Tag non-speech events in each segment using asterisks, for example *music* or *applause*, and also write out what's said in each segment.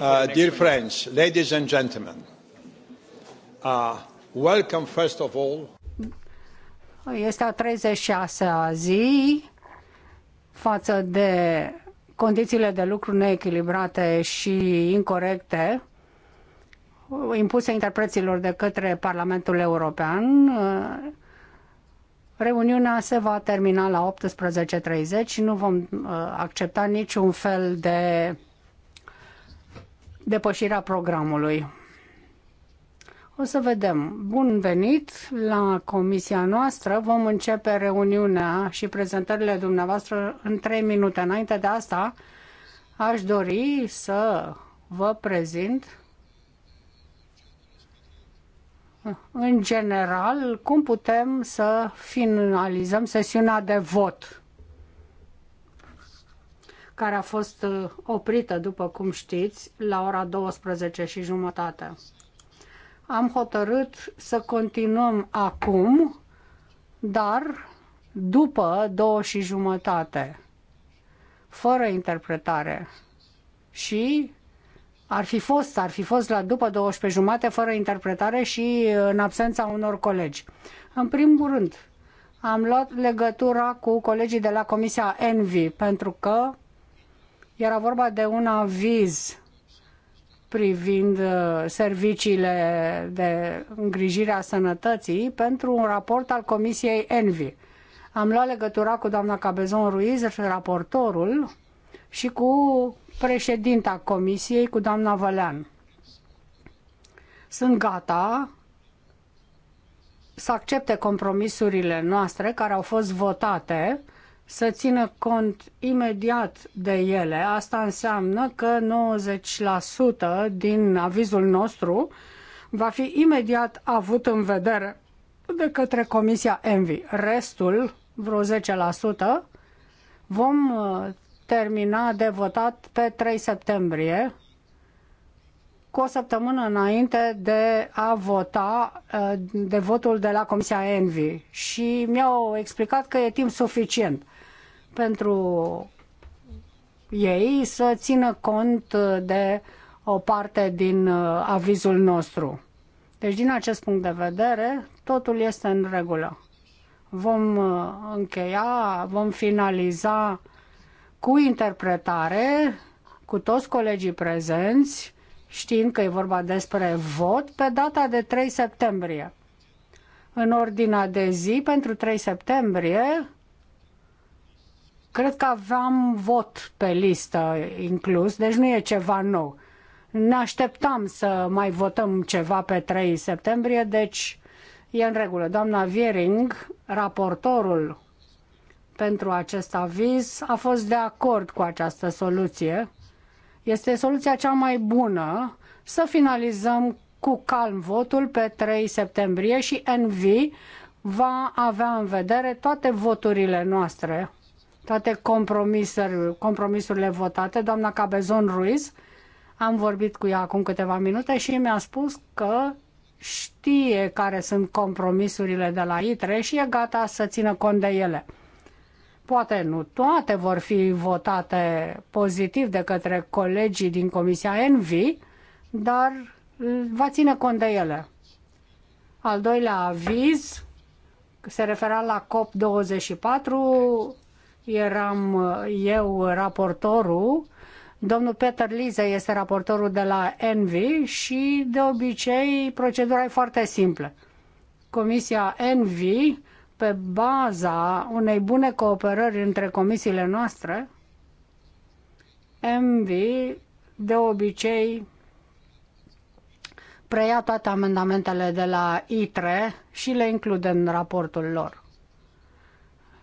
Uh, dear friends, ladies and gentlemen, uh, welcome first of all. Este a 36-a zi față de condițiile de lucru neechilibrate și incorrecte impuse interpreților de către Parlamentul European. Uh, Reuniunea se va termina la 18.30 și nu vom uh, accepta niciun fel de depășirea programului. O să vedem. Bun venit la comisia noastră. Vom începe reuniunea și prezentările dumneavoastră în 3 minute. Înainte de asta, aș dori să vă prezint în general, cum putem să finalizăm sesiunea de vot care a fost uh, oprită, după cum știți, la ora 12 și jumătate. Am hotărât să continuăm acum, dar după două și jumătate, fără interpretare și ar fi fost, ar fi fost la după 12 jumate fără interpretare și în absența unor colegi. În primul rând, am luat legătura cu colegii de la Comisia Envi pentru că era vorba de un aviz privind uh, serviciile de îngrijire a sănătății pentru un raport al Comisiei Envi. Am luat legătura cu doamna Cabezon Ruiz, raportorul, și cu președinta comisiei, cu doamna Vălean. Sunt gata să accepte compromisurile noastre care au fost votate, să țină cont imediat de ele. Asta înseamnă că 90% din avizul nostru va fi imediat avut în vedere de către Comisia Envi. Restul, vreo 10%, vom uh, termina de votat pe 3 septembrie, cu o săptămână înainte de a vota uh, de votul de la Comisia Envi și mi-au explicat că e timp suficient pentru ei să țină cont de o parte din uh, avizul nostru. Deci, din acest punct de vedere, totul este în regulă. Vom uh, încheia, vom finaliza cu interpretare, cu toți colegii prezenți, știind că e vorba despre vot, pe data de 3 septembrie. În ordinea de zi, pentru 3 septembrie, cred că aveam vot pe listă inclus, deci nu e ceva nou. Ne așteptam să mai votăm ceva pe 3 septembrie, deci e în regulă. Doamna Viering, raportorul pentru acest aviz a fost de acord cu această soluție. Este soluția cea mai bună să finalizăm cu calm votul pe 3 septembrie și NV va avea în vedere toate voturile noastre, toate compromisurile, compromisurile votate. Doamna Cabezon Ruiz, am vorbit cu ea acum câteva minute și mi-a spus că știe care sunt compromisurile de la ITRE și e gata să țină cont de ele. Poate nu toate vor fi votate pozitiv de către colegii din Comisia Envi, dar va ține cont de ele. Al doilea aviz se refera la COP24. Eram eu raportorul. Domnul Peter Lize este raportorul de la Envi și de obicei procedura e foarte simplă. Comisia Envi pe baza unei bune cooperări între comisiile noastre, MV de obicei preia toate amendamentele de la ITRE și le include în raportul lor.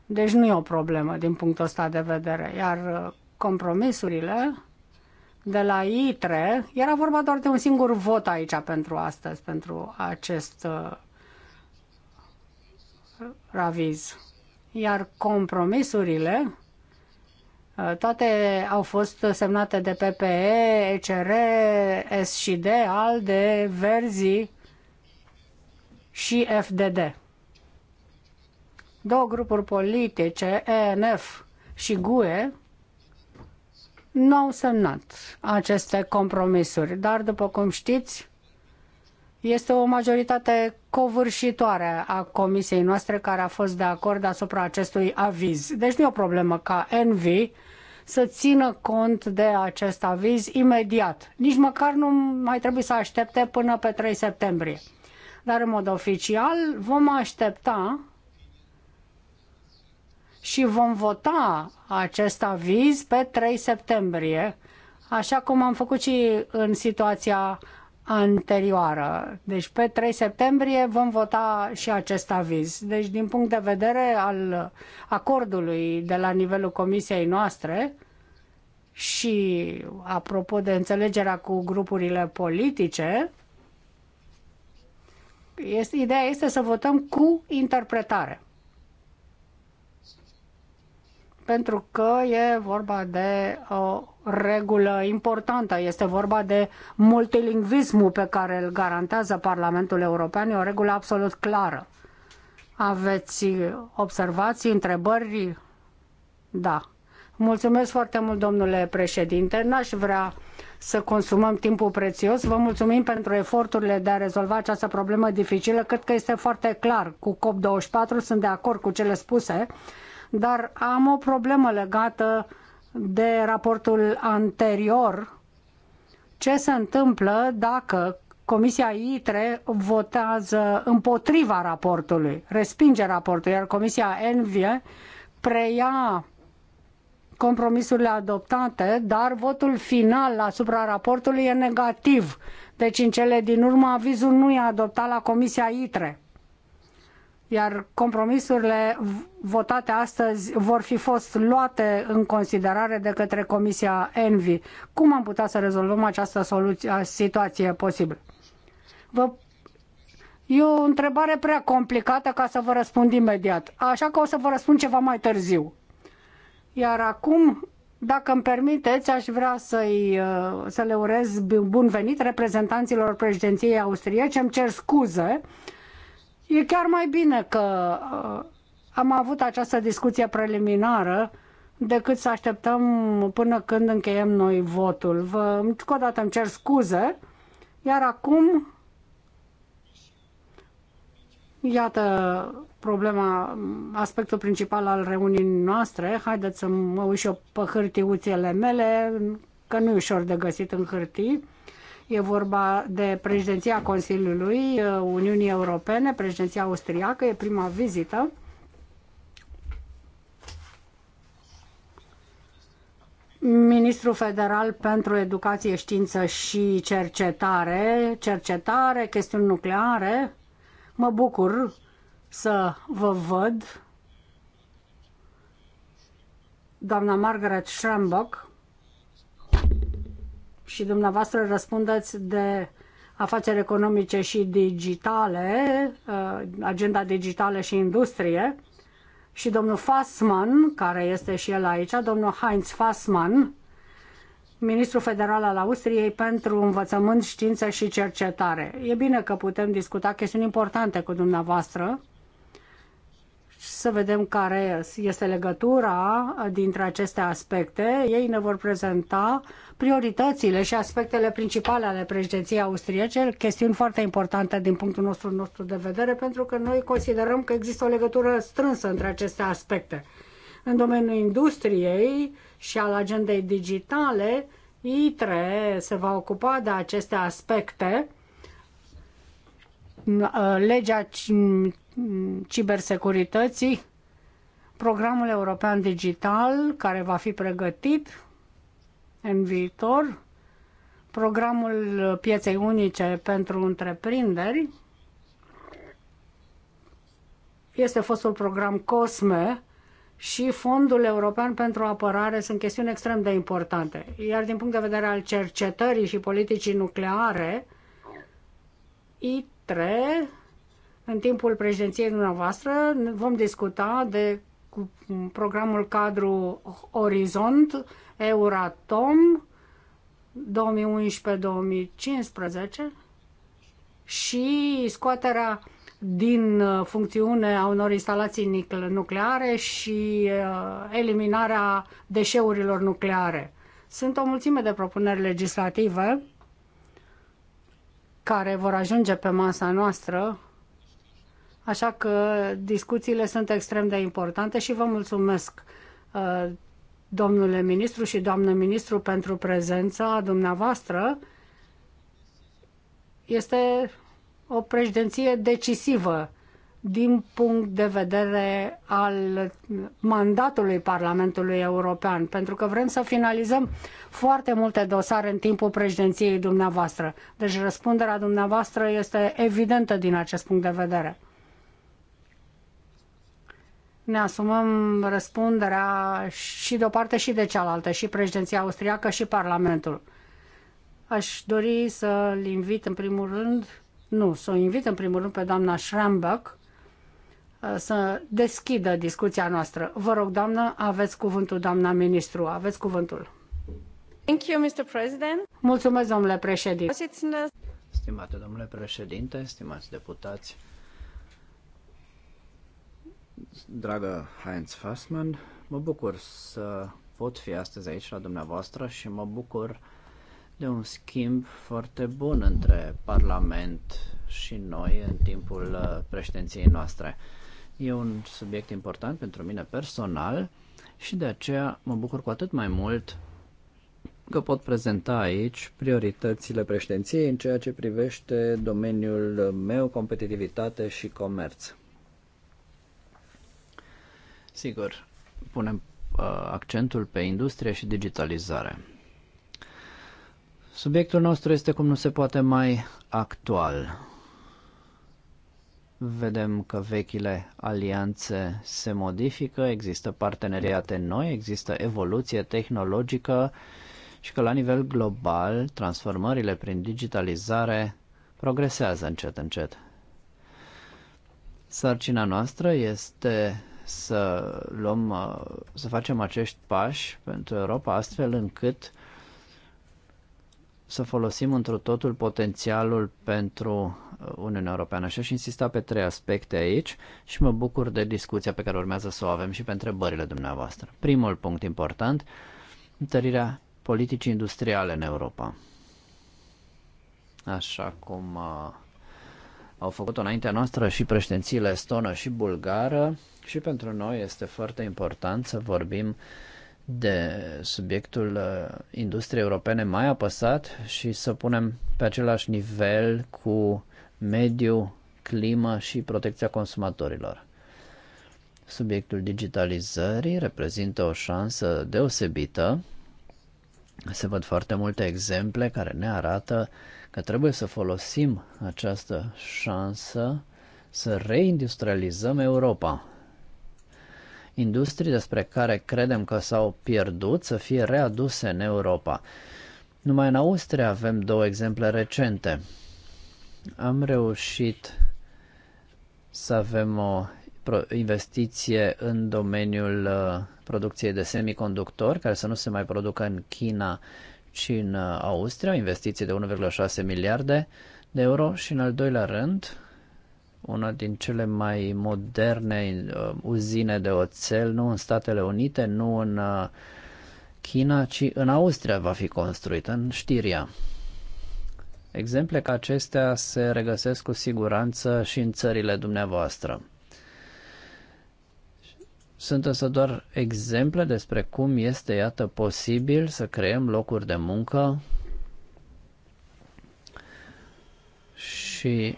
Deci nu e o problemă din punctul ăsta de vedere. Iar compromisurile de la ITRE, era vorba doar de un singur vot aici pentru astăzi, pentru acest Raviz. Iar compromisurile, uh, toate au fost semnate de PPE, ECR, S și D, ALDE, Verzi și FDD. Două grupuri politice, ENF și GUE, nu au semnat aceste compromisuri, dar după cum știți, este o majoritate covârșitoare a comisiei noastre care a fost de acord asupra acestui aviz. Deci nu e o problemă ca Envy să țină cont de acest aviz imediat. Nici măcar nu mai trebuie să aștepte până pe 3 septembrie. Dar în mod oficial vom aștepta și vom vota acest aviz pe 3 septembrie, așa cum am făcut și în situația anterioară. Deci pe 3 septembrie vom vota și acest aviz. Deci din punct de vedere al acordului de la nivelul comisiei noastre și apropo de înțelegerea cu grupurile politice, este, ideea este să votăm cu interpretare. Pentru că e vorba de o regulă importantă. Este vorba de multilingvismul pe care îl garantează Parlamentul European. E o regulă absolut clară. Aveți observații, întrebări? Da. Mulțumesc foarte mult, domnule președinte. N-aș vrea să consumăm timpul prețios. Vă mulțumim pentru eforturile de a rezolva această problemă dificilă. Cred că este foarte clar. Cu COP24 sunt de acord cu cele spuse, dar am o problemă legată uh, de raportul anterior ce se întâmplă dacă Comisia ITRE votează împotriva raportului, respinge raportul, iar Comisia ENVIE preia compromisurile adoptate, dar votul final asupra raportului e negativ. Deci, în cele din urmă, avizul nu e adoptat la Comisia ITRE iar compromisurile votate astăzi vor fi fost luate în considerare de către Comisia Envi. Cum am putea să rezolvăm această soluție, situație posibilă? Vă... E o întrebare prea complicată ca să vă răspund imediat, așa că o să vă răspund ceva mai târziu. Iar acum, dacă îmi permiteți, aș vrea să-i, uh, să le urez bun venit reprezentanților președinției austriece. Îmi cer scuze uh, E chiar mai bine că uh, am avut această discuție preliminară decât să așteptăm până când încheiem noi votul. Vă, încă o dată îmi cer scuze, iar acum, iată problema, aspectul principal al reuniunii noastre. Haideți să mă uit și eu pe hârtiuțele mele, că nu e ușor de găsit în hârtii. E vorba de președinția Consiliului uh, Uniunii Europene, președinția austriacă, e prima vizită. ministrul federal pentru educație, știință și cercetare, cercetare, chestiuni nucleare. Mă bucur să vă văd. Doamna Margaret Schrembach și dumneavoastră răspundeți de afaceri economice și digitale, uh, agenda digitală și industrie, și domnul Fassman, care este și el aici, domnul Heinz Fassman, ministru federal al Austriei pentru învățământ, știință și cercetare. E bine că putem discuta chestiuni importante cu dumneavoastră, să vedem care este legătura dintre aceste aspecte. Ei ne vor prezenta prioritățile și aspectele principale ale președinției austriece, chestiuni foarte importante din punctul nostru, nostru de vedere, pentru că noi considerăm că există o legătură strânsă între aceste aspecte. În domeniul industriei și al agendei digitale, ITRE se va ocupa de aceste aspecte legea cibersecurității, programul european digital care va fi pregătit în viitor, programul pieței unice pentru întreprinderi, este fostul program COSME și Fondul European pentru Apărare sunt chestiuni extrem de importante. Iar din punct de vedere al cercetării și politicii nucleare, ITRE în timpul președinției dumneavoastră vom discuta de programul cadru Orizont, Euratom 2011-2015 și scoaterea din uh, funcțiune a unor instalații nucleare și uh, eliminarea deșeurilor nucleare. Sunt o mulțime de propuneri legislative care vor ajunge pe masa noastră Așa că discuțiile sunt extrem de importante și vă mulțumesc, uh, domnule ministru și doamnă ministru, pentru prezența dumneavoastră. Este o președinție decisivă din punct de vedere al mandatului Parlamentului European, pentru că vrem să finalizăm foarte multe dosare în timpul președinției dumneavoastră. Deci răspunderea dumneavoastră este evidentă din acest punct de vedere ne asumăm răspunderea și de o parte și de cealaltă, și președinția austriacă și Parlamentul. Aș dori să-l invit în primul rând, nu, să o invit în primul rând pe doamna Schrambach uh, să deschidă discuția noastră. Vă rog, doamnă, aveți cuvântul, doamna ministru, aveți cuvântul. Thank you, Mr. President. Mulțumesc, domnule președinte. Stimate domnule președinte, stimați deputați, Dragă Heinz Fassmann, mă bucur să pot fi astăzi aici la dumneavoastră și mă bucur de un schimb foarte bun între Parlament și noi în timpul uh, președinției noastre. E un subiect important pentru mine personal și de aceea mă bucur cu atât mai mult că pot prezenta aici prioritățile președinției în ceea ce privește domeniul meu, competitivitate și comerț. Sigur, punem uh, accentul pe industrie și digitalizare. Subiectul nostru este cum nu se poate mai actual. Vedem că vechile alianțe se modifică, există parteneriate noi, există evoluție tehnologică și că la nivel global transformările prin digitalizare progresează încet încet. Sarcina noastră este să luăm, uh, să facem acești pași pentru Europa astfel încât să folosim într totul potențialul pentru uh, Uniunea Europeană. Și aș insista pe trei aspecte aici și mă bucur de discuția pe care urmează să o avem și pe întrebările dumneavoastră. Primul punct important, întărirea politicii industriale în Europa. Așa cum uh, au făcut-o înaintea noastră și președințiile estonă și bulgară și pentru noi este foarte important să vorbim de subiectul uh, industriei europene mai apăsat și să punem pe același nivel cu mediu, climă și protecția consumatorilor. Subiectul digitalizării reprezintă o șansă deosebită. Se văd foarte multe exemple care ne arată uh, că trebuie să folosim această șansă să reindustrializăm Europa. Industrii despre care credem că s-au pierdut să fie readuse în Europa. Numai în Austria avem două exemple recente. Am reușit să avem o investiție în domeniul uh, producției de semiconductori, care să nu se mai producă în China și în uh, Austria, investiții de 1,6 miliarde de euro și în al doilea rând, una din cele mai moderne uh, uzine de oțel, nu în Statele Unite, nu în uh, China, ci în Austria va fi construită, în Știria. Exemple ca acestea se regăsesc cu siguranță și în țările dumneavoastră. Sunt însă doar exemple despre cum este, iată, posibil să creăm locuri de muncă și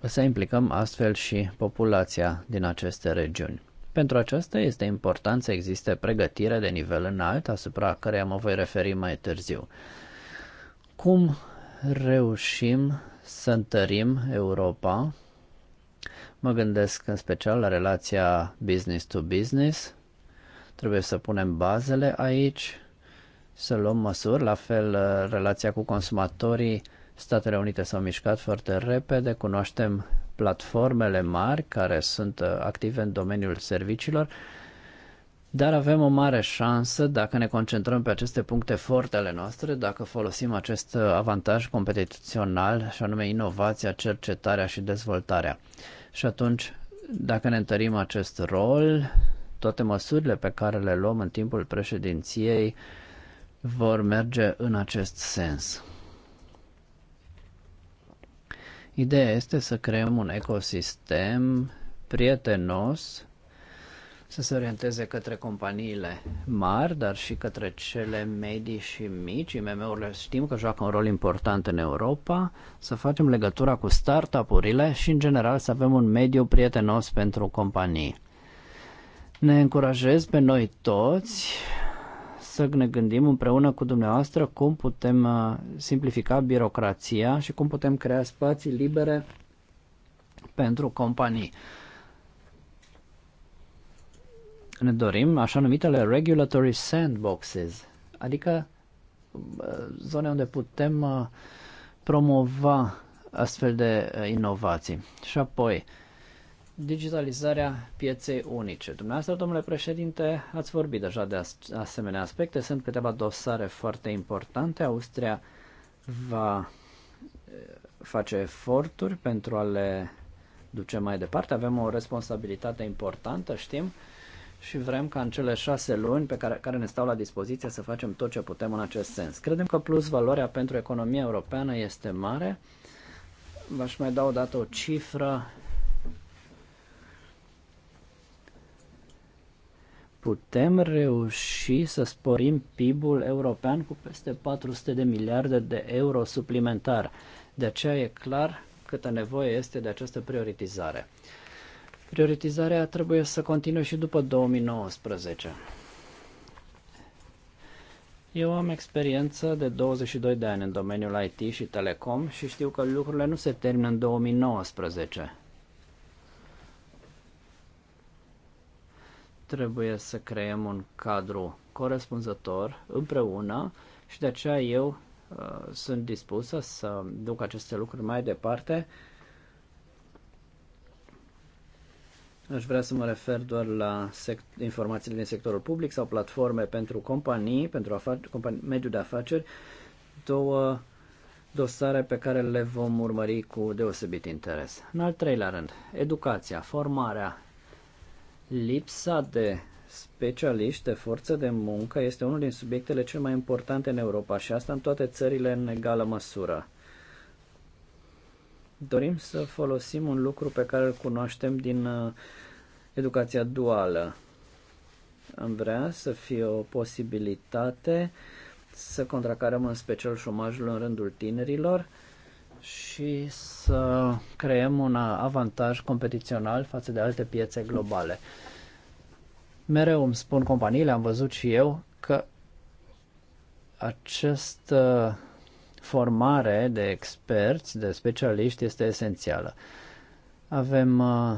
să implicăm astfel și populația din aceste regiuni. Pentru aceasta este important să existe pregătire de nivel înalt, asupra căreia mă voi referi mai târziu. Cum reușim să întărim Europa Mă gândesc în special la relația business to business. Trebuie să punem bazele aici, să luăm măsuri. La fel, uh, relația cu consumatorii. Statele Unite s-au mișcat foarte repede, cunoaștem platformele mari care sunt uh, active în domeniul serviciilor, dar avem o mare șansă dacă ne concentrăm pe aceste puncte forte ale noastre, dacă folosim acest uh, avantaj competițional și anume inovația, cercetarea și dezvoltarea. Și atunci, dacă ne întărim acest rol, toate măsurile pe care le luăm în timpul președinției vor merge în acest sens. Ideea este să creăm un ecosistem prietenos să se orienteze către companiile mari, dar și către cele medii și mici. IMM-urile știm că joacă un rol important în Europa, să facem legătura cu startup-urile și, în general, să avem un mediu prietenos pentru companii. Ne încurajez pe noi toți să ne gândim împreună cu dumneavoastră cum putem uh, simplifica birocrația și cum putem crea spații libere pentru companii ne dorim așa numitele regulatory sandboxes, adică uh, zone unde putem uh, promova astfel de uh, inovații. Și apoi, digitalizarea pieței unice. Dumneavoastră, domnule președinte, ați vorbit deja de asemenea aspecte. Sunt câteva dosare foarte importante. Austria va face eforturi pentru a le duce mai departe. Avem o responsabilitate importantă, știm, și vrem ca în cele șase luni pe care, care ne stau la dispoziție să facem tot ce putem în acest sens. Credem că plus valoarea pentru economia europeană este mare. V-aș mai da o dată o cifră. Putem reuși să sporim PIB-ul european cu peste 400 de miliarde de euro suplimentar. De aceea e clar câtă nevoie este de această prioritizare. Prioritizarea trebuie să continue și după 2019. Eu am experiență de 22 de ani în domeniul IT și telecom și știu că lucrurile nu se termină în 2019. Trebuie să creăm un cadru corespunzător împreună și de aceea eu uh, sunt dispusă să duc aceste lucruri mai departe Aș vrea să mă refer doar la informațiile din sectorul public sau platforme pentru companii, pentru afac- companii, mediul de afaceri, două dosare pe care le vom urmări cu deosebit interes. În al treilea rând, educația, formarea, lipsa de specialiști, de forță de muncă este unul din subiectele cel mai importante în Europa și asta în toate țările în egală măsură dorim să folosim un lucru pe care îl cunoaștem din uh, educația duală. Am vrea să fie o posibilitate să contracarăm în special șomajul în rândul tinerilor și să creăm un avantaj competițional față de alte piețe globale. Mereu îmi spun companiile, am văzut și eu, că acest uh, formare de experți, de specialiști este esențială. Avem uh,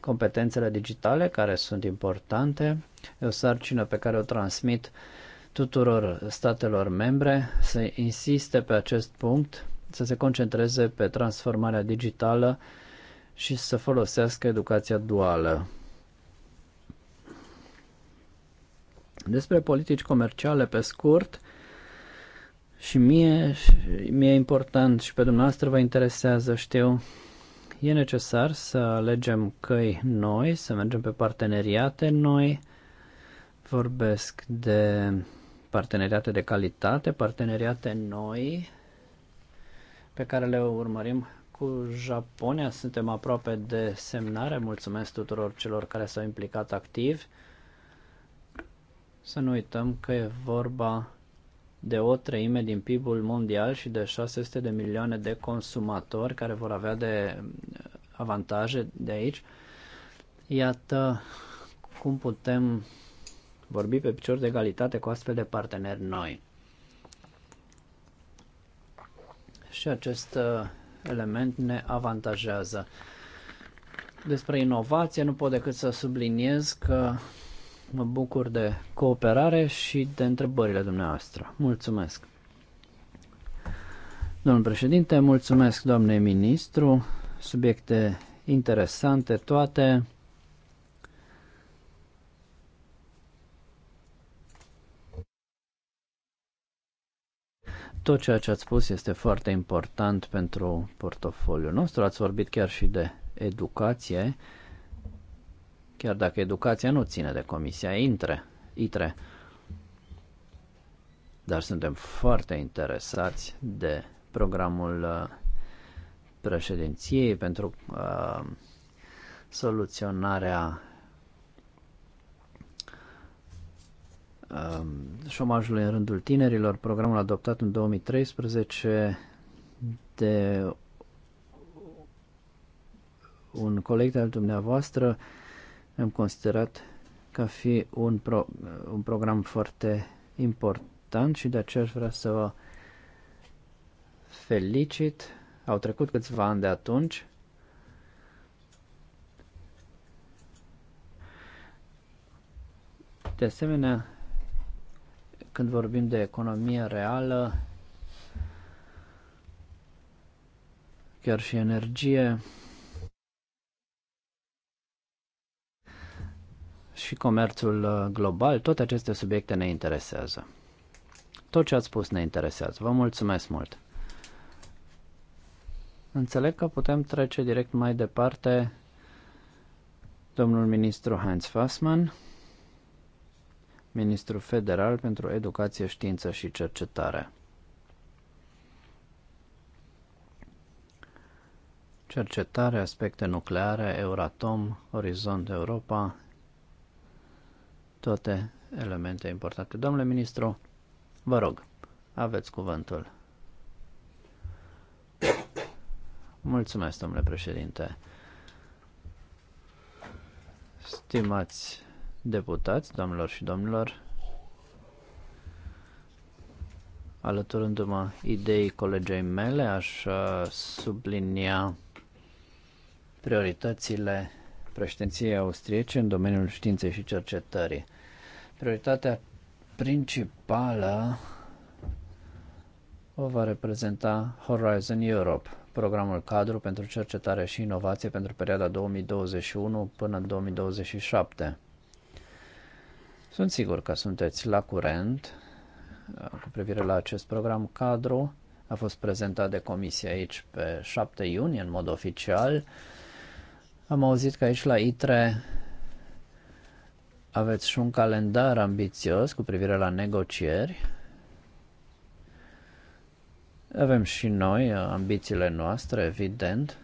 competențele digitale care sunt importante, e o sarcină pe care o transmit tuturor statelor membre să insiste pe acest punct, să se concentreze pe transformarea digitală și să folosească educația duală. Despre politici comerciale, pe scurt, și mie, mie e important și pe dumneavoastră vă interesează, știu, e necesar să alegem căi noi, să mergem pe parteneriate noi. Vorbesc de parteneriate de calitate, parteneriate noi pe care le urmărim cu Japonia. Suntem aproape de semnare. Mulțumesc tuturor celor care s-au implicat activ. Să nu uităm că e vorba de o treime din PIB-ul mondial și de 600 de milioane de consumatori care vor avea de uh, avantaje de aici. Iată cum putem vorbi pe picior de egalitate cu astfel de parteneri noi. Și acest uh, element ne avantajează. Despre inovație nu pot decât să subliniez că Mă bucur de cooperare și de întrebările dumneavoastră. Mulțumesc! Domnul președinte, mulțumesc doamnei ministru, subiecte interesante toate. Tot ceea ce ați spus este foarte important pentru portofoliul nostru. Ați vorbit chiar și de educație chiar dacă educația nu ține de Comisia Intre, ITRE. Dar suntem foarte interesați de programul uh, președinției pentru uh, soluționarea uh, șomajului în rândul tinerilor, programul adoptat în 2013 de un coleg al dumneavoastră uh, am considerat ca fi un, pro, un program foarte important și de aceea aș vrea să vă felicit. Au trecut câțiva ani de atunci. De asemenea, când vorbim de economie reală, chiar și energie, și comerțul uh, global, toate aceste subiecte ne interesează. Tot ce ați spus ne interesează. Vă mulțumesc mult! Înțeleg că putem trece direct mai departe domnul ministru Heinz Fassmann, ministru federal pentru educație, știință și cercetare. Cercetare, aspecte nucleare, Euratom, Orizont Europa, toate elemente importante. Domnule ministru, vă rog, aveți cuvântul. Mulțumesc, domnule președinte. Stimați deputați, domnilor și domnilor, alăturându-mă idei colegei mele, aș uh, sublinia prioritățile președinției austriece în domeniul științei și cercetării. Prioritatea principală o va reprezenta Horizon Europe, programul cadru pentru cercetare și inovație pentru perioada 2021 până în 2027. Sunt sigur că sunteți la curent uh, cu privire la acest program cadru. A fost prezentat de comisie aici pe 7 iunie în mod oficial. Am auzit că aici la ITRE aveți și un calendar ambițios cu privire la negocieri. Avem și noi uh, ambițiile noastre, evident,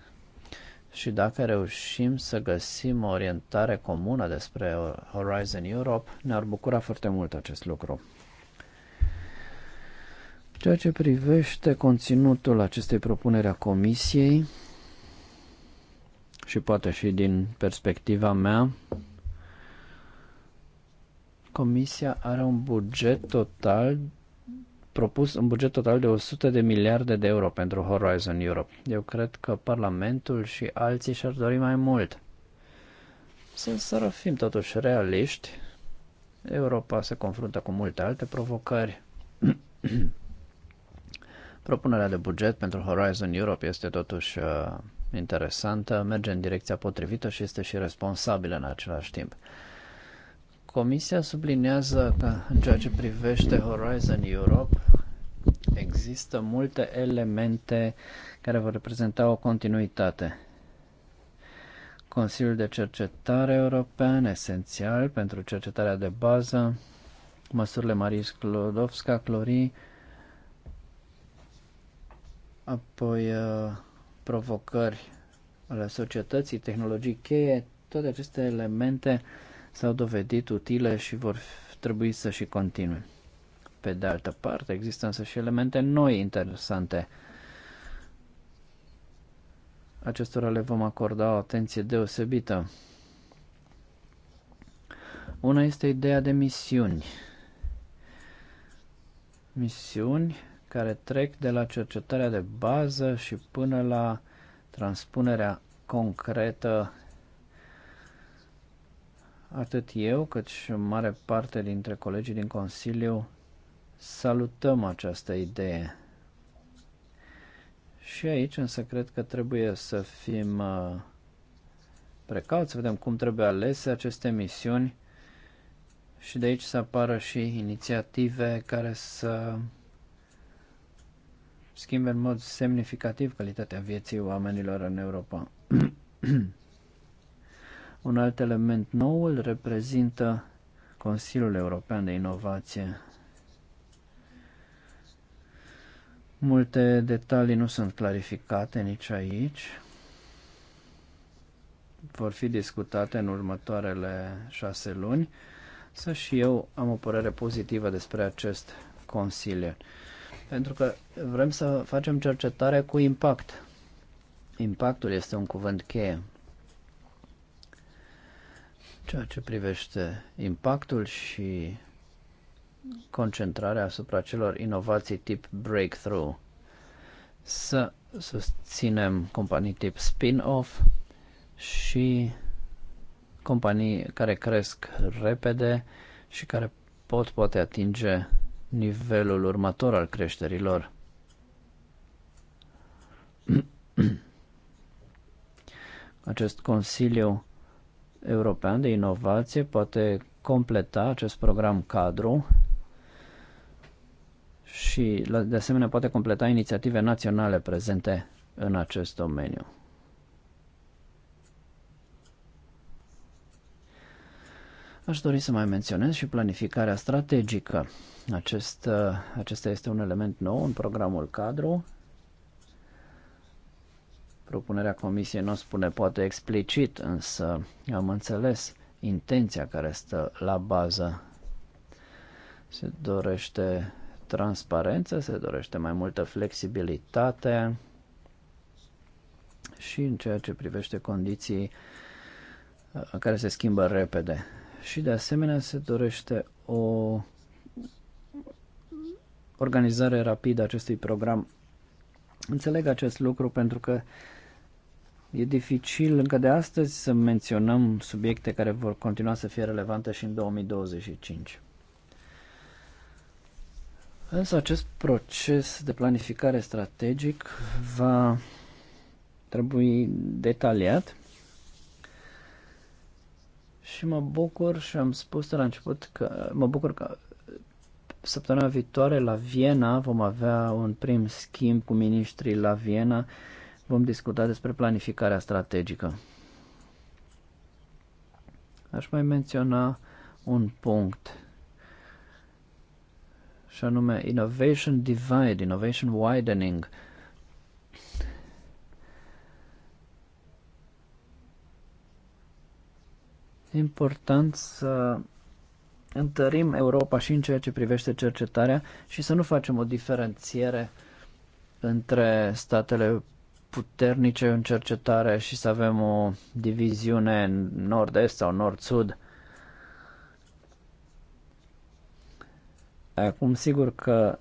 și dacă reușim să găsim o orientare comună despre Horizon Europe, ne-ar bucura foarte mult acest lucru. Ceea ce privește conținutul acestei propuneri a Comisiei și poate și din perspectiva mea, Comisia are un buget total propus un buget total de 100 de miliarde de euro pentru Horizon Europe. Eu cred că Parlamentul și alții și-ar dori mai mult. Să fim totuși realiști, Europa se confruntă cu multe alte provocări. *clears throat* Propunerea de buget pentru Horizon Europe este totuși uh, interesantă, merge în direcția potrivită și este și responsabilă în același timp. Comisia subliniază că în ceea ce privește Horizon Europe există multe elemente care vor reprezenta o continuitate. Consiliul de Cercetare European, esențial pentru cercetarea de bază, măsurile Marie Sklodowska, Clori, apoi uh, provocări ale societății, tehnologii cheie, toate aceste elemente uh, s-au dovedit utile și vor trebui să și continue. Pe de altă parte, există însă și elemente noi interesante. Acestora le vom acorda o atenție deosebită. Una este ideea de misiuni. Misiuni care trec de la cercetarea de bază și până la transpunerea concretă Atât eu, cât și mare parte dintre colegii din Consiliu salutăm această idee. Și aici însă cred că trebuie să fim uh, precauți, să vedem cum trebuie alese aceste misiuni și de aici să apară și inițiative care să schimbe în mod semnificativ calitatea vieții oamenilor în Europa. *clears throat* Un alt element nou îl reprezintă Consiliul European de Inovație. Multe detalii nu sunt clarificate nici aici. Vor fi discutate în următoarele șase luni. Să și eu am o părere pozitivă despre acest consiliu. Pentru că vrem să facem cercetare cu impact. Impactul este un cuvânt cheie ceea ce privește impactul și concentrarea asupra celor inovații tip breakthrough. Să susținem companii tip spin-off și companii care cresc repede și care pot poate atinge nivelul următor al creșterilor. Acest consiliu European de Inovație poate completa acest program cadru și, de asemenea, poate completa inițiative naționale prezente în acest domeniu. Aș dori să mai menționez și planificarea strategică. Acest, acesta este un element nou în programul cadru Propunerea comisiei nu spune poate explicit, însă am înțeles intenția care stă la bază. Se dorește transparență, se dorește mai multă flexibilitate și în ceea ce privește condiții uh, care se schimbă repede. Și de asemenea se dorește o organizare rapidă acestui program. Înțeleg acest lucru pentru că uh, E dificil încă de astăzi să menționăm subiecte care vor continua să fie relevante și în 2025. Însă acest proces de planificare strategic va trebui detaliat și mă bucur și am spus de la început că mă bucur că săptămâna viitoare la Viena vom avea un prim schimb cu ministrii la Viena vom discuta despre planificarea strategică. Aș mai menționa un punct și anume Innovation Divide, Innovation Widening. E important să întărim Europa și în ceea ce privește cercetarea și să nu facem o diferențiere între statele puternice în cercetare și să avem o diviziune nord-est sau nord-sud. Acum, sigur că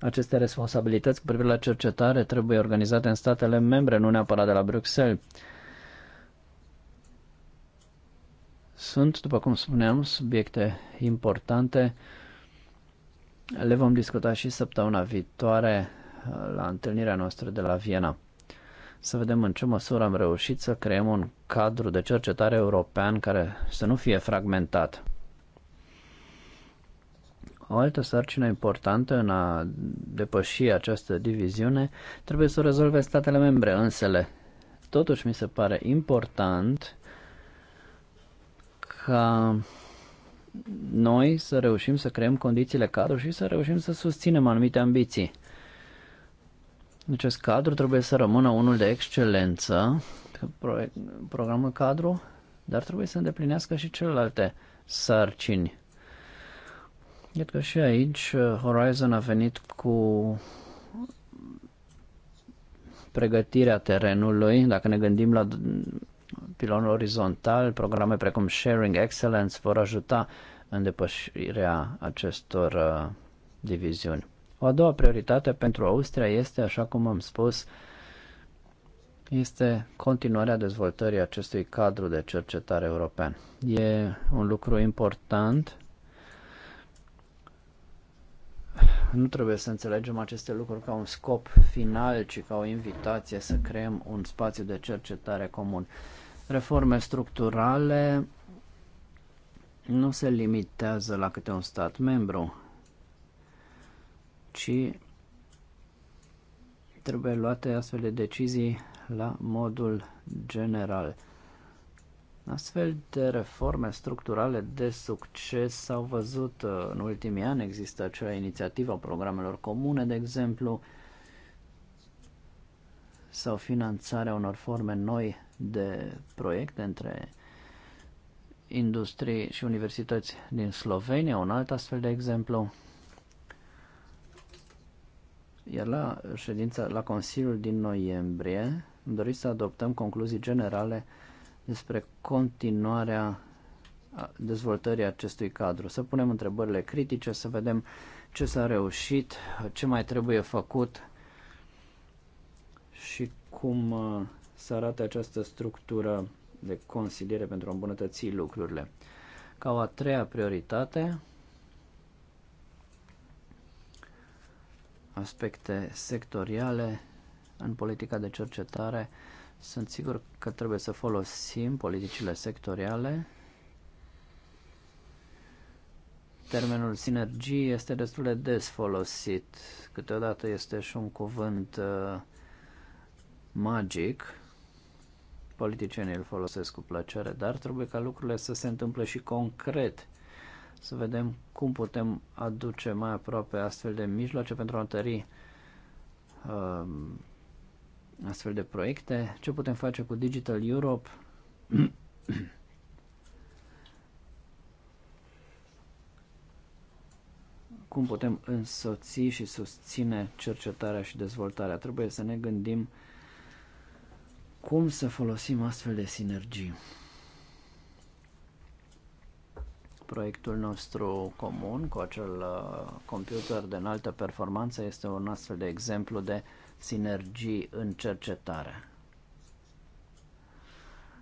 aceste responsabilități cu privire la cercetare trebuie organizate în statele membre, nu neapărat de la Bruxelles. Sunt, după cum spuneam, subiecte importante. Le vom discuta și săptămâna viitoare la întâlnirea noastră de la Viena. Să vedem în ce măsură am reușit să creăm un cadru de cercetare european care să nu fie fragmentat. O altă sarcină importantă în a depăși această diviziune trebuie să o rezolve statele membre însele. Totuși mi se pare important ca noi să reușim să creăm condițiile cadru și să reușim să susținem anumite ambiții. Deci cadru trebuie să rămână unul de excelență, programul cadru, dar trebuie să îndeplinească și celelalte sarcini. Iată că și aici uh, Horizon a venit cu pregătirea terenului, dacă ne gândim la pilonul orizontal, programe precum Sharing Excellence vor ajuta în depășirea acestor uh, diviziuni. O a doua prioritate pentru Austria este, așa cum am spus, este continuarea dezvoltării acestui cadru de cercetare european. E un lucru important. Nu trebuie să înțelegem aceste lucruri ca un scop final, ci ca o invitație să creăm un spațiu de cercetare comun. Reforme structurale nu se limitează la câte un stat membru ci trebuie luate astfel de decizii la modul general. Astfel de reforme structurale de succes s-au văzut uh, în ultimii ani. Există acea inițiativă a programelor comune, de exemplu, sau finanțarea unor forme noi de proiecte între industrii și universități din Slovenia, un alt astfel de exemplu. Iar la ședința, la Consiliul din noiembrie, am dorit să adoptăm concluzii generale despre continuarea dezvoltării acestui cadru. Să punem întrebările critice, să vedem ce s-a reușit, ce mai trebuie făcut și cum uh, să arate această structură de consiliere pentru a îmbunătăți lucrurile. Ca o a treia prioritate, aspecte sectoriale în politica de cercetare. Sunt sigur că trebuie să folosim politicile sectoriale. Termenul sinergie este destul de des folosit. Câteodată este și un cuvânt uh, magic. Politicienii îl folosesc cu plăcere, dar trebuie ca lucrurile să se întâmple și concret să vedem cum putem aduce mai aproape astfel de mijloace pentru a întări um, astfel de proiecte, ce putem face cu Digital Europe, *clears throat* cum putem însoți și susține cercetarea și dezvoltarea. Trebuie să ne gândim cum să folosim astfel de sinergii. Proiectul nostru comun cu acel uh, computer de înaltă performanță este un astfel de exemplu de sinergii în cercetare.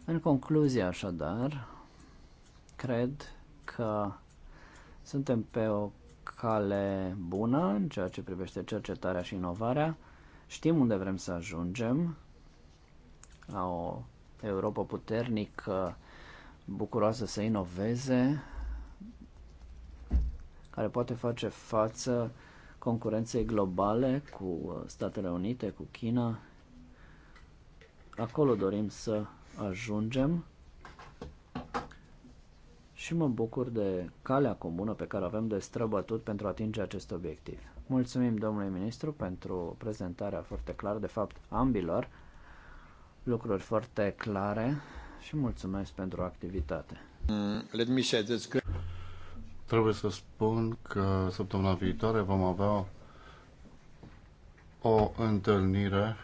În concluzie, așadar, cred că suntem pe o cale bună în ceea ce privește cercetarea și inovarea. Știm unde vrem să ajungem, la o Europa puternică, bucuroasă să inoveze care poate face față concurenței globale cu uh, Statele Unite, cu China. Acolo dorim să ajungem și mă bucur de calea comună pe care avem de străbătut pentru a atinge acest obiectiv. Mulțumim domnului ministru pentru prezentarea foarte clară, de fapt ambilor, lucruri foarte clare și mulțumesc pentru activitate. Mm, let me share this Trebuie să spun că săptămâna viitoare vom avea o întâlnire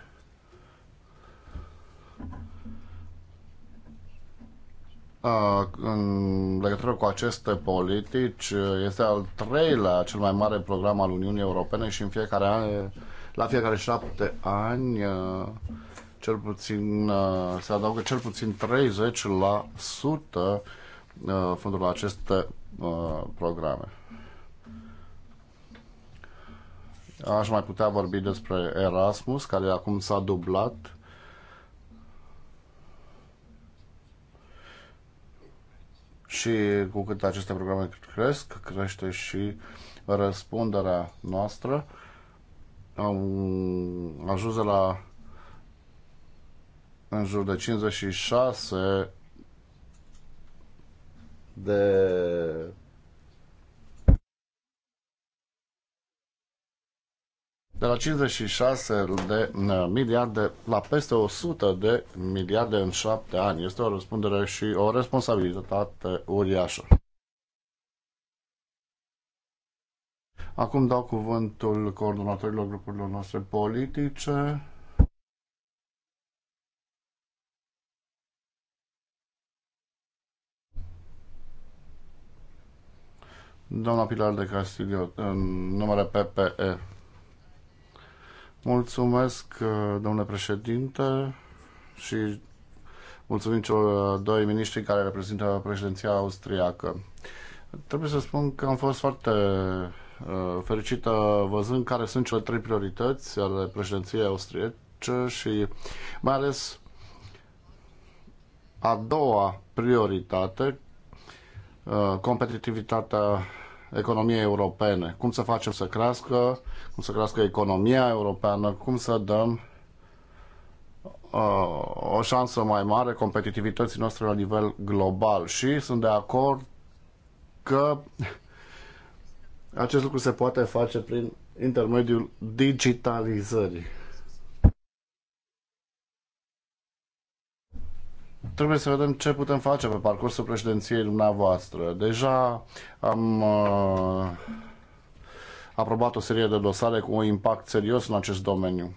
în legătură cu aceste politici este al treilea cel mai mare program al Uniunii Europene și în fiecare an, la fiecare șapte ani cel puțin se adaugă cel puțin 30% fondurile aceste Uh, programe. Aș mai putea vorbi despre Erasmus, care acum s-a dublat. Și cu cât aceste programe cresc, crește și răspunderea noastră. Am ajuns la în jur de 56 de de la 56 de eh, miliarde la peste 100 de miliarde în 7 ani. Este o răspundere și o responsabilitate uriașă. Acum dau cuvântul coordonatorilor grupurilor noastre politice. Doamna Pilar de Castillo, în numele PPE. Mulțumesc, uh, domnule președinte, și mulțumim celor uh, doi miniștri care reprezintă președinția austriacă. Trebuie să spun că am fost foarte uh, fericită văzând care sunt cele trei priorități ale președinției austriece și mai ales a doua prioritate Uh, competitivitatea economiei europene, cum să facem să crească, cum să crească economia europeană, cum să dăm uh, o șansă mai mare competitivității noastre la nivel global și sunt de acord că acest lucru se poate face prin intermediul digitalizării. Trebuie să vedem ce putem face pe parcursul președinției dumneavoastră. Deja am uh, aprobat o serie de dosare cu un impact serios în acest domeniu.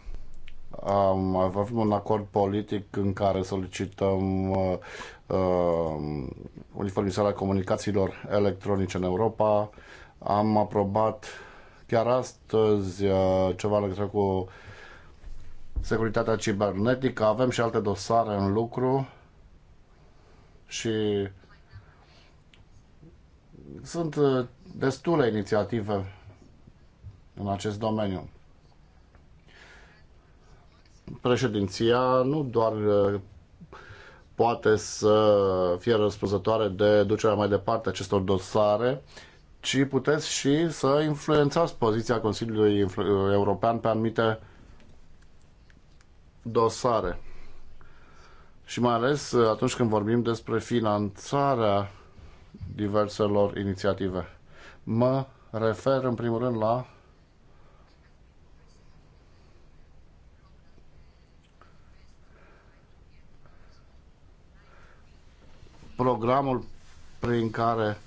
Am, uh, avut un acord politic în care solicităm uh, uh, uniformizarea comunicațiilor electronice în Europa. Am aprobat chiar astăzi uh, ceva legat cu securitatea cibernetică. Avem și alte dosare în lucru și sunt uh, destule inițiative în acest domeniu. Președinția nu doar uh, poate să fie răspunzătoare de ducerea mai departe acestor dosare, ci puteți și să influențați poziția Consiliului European pe anumite dosare și mai ales uh, atunci când vorbim despre finanțarea diverselor inițiative. Mă refer în primul rând la programul prin care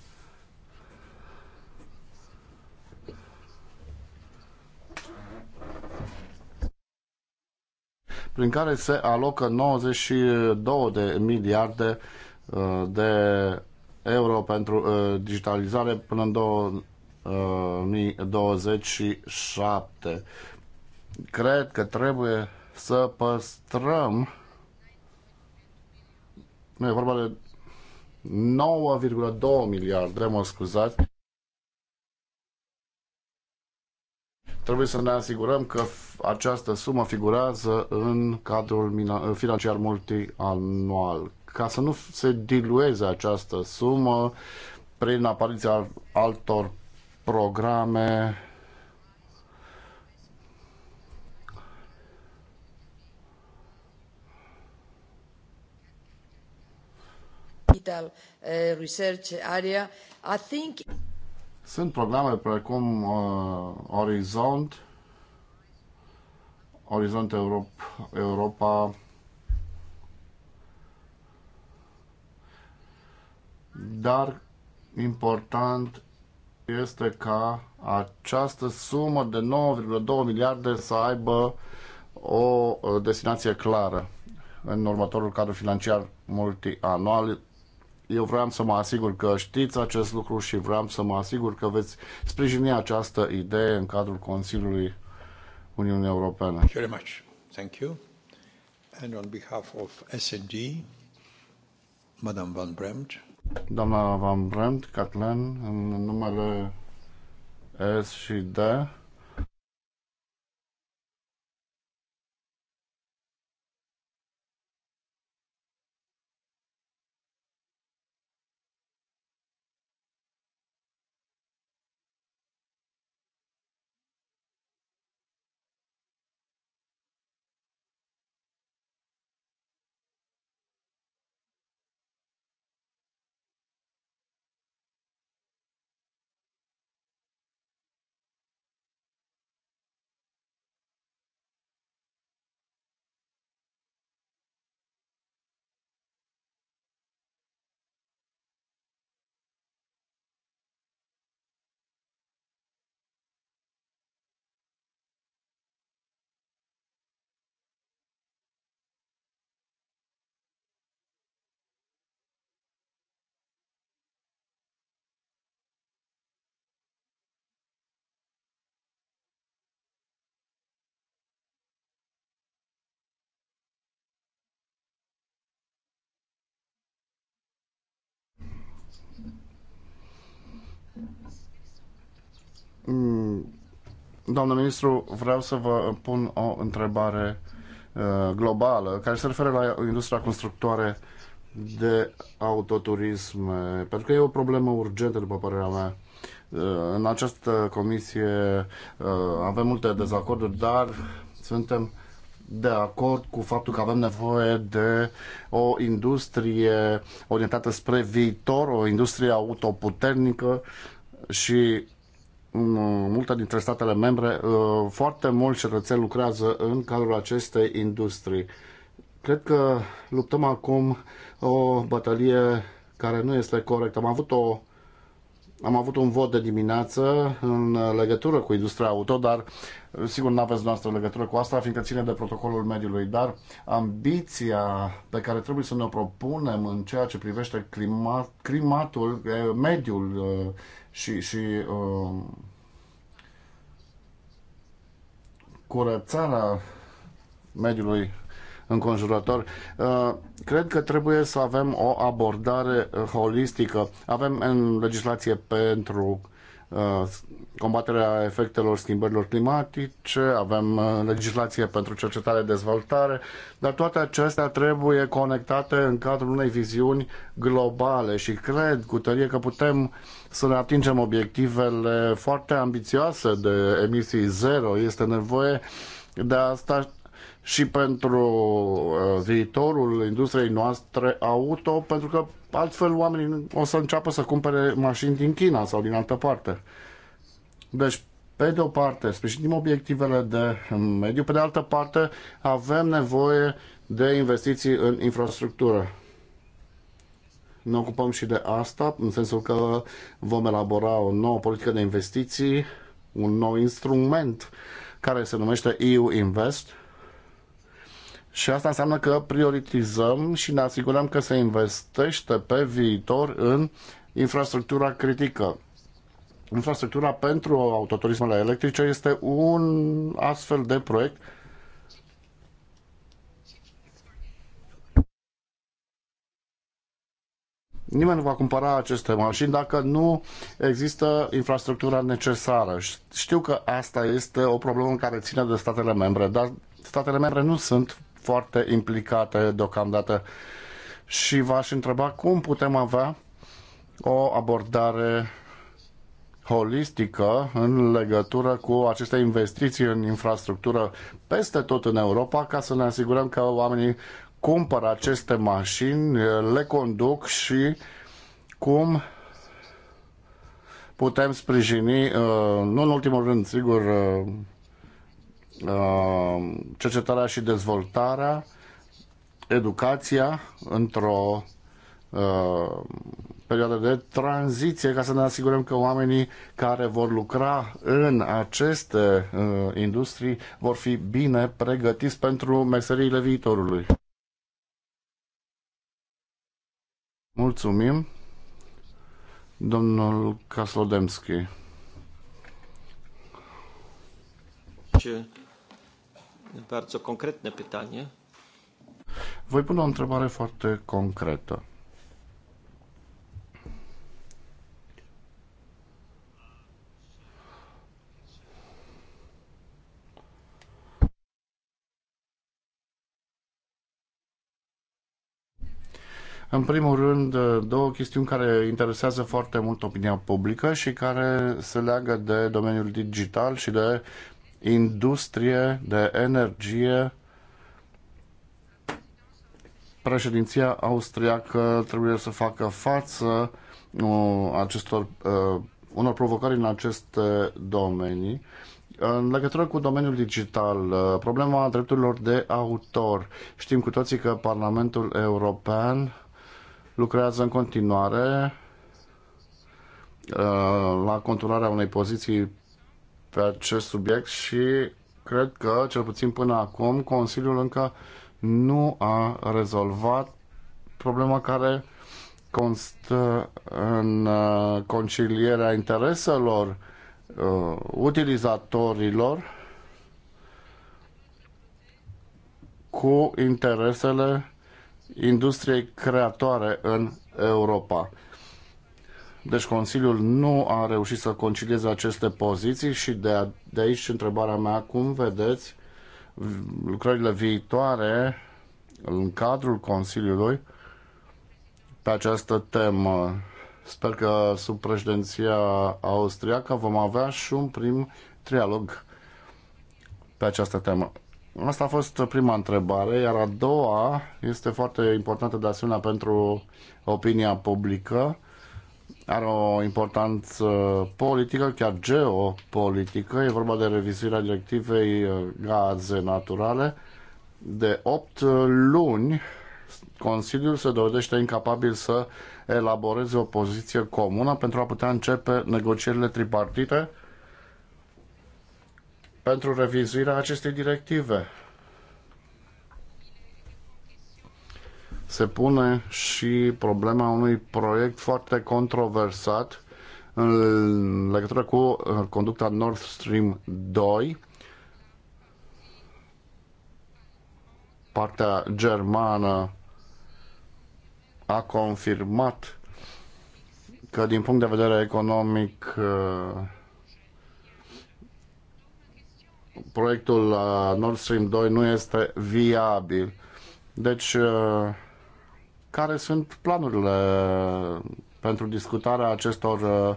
prin care se alocă 92 de miliarde uh, de euro pentru uh, digitalizare până în 2027. Uh, Cred că trebuie să păstrăm nu e vorba de 9,2 miliarde, mă scuzați. Trebuie să ne asigurăm că această sumă figurează în cadrul financiar multianual. Ca să nu se dilueze această sumă prin apariția altor programe digital eh, research area. I think sunt programe precum uh, eh, Orizont Orizont Europa, Europa dar important este ca această sumă de 9,2 miliarde să aibă o uh, destinație clară în următorul cadru financiar multianual. Eu vreau să mă asigur că știți acest lucru și vreau să mă asigur că veți sprijini această idee în cadrul Consiliului Uniunea Europeană. Very much. Thank you. And on behalf of S&D, Madame Van Bremt. Doamna Van Bremt, Catlen, în numele S și D, Mm, doamnă ministru, vreau să vă pun o întrebare uh, globală care se referă la industria constructoare de autoturism, pentru că e o problemă urgentă, după părerea mea. Uh, în această comisie uh, avem multe dezacorduri, dar suntem de acord cu faptul că avem nevoie de o industrie orientată spre viitor, o industrie autoputernică și în uh, multe dintre statele membre, uh, foarte mulți cetățeni lucrează în cadrul acestei industrii. Cred că luptăm acum o bătălie care nu este corectă. Am avut o am avut un vot de dimineață în legătură cu industria auto, dar eh, sigur nu aveți noastră legătură cu asta, fiindcă ține de protocolul mediului, dar ambiția pe care trebuie să ne propunem în ceea ce privește climat, climatul, eh, mediul eh, și, și uh, curățarea mediului înconjurător. Uh, cred că trebuie să avem o abordare uh, holistică. Avem în legislație pentru uh, combaterea efectelor schimbărilor climatice, avem legislație pentru cercetare dezvoltare, dar toate acestea trebuie conectate în cadrul unei viziuni globale și cred cu tărie că putem să ne atingem obiectivele foarte ambițioase de emisii zero. Este nevoie de asta și pentru uh, viitorul industriei noastre auto, pentru că altfel oamenii o să înceapă să cumpere mașini din China sau din altă parte. Deci, pe de o parte, sprijinim obiectivele de mediu, pe de altă parte, avem nevoie de investiții în infrastructură. Ne ocupăm și de asta, în sensul că vom elabora o nouă politică de investiții, un nou instrument care se numește EU Invest, și asta înseamnă că prioritizăm și ne asigurăm că se investește pe viitor în infrastructura critică. Infrastructura pentru autoturismele electrice este un astfel de proiect Nimeni nu va cumpăra aceste mașini dacă nu există infrastructura necesară. Știu că asta este o problemă care ține de statele membre, dar statele membre nu sunt foarte implicate deocamdată și v-aș întreba cum putem avea o abordare holistică în legătură cu aceste investiții în infrastructură peste tot în Europa ca să ne asigurăm că oamenii cumpără aceste mașini, le conduc și cum putem sprijini, uh, nu în ultimul rând, sigur, uh, Uh, cercetarea și dezvoltarea, educația într-o uh, perioadă de tranziție ca să ne asigurăm că oamenii care vor lucra în aceste uh, industrii vor fi bine pregătiți pentru meseriile viitorului. Mulțumim, domnul Kaslodemski. Ce? bardzo konkretne pytanie. Voi pune o întrebare foarte concretă. În primul rând, două chestiuni care interesează foarte mult opinia publică și care se leagă de domeniul digital și de industrie, de energie. Președinția austriacă trebuie să facă față uh, acestor, uh, unor provocări în aceste domenii. În legătură cu domeniul digital, uh, problema drepturilor de autor. Știm cu toții că Parlamentul European lucrează în continuare la conturarea unei poziții pe acest subiect și cred că, cel puțin până acum, Consiliul încă nu a rezolvat problema care constă în uh, concilierea intereselor uh, utilizatorilor cu interesele industriei creatoare în Europa. Deci Consiliul nu a reușit să concilieze aceste poziții și de, a, de aici întrebarea mea, cum vedeți lucrările viitoare în cadrul Consiliului pe această temă? Sper că sub președinția austriacă vom avea și un prim trialog pe această temă. Asta a fost prima întrebare, iar a doua este foarte importantă de asemenea pentru opinia publică are o importanță politică, chiar geopolitică. E vorba de revizuirea directivei uh, gaze naturale. De 8 uh, luni, Consiliul se dovedește incapabil să elaboreze o poziție comună pentru a putea începe negocierile tripartite pentru revizuirea acestei directive. se pune și problema unui proiect foarte controversat în legătură cu uh, conducta Nord Stream 2. Partea germană a confirmat că din punct de vedere economic uh, proiectul Nord Stream 2 nu este viabil. Deci uh, care sunt planurile pentru discutarea acestor uh,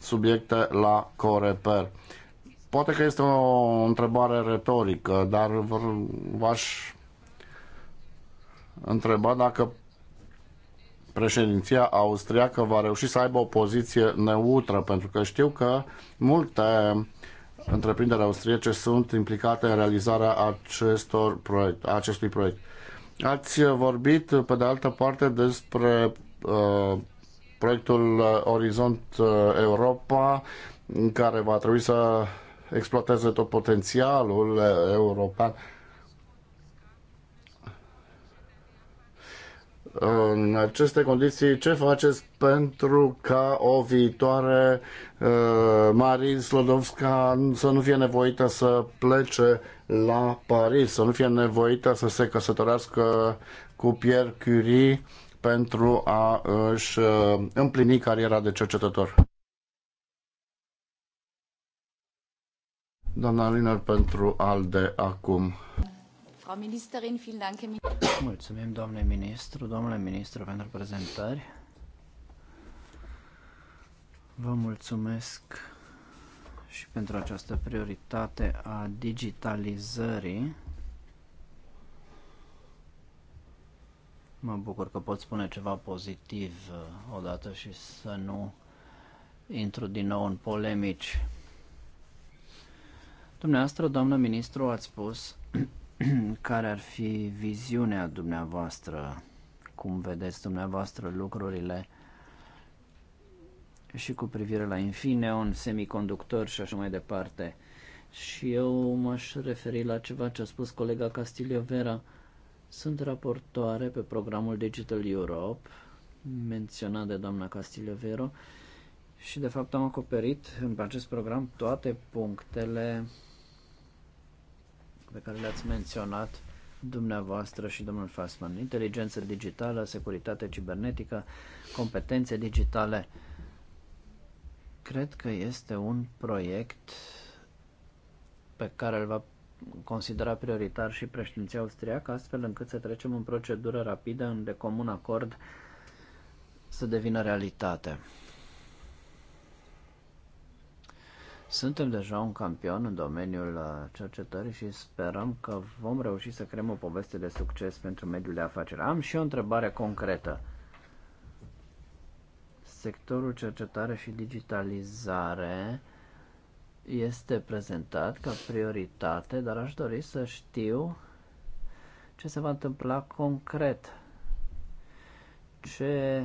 subiecte la Coreper. Poate că este o întrebare retorică, dar v-aș întreba dacă președinția austriacă va reuși să aibă o poziție neutră, pentru că știu că multe întreprinderi austriece sunt implicate în realizarea acestor proiect, acestui proiect. Ați vorbit, pe de altă parte, despre uh, proiectul Orizont uh, Europa, care va trebui să exploateze tot potențialul european În aceste condiții, ce faceți pentru ca o viitoare uh, Marie Slodovska să nu fie nevoită să plece la Paris, să nu fie nevoită să se căsătorească cu Pierre Curie pentru a își uh, împlini cariera de cercetător? Doamna Liner pentru de acum. Mulțumim, domnule ministru, domnule ministru, pentru prezentări. Vă mulțumesc și pentru această prioritate a digitalizării. Mă bucur că pot spune ceva pozitiv uh, odată și să nu intru din nou în polemici. Dumneavoastră, doamnă ministru, ați spus *clears throat* care ar fi viziunea dumneavoastră, cum vedeți dumneavoastră lucrurile și cu privire la Infineon, semiconductor și așa mai departe. Și eu m-aș referi la ceva ce a spus colega Castilio Vera. Sunt raportoare pe programul Digital Europe, menționat de doamna Castilio Vera, și de fapt am acoperit în acest program toate punctele pe care le-ați menționat dumneavoastră și domnul Fassman. Inteligență digitală, securitate cibernetică, competențe digitale. Cred că este un proiect pe care îl va considera prioritar și președinția austriacă, astfel încât să trecem în procedură rapidă, în de comun acord, să devină realitate. Suntem deja un campion în domeniul uh, cercetării și sperăm că vom reuși să creăm o poveste de succes pentru mediul de afaceri. Am și o întrebare concretă. Sectorul cercetare și digitalizare este prezentat ca prioritate, dar aș dori să știu ce se va întâmpla concret. Ce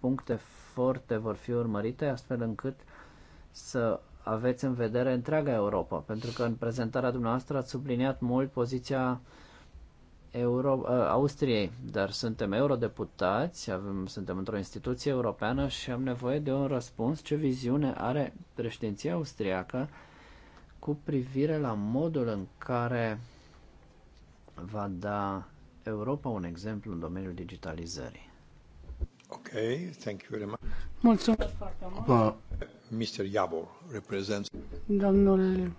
puncte forte vor fi urmărite astfel încât să aveți în vedere întreaga Europa, pentru că în prezentarea dumneavoastră ați subliniat mult poziția Euro, uh, Austriei, dar suntem eurodeputați, avem, suntem într-o instituție europeană și am nevoie de un răspuns ce viziune are președinția austriacă cu privire la modul în care va da Europa un exemplu în domeniul digitalizării. Ok, thank you very much. Mulțumesc foarte mult. Mr. Domnul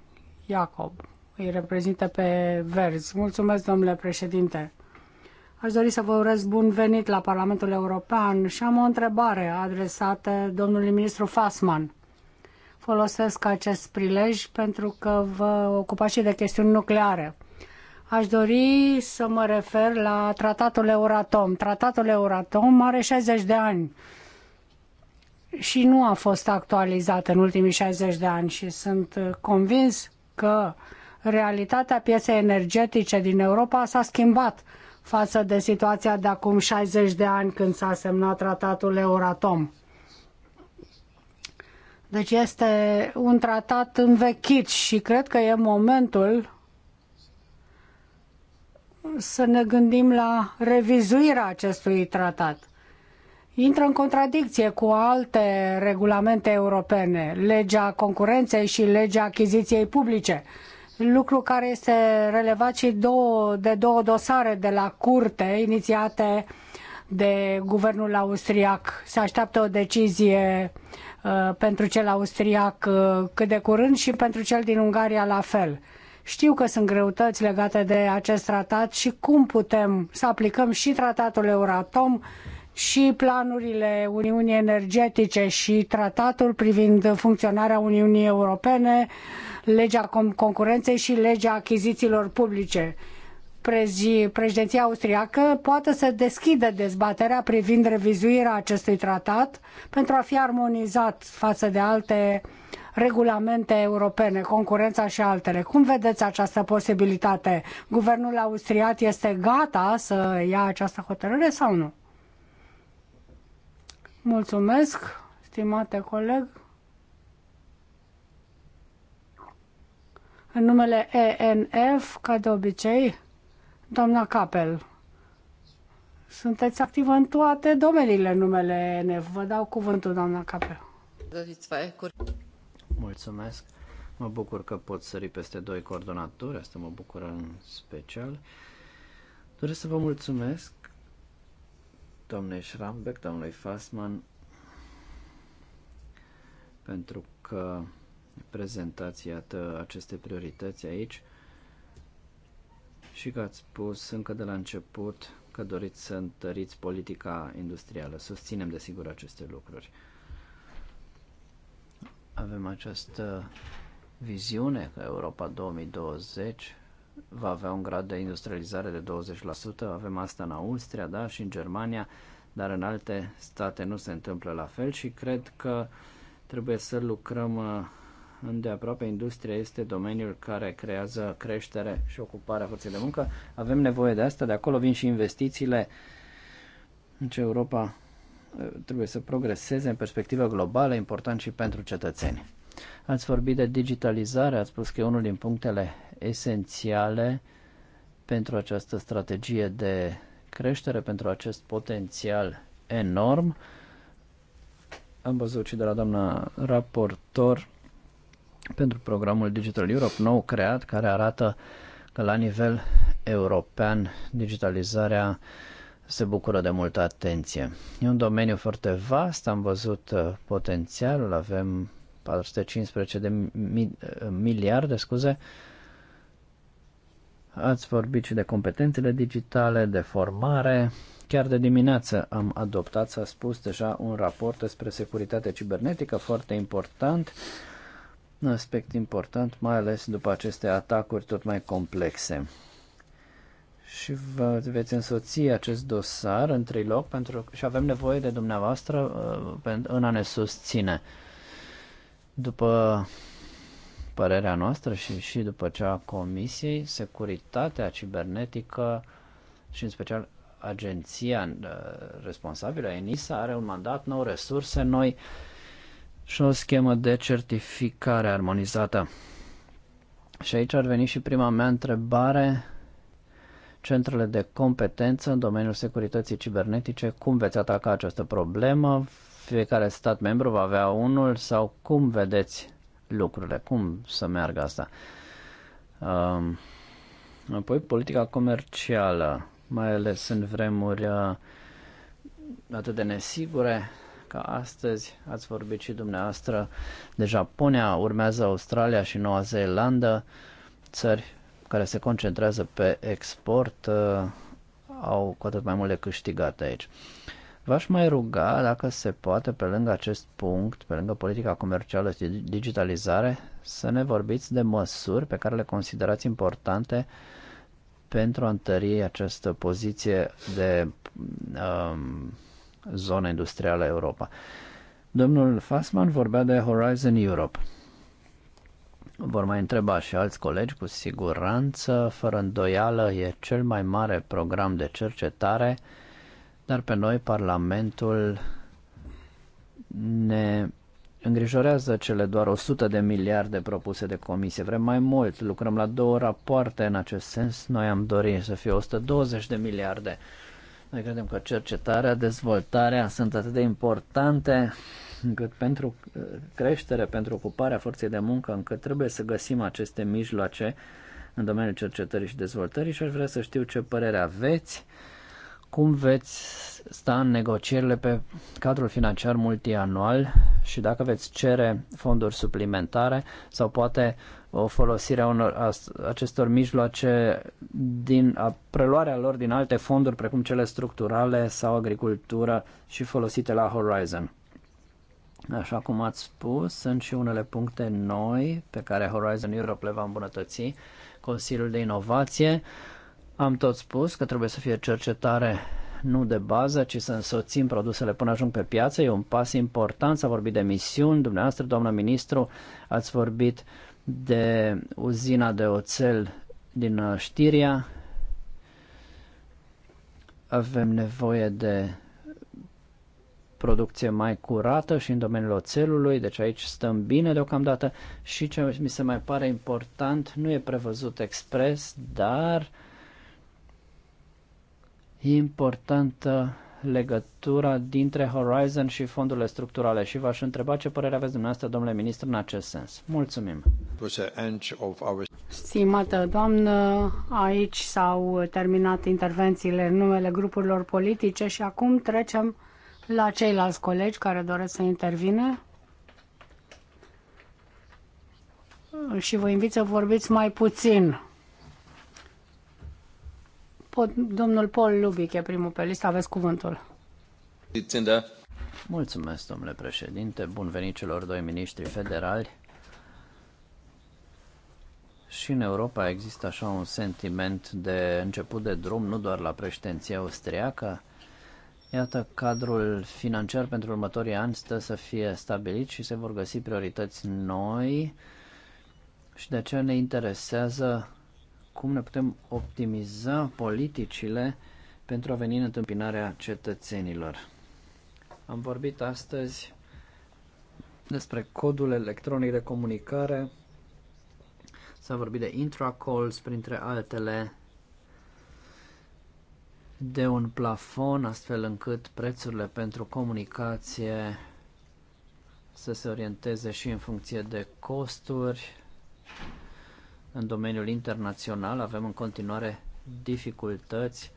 Iacob îi reprezintă pe Verzi. Mulțumesc, domnule președinte. Aș dori să vă urez bun venit la Parlamentul European și am o întrebare adresată domnului ministru Fasman. Folosesc acest prilej pentru că vă ocupați și de chestiuni nucleare. Aș dori să mă refer la tratatul Euratom. Tratatul Euratom are 60 de ani și nu a fost actualizată în ultimii 60 de ani și sunt convins că realitatea pieței energetice din Europa s-a schimbat față de situația de acum 60 de ani când s-a semnat tratatul Euratom. Deci este un tratat învechit și cred că e momentul să ne gândim la revizuirea acestui tratat intră în contradicție cu alte regulamente europene, legea concurenței și legea achiziției publice, lucru care este relevat și două, de două dosare de la curte inițiate de guvernul austriac. Se așteaptă o decizie uh, pentru cel austriac uh, cât de curând și pentru cel din Ungaria la fel. Știu că sunt greutăți legate de acest tratat și cum putem să aplicăm și tratatul Euratom și planurile Uniunii Energetice și tratatul privind funcționarea Uniunii Europene, legea concurenței și legea achizițiilor publice. Președinția austriacă poate să deschidă dezbaterea privind revizuirea acestui tratat pentru a fi armonizat față de alte regulamente europene, concurența și altele. Cum vedeți această posibilitate? Guvernul austriac este gata să ia această hotărâre sau nu? Mulțumesc, stimate coleg. În numele ENF, ca de obicei, doamna Capel. Sunteți activă în toate domeniile numele ENF. Vă dau cuvântul, doamna Capel. Mulțumesc. Mă bucur că pot sări peste doi coordonatori, asta mă bucură în special. Doresc să vă mulțumesc domnului Schrambeck, domnului Fassman, pentru că prezentați, iată, aceste priorități aici și că ați spus încă de la început că doriți să întăriți politica industrială. Susținem, desigur, aceste lucruri. Avem această viziune că Europa 2020 va avea un grad de industrializare de 20%, avem asta în Austria, da, și în Germania, dar în alte state nu se întâmplă la fel și cred că trebuie să lucrăm uh, îndeaproape. Industria este domeniul care creează creștere și ocuparea forței de muncă. Avem nevoie de asta, de acolo vin și investițiile. În ce Europa uh, trebuie să progreseze în perspectivă globală, important și pentru cetățeni. Ați vorbit de digitalizare, ați spus că e unul din punctele esențiale pentru această strategie de creștere, pentru acest potențial enorm. Am văzut și de la doamna raportor pentru programul Digital Europe nou creat, care arată că la nivel european digitalizarea se bucură de multă atenție. E un domeniu foarte vast, am văzut uh, potențialul, avem 415 de miliarde, scuze, ați vorbit și de competențele digitale, de formare. Chiar de dimineață am adoptat, s-a spus deja, un raport despre securitate cibernetică foarte important, un aspect important, mai ales după aceste atacuri tot mai complexe. Și vă veți însoți acest dosar în loc pentru, și avem nevoie de dumneavoastră uh, în a ne susține. După părerea noastră și, și după cea a Comisiei, securitatea cibernetică și în special agenția uh, responsabilă, ENISA, are un mandat nou, resurse noi și o schemă de certificare armonizată. Și aici ar veni și prima mea întrebare. Centrele de competență în domeniul securității cibernetice, cum veți ataca această problemă? fiecare stat membru va avea unul sau cum vedeți lucrurile, cum să meargă asta. Um, apoi politica comercială, mai ales în vremuri uh, atât de nesigure ca astăzi, ați vorbit și dumneavoastră de Japonia, urmează Australia și Noua Zeelandă, țări care se concentrează pe export, uh, au cu atât mai mult de câștigat aici. V-aș mai ruga, dacă se poate, pe lângă acest punct, pe lângă politica comercială și digitalizare, să ne vorbiți de măsuri pe care le considerați importante pentru a întări această poziție de um, zonă industrială Europa. Domnul Fassman vorbea de Horizon Europe. Vor mai întreba și alți colegi, cu siguranță, fără îndoială, e cel mai mare program de cercetare uh, dar pe noi Parlamentul ne îngrijorează cele doar 100 de miliarde propuse de comisie. Vrem mai mult, lucrăm la două rapoarte în acest sens. Noi am dorit să fie 120 de miliarde. Noi credem că cercetarea, dezvoltarea sunt atât de importante încât pentru creștere, pentru ocuparea forței de muncă, încât trebuie să găsim aceste mijloace în domeniul cercetării și dezvoltării și aș vrea să știu ce părere aveți cum veți sta în negocierile pe cadrul financiar multianual și dacă veți cere fonduri suplimentare sau poate o folosire a, unor, a acestor mijloace din a preluarea lor din alte fonduri precum cele structurale sau agricultură și folosite la Horizon? Așa cum ați spus, sunt și unele puncte noi pe care Horizon Europe le va îmbunătăți, Consiliul de Inovație, uh, am tot spus că trebuie să fie cercetare nu de bază, ci să însoțim produsele până ajung pe piață. E un pas important. S-a vorbit de misiuni. Dumneavoastră, doamnă ministru, ați vorbit de uzina de oțel din uh, Știria. Avem nevoie de producție mai curată și în domeniul oțelului, deci aici stăm bine deocamdată și ce mi se mai pare important, nu e prevăzut expres, dar uh, E importantă legătura dintre Horizon și fondurile structurale și v-aș întreba ce părere aveți dumneavoastră, domnule ministru, în acest sens. Mulțumim! Stimată doamnă, aici s-au terminat intervențiile în numele grupurilor politice și acum trecem la ceilalți colegi care doresc să intervine. Și vă invit să vorbiți mai puțin Domnul Paul Lubic e primul pe listă, aveți cuvântul. Mulțumesc, domnule președinte. Bun venit celor doi miniștri federali. Și în Europa există așa un sentiment de început de drum, nu doar la președinția austriacă. Iată, cadrul financiar pentru următorii ani stă să fie stabilit și se vor găsi priorități noi și de aceea ne interesează cum ne putem optimiza politicile pentru a veni în întâmpinarea cetățenilor. Am vorbit astăzi despre codul electronic de comunicare, s-a vorbit de intracalls printre altele, de un plafon astfel încât prețurile pentru comunicație să se orienteze și în funcție de costuri, în domeniul internațional avem în continuare dificultăți.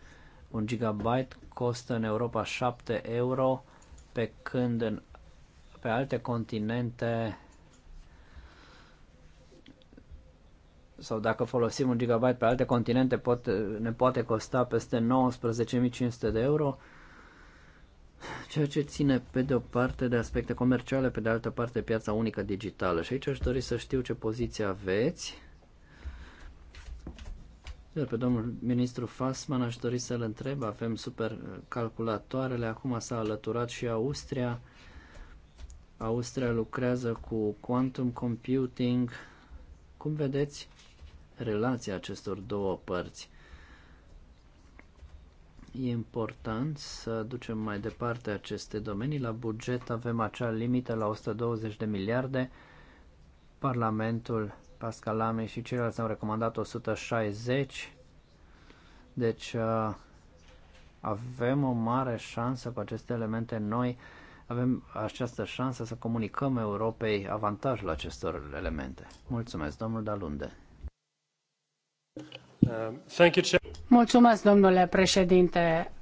Un gigabyte costă în Europa 7 euro, pe când în, pe alte continente sau dacă folosim un gigabyte pe alte continente pot, ne poate costa peste 19.500 de euro ceea ce ține pe de o parte de aspecte comerciale, pe de altă parte piața unică digitală. Și aici aș dori să știu ce poziție aveți iar pe domnul ministru Fasman aș dori să-l întreb, avem supercalculatoarele, uh, acum s-a alăturat și Austria. Austria lucrează cu quantum computing. Cum vedeți relația acestor două părți? E important să ducem mai departe aceste domenii. La buget avem acea limită la 120 de miliarde. Parlamentul Pascal Lame și ceilalți au recomandat 160. Deci uh, avem o mare șansă cu aceste elemente noi. Avem această șansă să comunicăm Europei avantajul acestor elemente. Mulțumesc, domnul Dalunde. Uh, Mulțumesc, domnule președinte.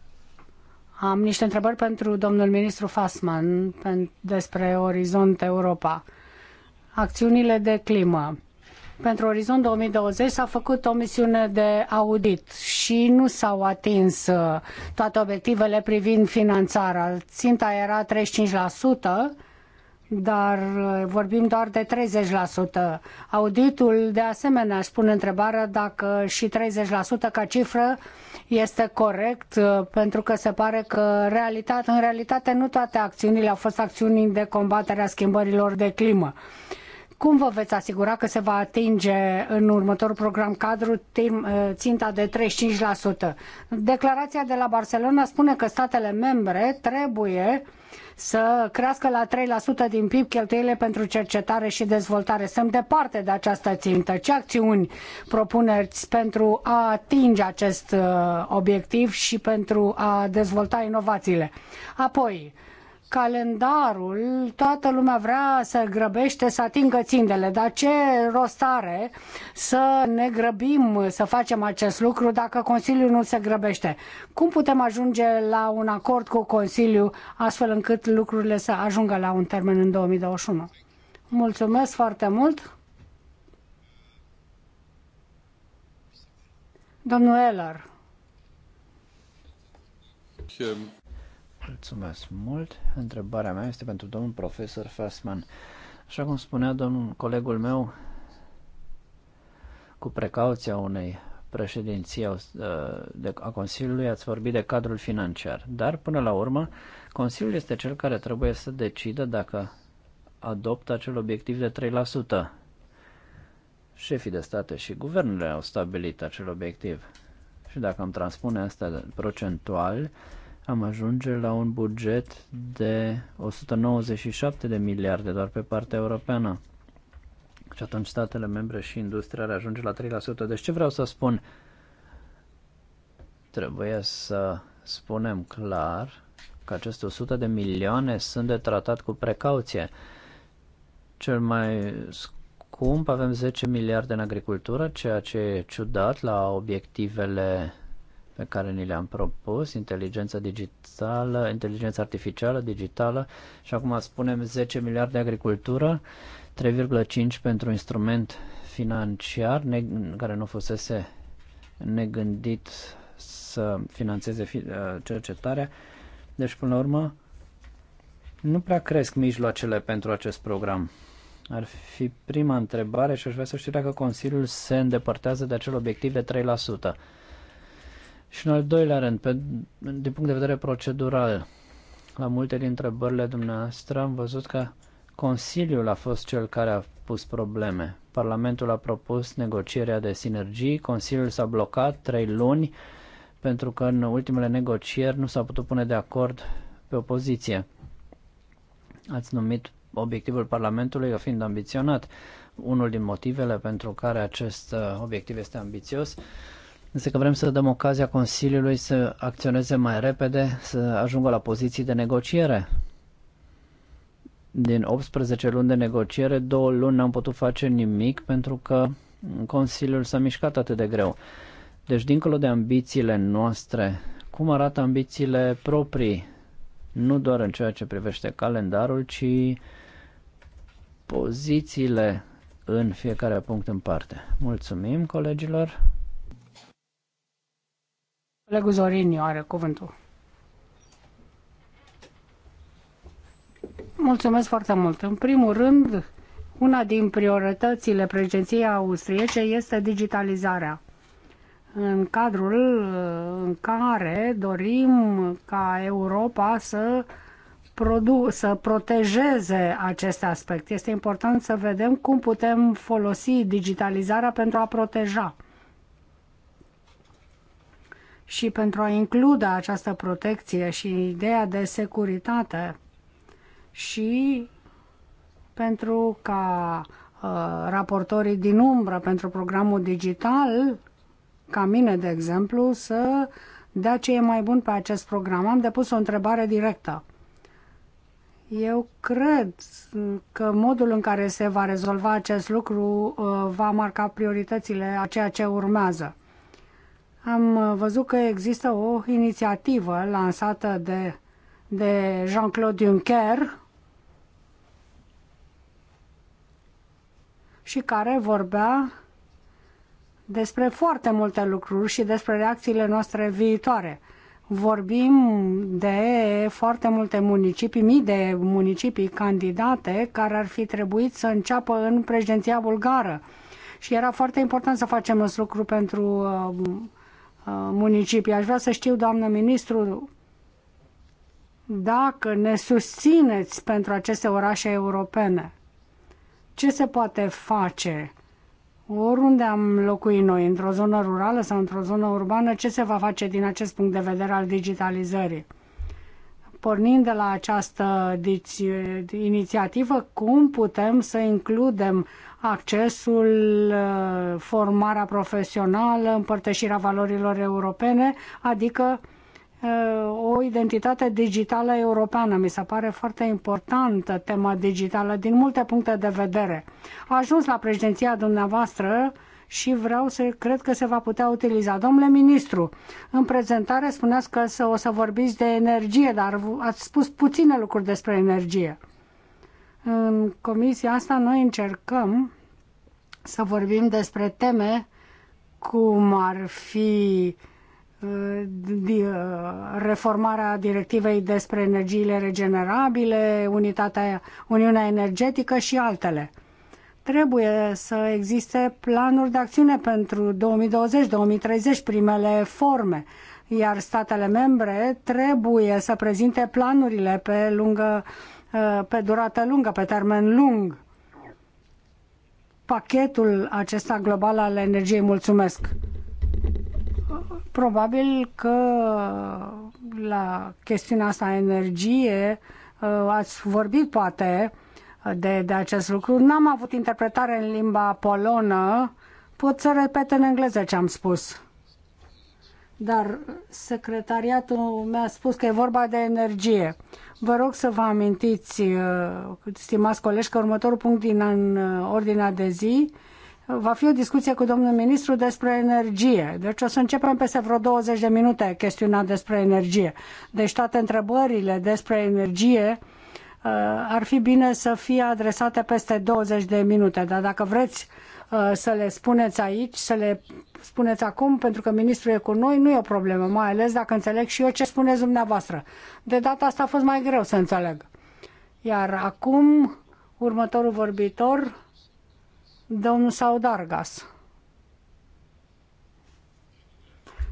Am niște întrebări pentru domnul ministru Fassman despre Orizont Europa. Acțiunile de climă. Pentru Orizont 2020 s-a făcut o misiune de audit și nu s-au atins uh, toate obiectivele privind finanțarea. Ținta era 35%, dar uh, vorbim doar de 30%. Auditul, de asemenea, își pune întrebarea dacă și 30% ca cifră este corect, uh, pentru că se pare că realitate, în realitate nu toate acțiunile au fost acțiuni de combatere a schimbărilor de climă. Cum vă veți asigura că se va atinge în următorul program cadru uh, ținta de 35%? Declarația de la Barcelona spune că statele membre trebuie să crească la 3% din PIB cheltuielile pentru cercetare și dezvoltare. Sunt departe de această țintă. Ce acțiuni propuneți pentru a atinge acest uh, obiectiv și pentru a dezvolta inovațiile? Apoi, calendarul, toată lumea vrea să grăbește, să atingă țindele, dar ce rost are să ne grăbim să facem acest lucru dacă Consiliul nu se grăbește? Cum putem ajunge la un acord cu Consiliul astfel încât lucrurile să ajungă la un termen în 2021? Mulțumesc foarte mult! Domnul Eller. Mulțumesc mult. Întrebarea mea este pentru domnul profesor Fassman. Așa cum spunea domnul colegul meu, cu precauția unei președinții ă, a Consiliului ați vorbit de cadrul financiar, dar până la urmă Consiliul este cel care trebuie să decidă dacă adoptă acel obiectiv de 3%. Șefii de state și guvernele au stabilit acel obiectiv. Și dacă îmi transpune asta procentual, am ajunge la un buget de 197 de miliarde doar pe partea europeană. Și atunci statele membre și industria ar ajunge la 3%. Deci ce vreau să spun? Trebuie să spunem clar că aceste 100 de milioane sunt de tratat cu precauție. Cel mai scump avem 10 miliarde în agricultură, ceea ce e ciudat la obiectivele pe care ni le-am propus, inteligența digitală, inteligența artificială, digitală și acum spunem 10 miliarde agricultură, 3,5 pentru instrument financiar ne, care nu fusese negândit să financeze fi, uh, cercetarea. Deci, până la urmă, nu prea cresc mijloacele pentru acest program. Ar fi prima întrebare și aș vrea să știu dacă Consiliul se îndepărtează de acel obiectiv de 3%. Și în al doilea rând, pe, din punct de vedere procedural, la multe dintre întrebările dumneavoastră am văzut că Consiliul a fost cel care a pus probleme. Parlamentul a propus negocierea de sinergii, Consiliul s-a blocat trei luni pentru că în ultimele negocieri nu s-a putut pune de acord pe opoziție. Ați numit obiectivul Parlamentului fiind ambiționat. Unul din motivele pentru care acest uh, obiectiv este ambițios Însă că vrem să dăm ocazia Consiliului să acționeze mai repede, să ajungă la poziții de negociere. Din 18 luni de negociere, două luni n-am putut face nimic pentru că Consiliul s-a mișcat atât de greu. Deci, dincolo de ambițiile noastre, cum arată ambițiile proprii, nu doar în ceea ce privește calendarul, ci pozițiile în fiecare punct în parte. Mulțumim, colegilor! Colegul Zorini are cuvântul. Mulțumesc foarte mult. În primul rând, una din prioritățile președinției austriece este digitalizarea. În cadrul în care dorim ca Europa să, produ- să protejeze acest aspect. Este important să vedem cum putem folosi digitalizarea pentru a proteja și pentru a include această protecție și ideea de securitate și pentru ca uh, raportorii din umbră pentru programul digital, ca mine de exemplu, să dea ce e mai bun pe acest program. Am depus o întrebare directă. Eu cred că modul în care se va rezolva acest lucru uh, va marca prioritățile a ceea ce urmează am uh, văzut că există o inițiativă lansată de, de Jean-Claude Juncker și care vorbea despre foarte multe lucruri și despre reacțiile noastre viitoare. Vorbim de foarte multe municipii, mii de municipii candidate care ar fi trebuit să înceapă în președinția bulgară. Și era foarte important să facem acest lucru pentru uh, Uh, municipii. Aș vrea să știu, doamnă ministru, dacă ne susțineți pentru aceste orașe europene. Ce se poate face? Oriunde am locuit noi, într-o zonă rurală sau într-o zonă urbană, ce se va face din acest punct de vedere al digitalizării? pornind de la această deci, inițiativă, cum putem să includem accesul, uh, formarea profesională, împărtășirea valorilor europene, adică uh, o identitate digitală europeană. Mi se pare foarte importantă tema digitală din multe puncte de vedere. A ajuns la președinția dumneavoastră și vreau să cred că se va putea utiliza. Domnule ministru, în prezentare spuneați că o să vorbiți de energie, dar ați spus puține lucruri despre energie. În comisia asta noi încercăm să vorbim despre teme cum ar fi uh, uh, reformarea directivei despre energiile regenerabile, unitatea, Uniunea Energetică și altele. Trebuie să existe planuri de acțiune pentru 2020-2030, primele forme, iar statele membre trebuie să prezinte planurile pe, lungă, uh, pe durată lungă, pe termen lung. Pachetul acesta global al energiei, mulțumesc! Probabil că la chestiunea asta energie uh, ați vorbit poate de, de acest lucru. N-am avut interpretare în limba polonă. Pot să repet în engleză ce am spus. Dar secretariatul mi-a spus că e vorba de energie. Vă rog să vă amintiți, uh, stimați colegi, că următorul punct din în uh, ordinea de zi uh, va fi o discuție cu domnul ministru despre energie. Deci o să începem peste vreo 20 de minute chestiunea despre energie. Deci toate întrebările despre energie Uh, ar fi bine să fie adresate peste 20 de minute, dar dacă vreți uh, să le spuneți aici, să le spuneți acum, pentru că ministrul e cu noi, nu e o problemă, mai ales dacă înțeleg și eu ce spuneți dumneavoastră. De data asta a fost mai greu să înțeleg. Iar acum, următorul vorbitor, domnul Saudargas.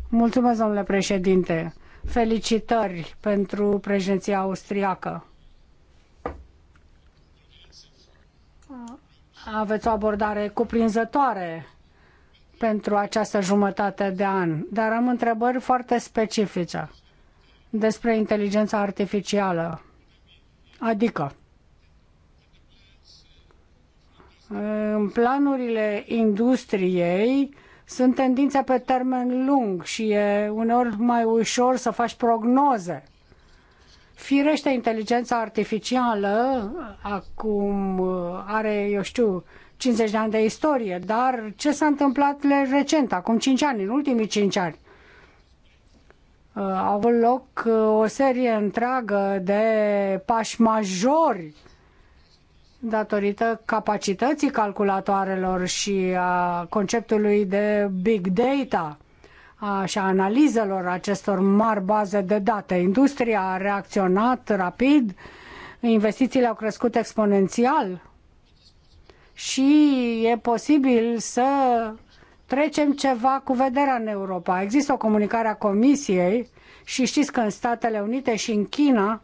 Mulțumesc, domnule președinte. Felicitări pentru președinția austriacă. aveți o abordare cuprinzătoare pentru această jumătate de an, dar am întrebări foarte specifice despre inteligența artificială. Adică, în planurile industriei sunt tendințe pe termen lung și e uneori mai ușor să faci prognoze Firește, inteligența artificială acum uh, are, eu știu, 50 de ani de istorie, dar ce s-a întâmplat recent, acum 5 ani, în ultimii 5 ani? Uh, au avut loc uh, o serie întreagă de pași majori datorită capacității calculatoarelor și a conceptului de big data – a, și a analizelor acestor mari baze de date. Industria a reacționat rapid, investițiile au crescut exponențial și e posibil să trecem ceva cu vederea în Europa. Există o comunicare a Comisiei și știți că în Statele Unite și în China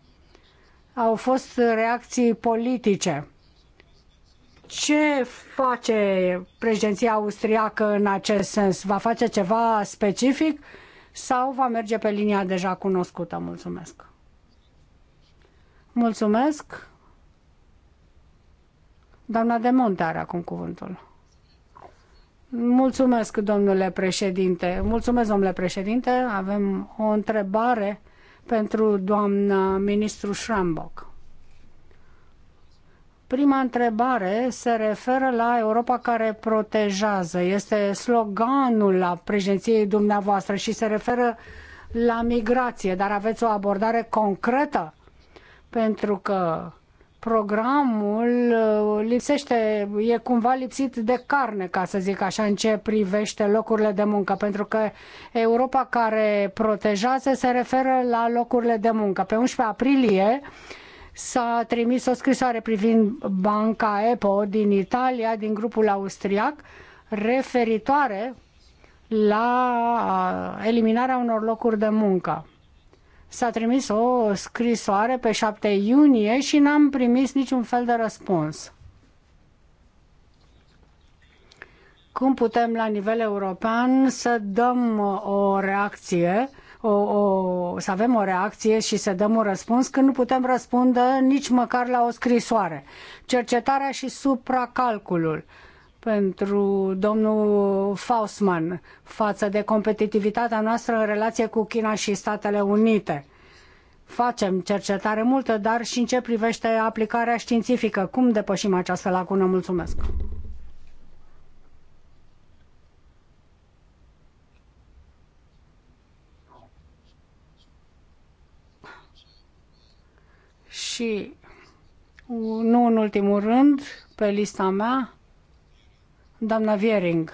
au fost reacții politice ce face președinția austriacă în acest sens? Va face ceva specific sau va merge pe linia deja cunoscută? Mulțumesc! Mulțumesc! Doamna de Monte are acum cuvântul. Mulțumesc, domnule președinte. Mulțumesc, domnule președinte. Avem o întrebare pentru doamna ministru Schrambock. Prima întrebare se referă la Europa care protejează. Este sloganul la președinției dumneavoastră și se referă la migrație, dar aveți o abordare concretă pentru că programul uh, lipsește, e cumva lipsit de carne, ca să zic așa, în ce privește locurile de muncă, pentru că Europa care protejează se referă la locurile de muncă. Pe 11 aprilie s-a trimis o scrisoare privind Banca EPO din Italia, din grupul austriac, referitoare la eliminarea unor locuri de muncă. S-a trimis o scrisoare pe 7 iunie și n-am primit niciun fel de răspuns. Cum putem la nivel european să dăm uh, o reacție o, o, să avem o reacție și să dăm un răspuns când nu putem răspunde nici măcar la o scrisoare. Cercetarea și supracalculul pentru domnul Faustman față de competitivitatea noastră în relație cu China și Statele Unite. Facem cercetare multă, dar și în ce privește aplicarea științifică. Cum depășim această lacună? Mulțumesc! Și nu în ultimul rând, pe lista mea, doamna Viering.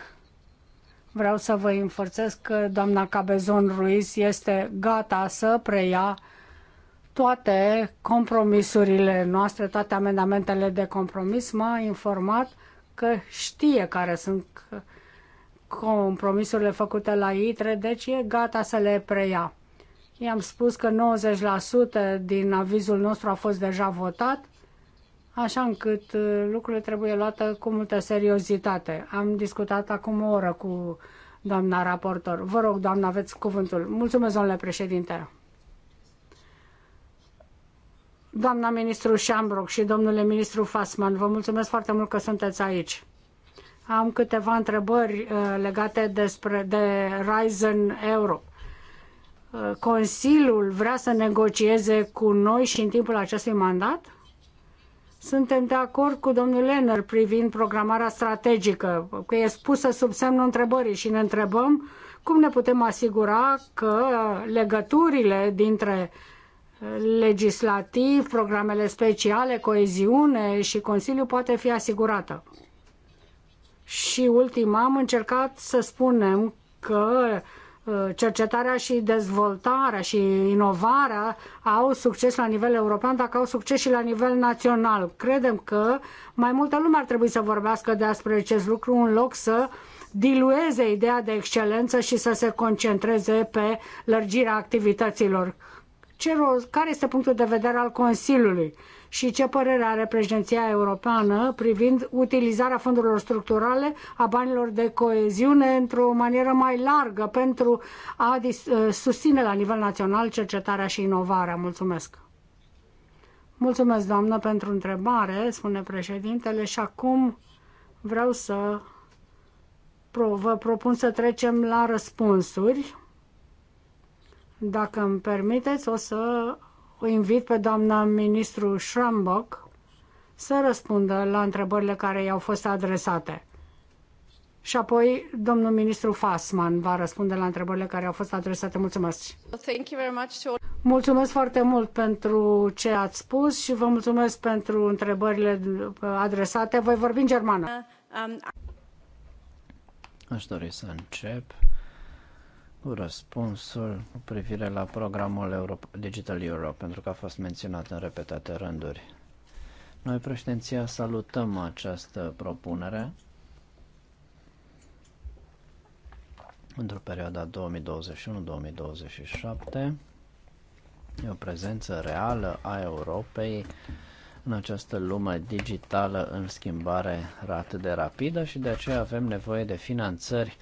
Vreau să vă înfățesc că doamna Cabezon Ruiz este gata să preia toate compromisurile noastre, toate amendamentele de compromis. M-a informat că știe care sunt compromisurile făcute la ITRE, deci e gata să le preia. I-am spus că 90% din avizul nostru a fost deja votat, așa încât uh, lucrurile trebuie luate cu multă seriozitate. Am discutat acum o oră cu doamna raportor. Vă rog, doamna, aveți cuvântul. Mulțumesc, domnule președinte. Doamna ministru Șambroc și domnule ministru Fasman, vă mulțumesc foarte mult că sunteți aici. Am câteva întrebări uh, legate despre, de Ryzen Europe. Consiliul vrea să negocieze cu noi și în timpul acestui mandat? Suntem de acord cu domnul Lenner privind programarea strategică, că e spusă sub semnul întrebării și ne întrebăm cum ne putem asigura că legăturile dintre legislativ, programele speciale, coeziune și Consiliu poate fi asigurată. Și ultima am încercat să spunem că Uh, cercetarea și dezvoltarea și inovarea au succes la nivel european, dacă au succes și la nivel național. Credem că mai multă lume ar trebui să vorbească despre acest lucru în loc să dilueze ideea de excelență și să se concentreze pe lărgirea activităților ce care este punctul de vedere al Consiliului și ce părere are președinția europeană privind utilizarea fondurilor structurale, a banilor de coeziune într-o manieră mai largă pentru a uh, susține la nivel național cercetarea și inovarea. Mulțumesc! Mulțumesc, doamnă, pentru întrebare, spune președintele, și acum vreau să vă propun să trecem la răspunsuri. Dacă îmi permiteți, o să o invit pe doamna ministru Schrambach să răspundă la întrebările care i-au fost adresate. Și apoi domnul ministru Fasman va răspunde la întrebările care au fost adresate. Mulțumesc! Mulțumesc foarte mult pentru ce ați spus și vă mulțumesc pentru întrebările uh, adresate. Voi vorbi în germană. Uh, um, Aș dori să încep cu răspunsul cu privire la programul Europa, Digital Europe, pentru că a fost menționat în repetate rânduri. Noi, președinția, salutăm această propunere într-o perioada 2021-2027. E o prezență reală a Europei în această lume digitală în schimbare atât de rapidă și de aceea avem nevoie de finanțări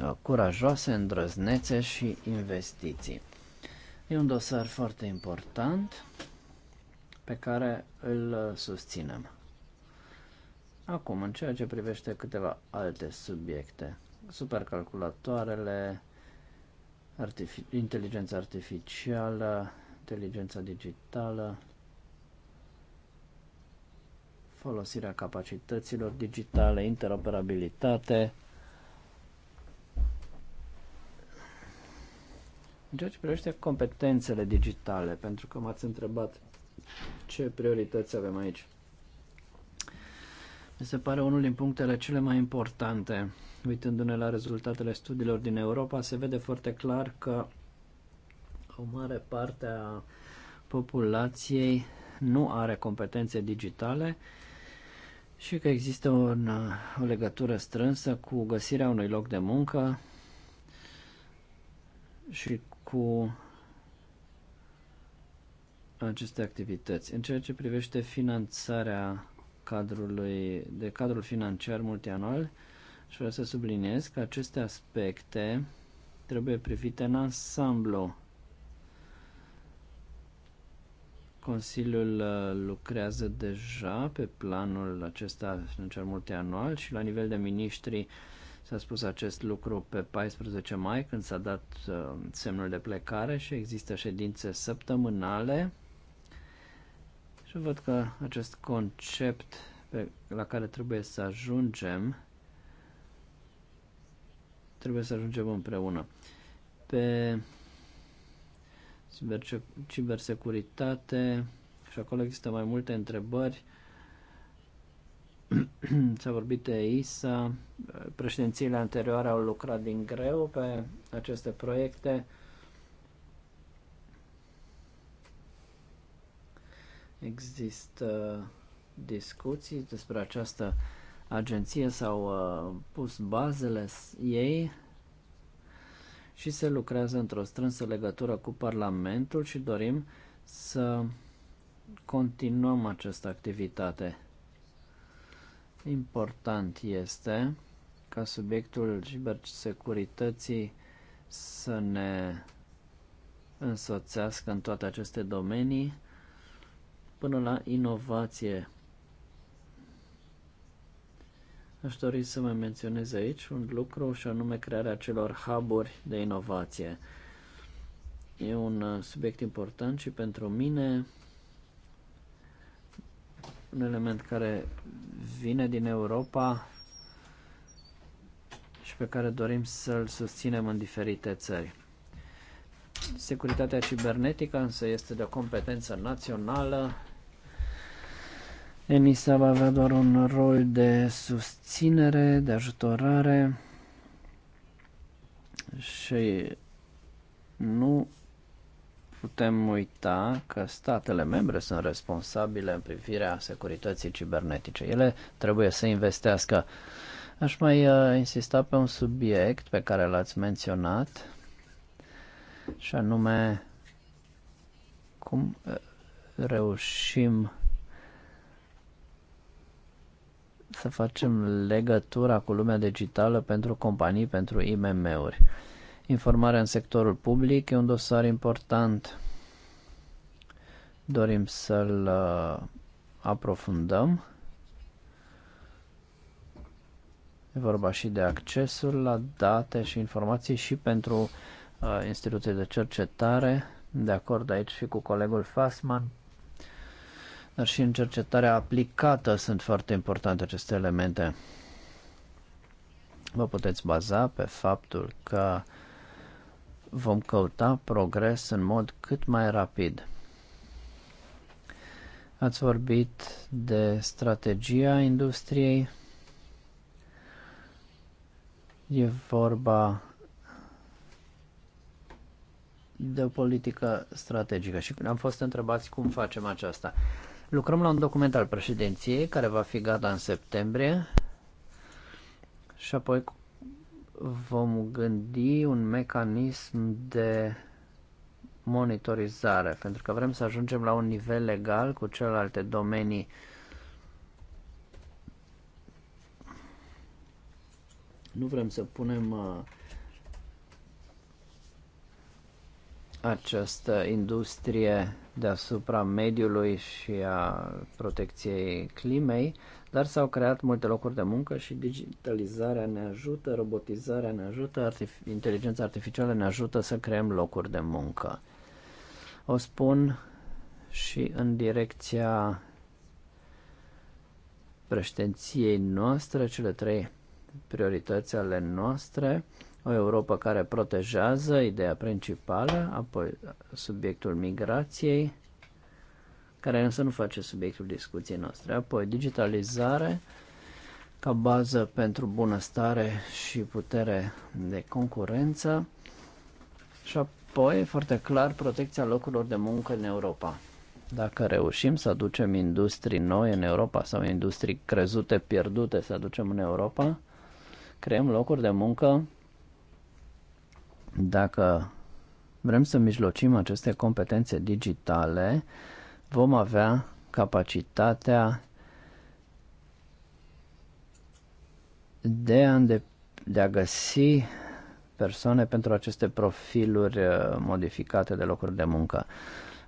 Uh, curajoase, îndrăznețe și investiții. E un dosar foarte important pe care îl uh, susținem. Acum, în ceea ce privește câteva alte subiecte, supercalculatoarele, artific inteligența artificială, inteligența digitală, folosirea capacităților digitale, interoperabilitate, În ceea ce privește competențele digitale, pentru că m-ați întrebat ce priorități avem aici. Mi se pare unul din punctele cele mai importante. Uitându-ne la rezultatele studiilor din Europa, se vede foarte clar că o mare parte a populației nu are competențe digitale și că există o, o legătură strânsă cu găsirea unui loc de muncă și cu aceste activități. În ceea ce privește finanțarea cadrului, de cadrul financiar multianual, și vreau să subliniez că aceste aspecte trebuie privite în ansamblu. Consiliul uh, lucrează deja pe planul acesta financiar multianual și la nivel de miniștri S-a spus acest lucru pe 14 mai, când s-a dat uh, semnul de plecare și există ședințe săptămânale. Și văd că acest concept pe, la care trebuie să ajungem, trebuie să ajungem împreună. Pe cibersecuritate și acolo există mai multe întrebări *clears throat* S-a vorbit de ISA, președințiile anterioare au lucrat din greu pe aceste proiecte. Există discuții despre această agenție, s-au uh, pus bazele ei și se lucrează într-o strânsă legătură cu Parlamentul și dorim să continuăm această activitate. Important este ca subiectul cibersecurității să ne însoțească în toate aceste domenii până la inovație. Aș dori să mai menționez aici un lucru și anume crearea celor hub de inovație. E un subiect important și pentru mine un element care vine din Europa și pe care dorim să-l susținem în diferite țări. Securitatea cibernetică însă este de o competență națională. ENISA va avea doar un rol de susținere, de ajutorare și nu putem uita că statele membre sunt responsabile în privirea securității cibernetice. Ele trebuie să investească. Aș mai uh, insista pe un subiect pe care l-ați menționat, și anume cum uh, reușim să facem legătura cu lumea digitală pentru companii, pentru IMM-uri. Uh, Informarea în sectorul public e un dosar important. Dorim să-l uh, aprofundăm. E vorba și de accesul la date și informații și pentru uh, instituții de cercetare. De acord aici și cu colegul Fassman. Dar și în cercetarea aplicată sunt foarte importante aceste elemente. Vă puteți baza pe faptul că vom căuta progres în mod cât mai rapid. Ați vorbit de strategia industriei. E vorba de o politică strategică și am fost întrebați cum facem aceasta. Lucrăm la un document al președinției care va fi gata în septembrie și apoi vom gândi un mecanism de monitorizare, pentru că vrem să ajungem la un nivel legal cu celelalte domenii. Nu vrem să punem uh, această industrie deasupra mediului și a protecției climei, dar s-au creat multe locuri de muncă și digitalizarea ne ajută, robotizarea ne ajută, artific- inteligența artificială ne ajută să creăm locuri de muncă. O spun și în direcția președinției noastre, cele trei priorități ale noastre, o Europa care protejează, ideea principală, apoi subiectul migrației, care însă nu face subiectul discuției noastre. Apoi, digitalizare ca bază pentru bunăstare și putere de concurență și apoi, foarte clar, protecția locurilor de muncă în Europa. Dacă reușim să aducem industrii noi în Europa sau industrii crezute, pierdute, să aducem în Europa, creăm locuri de muncă. Dacă vrem să mijlocim aceste competențe digitale, vom avea capacitatea de a, îndep- de a găsi persoane pentru aceste profiluri uh, modificate de locuri de muncă.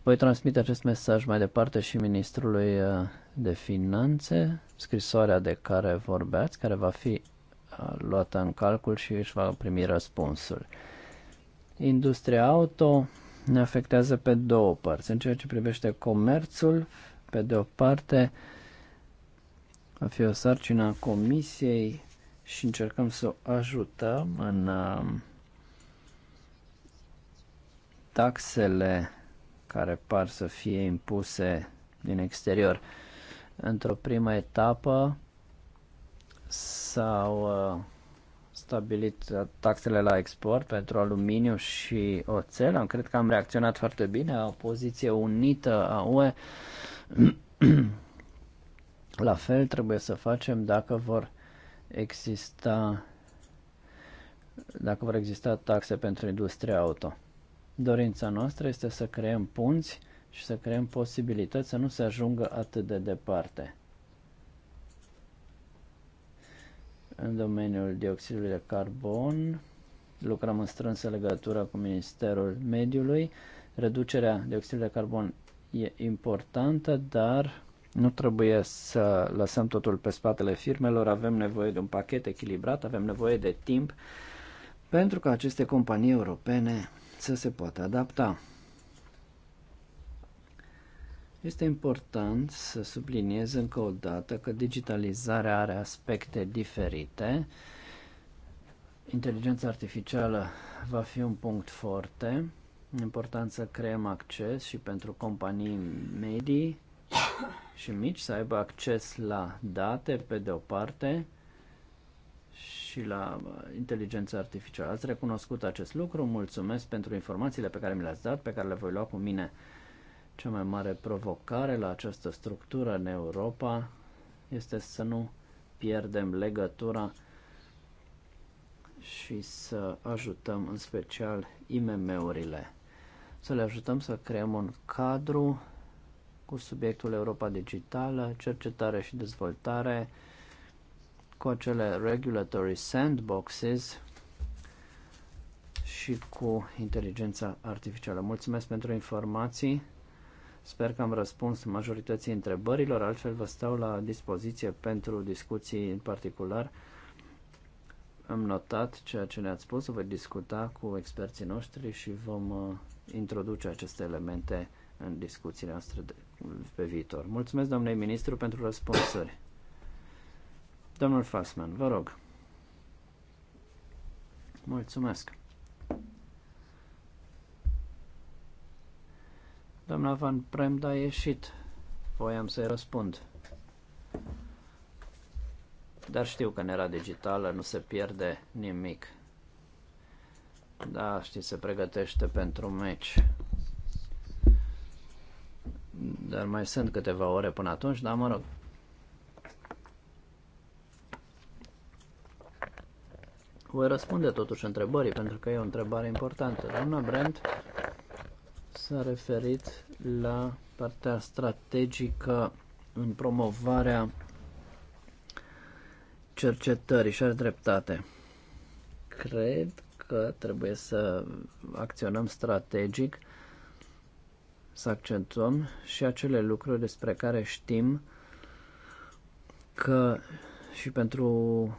Voi transmite acest mesaj mai departe și Ministrului uh, de Finanțe, scrisoarea de care vorbeați, care va fi uh, luată în calcul și își va primi răspunsul. Industria auto, ne afectează pe două părți. În ceea ce privește comerțul, pe de o parte, va fi o sarcină a comisiei și încercăm să o ajutăm în um, taxele care par să fie impuse din exterior. Într-o primă etapă s-au uh, stabilit taxele la export pentru aluminiu și oțel. Am cred că am reacționat foarte bine, o poziție unită a UE. *clears throat* La fel trebuie să facem dacă vor exista dacă vor exista taxe pentru industria auto. Dorința noastră este să creăm punți și să creăm posibilități să nu se ajungă atât de departe. În domeniul dioxidului de carbon lucrăm în strânsă legătură cu Ministerul Mediului. Reducerea dioxidului de carbon e importantă, dar nu trebuie să lăsăm totul pe spatele firmelor. Avem nevoie de un pachet echilibrat, avem nevoie de timp pentru ca aceste companii europene să se poată adapta. Este important să subliniez încă o dată că digitalizarea are aspecte diferite. Inteligența artificială va fi un punct foarte. Important să creăm acces și pentru companii medii și mici să aibă acces la date pe de o parte și la inteligența artificială. Ați recunoscut acest lucru, mulțumesc pentru informațiile pe care mi le-ați dat, pe care le voi lua cu mine cea mai mare provocare la această structură în Europa este să nu pierdem legătura și să ajutăm în special IMM-urile. Să le ajutăm să creăm un cadru cu subiectul Europa Digitală, cercetare și dezvoltare, cu acele regulatory sandboxes și cu inteligența artificială. Mulțumesc pentru informații. Sper că am răspuns majorității întrebărilor, altfel vă stau la dispoziție pentru discuții în particular. Am notat ceea ce ne-ați spus, voi discuta cu experții noștri și vom uh, introduce aceste elemente în discuțiile noastre de, pe viitor. Mulțumesc, domnule ministru, pentru răspunsuri. Domnul Fassman, vă rog. Mulțumesc. Doamna Van Premda a ieșit. Voiam să-i răspund. Dar știu că în era digitală nu se pierde nimic. Da, știi, se pregătește pentru meci. Dar mai sunt câteva ore până atunci, dar mă rog. Voi răspunde totuși întrebării, pentru că e o întrebare importantă. Doamna Brent, s-a referit la partea strategică în promovarea cercetării și are dreptate. Cred că trebuie să acționăm strategic, să accentuăm și acele lucruri despre care știm că și pentru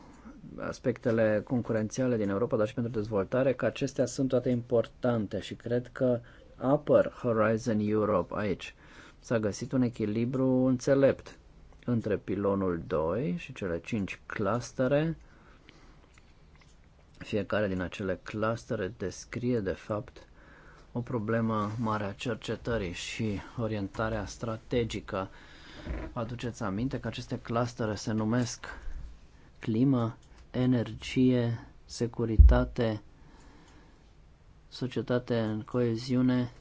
aspectele concurențiale din Europa, dar și pentru dezvoltare, că acestea sunt toate importante și cred că Upper Horizon Europe aici. S-a găsit un echilibru înțelept între pilonul 2 și cele 5 clustere. Fiecare din acele clustere descrie, de fapt, o problemă mare a cercetării și orientarea strategică. Aduceți aminte că aceste clustere se numesc climă, energie, securitate, societate în coeziune,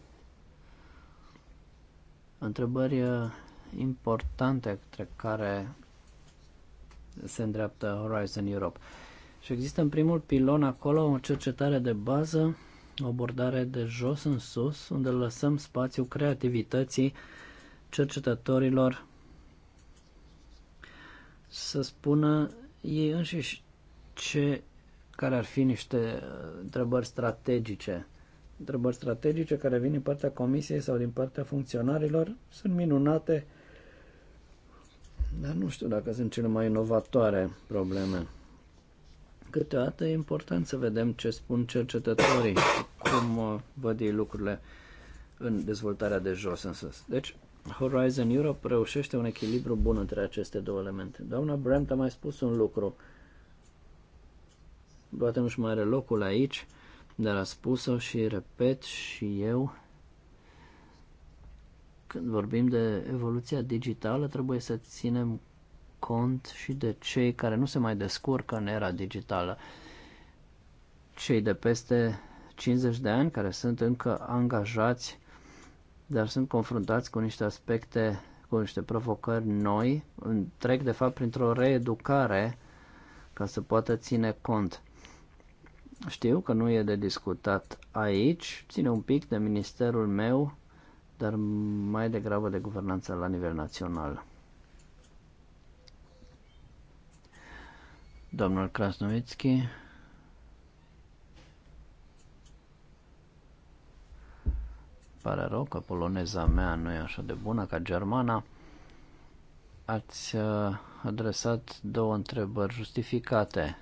întrebări uh, importante către care se îndreaptă Horizon Europe. Și există în primul pilon acolo o cercetare de bază, o abordare de jos în sus, unde lăsăm spațiu creativității cercetătorilor să spună ei înșiși ce care ar fi niște uh, întrebări strategice. Întrebări strategice care vin din partea comisiei sau din partea funcționarilor sunt minunate, dar nu știu dacă sunt cele mai inovatoare probleme. Câteodată e important să vedem ce spun cercetătorii, cum uh, văd ei lucrurile în dezvoltarea de jos în sus. Deci, Horizon Europe reușește un echilibru bun între aceste două elemente. Doamna Brent a mai spus un lucru poate nu-și mai are locul aici, dar a spus-o și repet și eu, când vorbim de evoluția digitală, trebuie să ținem cont și de cei care nu se mai descurcă în era digitală. Cei de peste 50 de ani care sunt încă angajați, dar sunt confruntați cu niște aspecte, cu niște provocări noi, trec de fapt printr-o reeducare ca să poată ține cont. Știu că nu e de discutat aici, ține un pic de ministerul meu, dar mai degrabă de guvernanță la nivel național. Domnul Krasnovitski. Pare rău că poloneza mea nu e așa de bună ca germana. Ați uh, adresat două întrebări justificate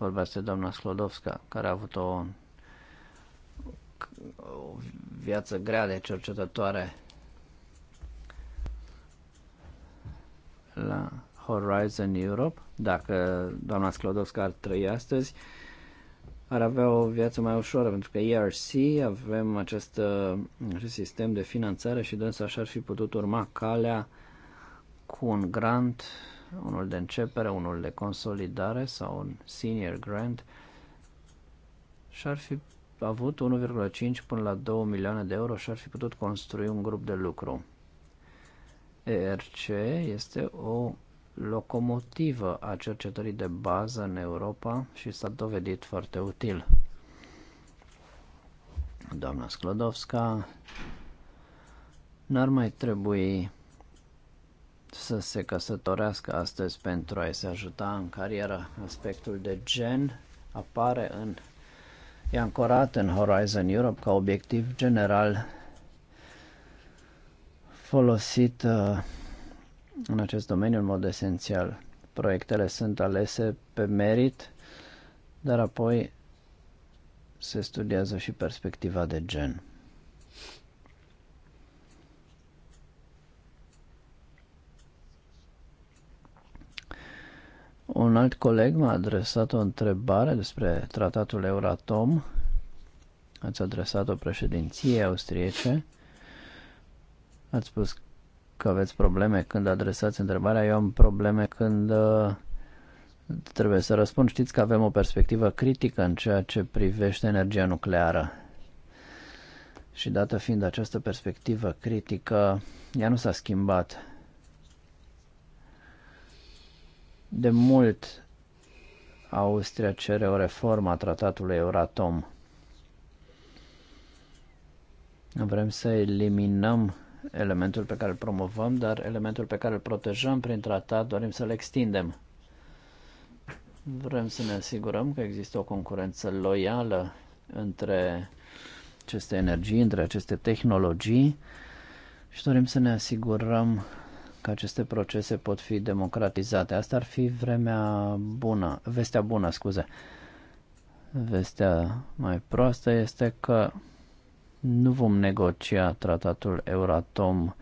vorba este doamna Slodovska, care a avut o, o viață grea de cercetătoare la Horizon Europe. Dacă doamna Slodovska ar trăi astăzi, ar avea o viață mai ușoară, pentru că ERC avem acest, uh, acest sistem de finanțare și dânsa așa ar fi putut urma calea cu un grant unul de începere, unul de consolidare sau un senior grant și ar fi avut 1,5 până la 2 milioane de euro și ar fi putut construi un grup de lucru. ERC este o locomotivă a cercetării de bază în Europa și s-a dovedit foarte util. Doamna Sklodowska, n-ar mai trebui să se căsătorească astăzi pentru a-i se ajuta în carieră. Aspectul de gen apare în, e ancorat în Horizon Europe ca obiectiv general folosit uh, în acest domeniu în mod esențial. Proiectele sunt alese pe merit, dar apoi se studiază și perspectiva de gen. Un alt coleg m-a adresat o întrebare despre tratatul Euratom. Ați adresat-o președinției austriece. Ați spus că aveți probleme când adresați întrebarea. Eu am probleme când uh, trebuie să răspund. Știți că avem o perspectivă critică în ceea ce privește energia nucleară. Și dată fiind această perspectivă critică, ea nu s-a schimbat De mult Austria cere o reformă a tratatului Euratom. Vrem să eliminăm elementul pe care îl promovăm, dar elementul pe care îl protejăm prin tratat dorim să-l extindem. Vrem să ne asigurăm că există o concurență loială între aceste energii, între aceste tehnologii și dorim să ne asigurăm că aceste procese pot fi democratizate. Asta ar fi vremea bună, vestea bună, scuze. Vestea mai proastă este că nu vom negocia tratatul Euratom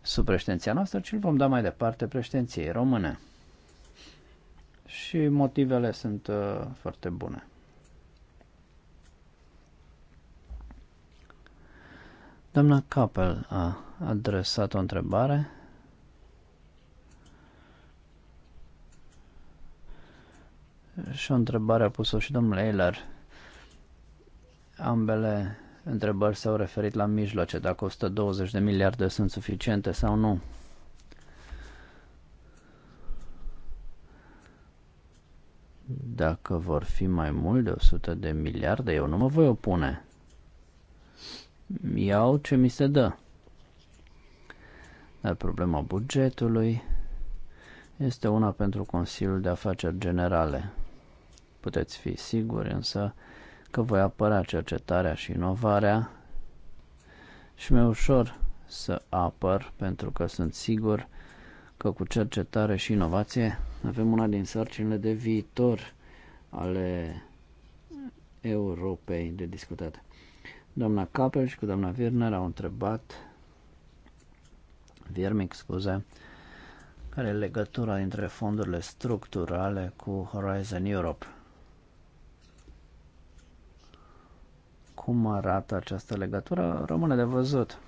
sub președinția noastră, ci îl vom da mai departe președinției române. Și motivele sunt uh, foarte bune. Doamna Capel a adresat o întrebare. și o întrebare a pus-o și domnul Eiler. Ambele întrebări s-au referit la mijloace, dacă 120 de miliarde sunt suficiente sau nu. Dacă vor fi mai mult de 100 de miliarde, eu nu mă voi opune. Iau ce mi se dă. Dar problema bugetului este una pentru Consiliul de Afaceri Generale. Puteți fi siguri însă că voi apăra cercetarea și inovarea și mi-e ușor să apăr pentru că sunt sigur că cu cercetare și inovație avem una din sarcinile de viitor ale Europei de discutat. Doamna Capel și cu doamna Virner au întrebat Viermic, scuze, care e legătura dintre fondurile structurale cu Horizon Europe. Cum arată această legătură rămâne de văzut.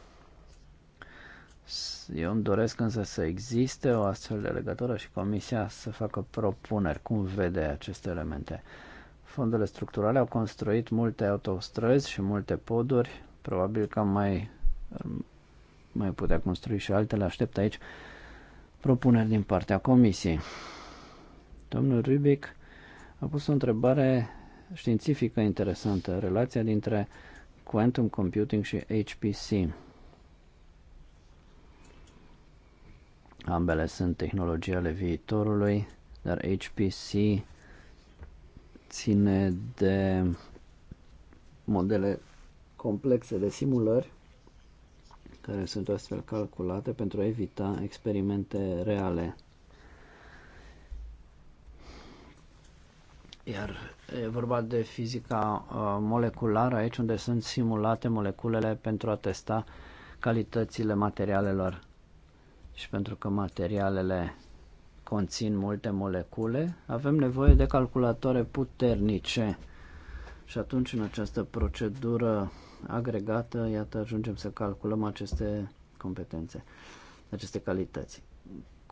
Eu îmi doresc însă să existe o astfel de legătură și Comisia să facă propuneri cum vede aceste elemente. Fondurile structurale au construit multe autostrăzi și multe poduri, probabil că mai, mai putea construi și altele. Aștept aici propuneri din partea Comisiei. Domnul Rubic a pus o întrebare științifică interesantă, relația dintre quantum computing și HPC. Ambele sunt tehnologii ale viitorului, dar HPC ține de modele complexe de simulări care sunt astfel calculate pentru a evita experimente reale. Iar E vorba de fizica uh, moleculară, aici unde sunt simulate moleculele pentru a testa calitățile materialelor. Și pentru că materialele conțin multe molecule, avem nevoie de calculatoare puternice. Și atunci, în această procedură agregată, iată, ajungem să calculăm aceste competențe, aceste calități.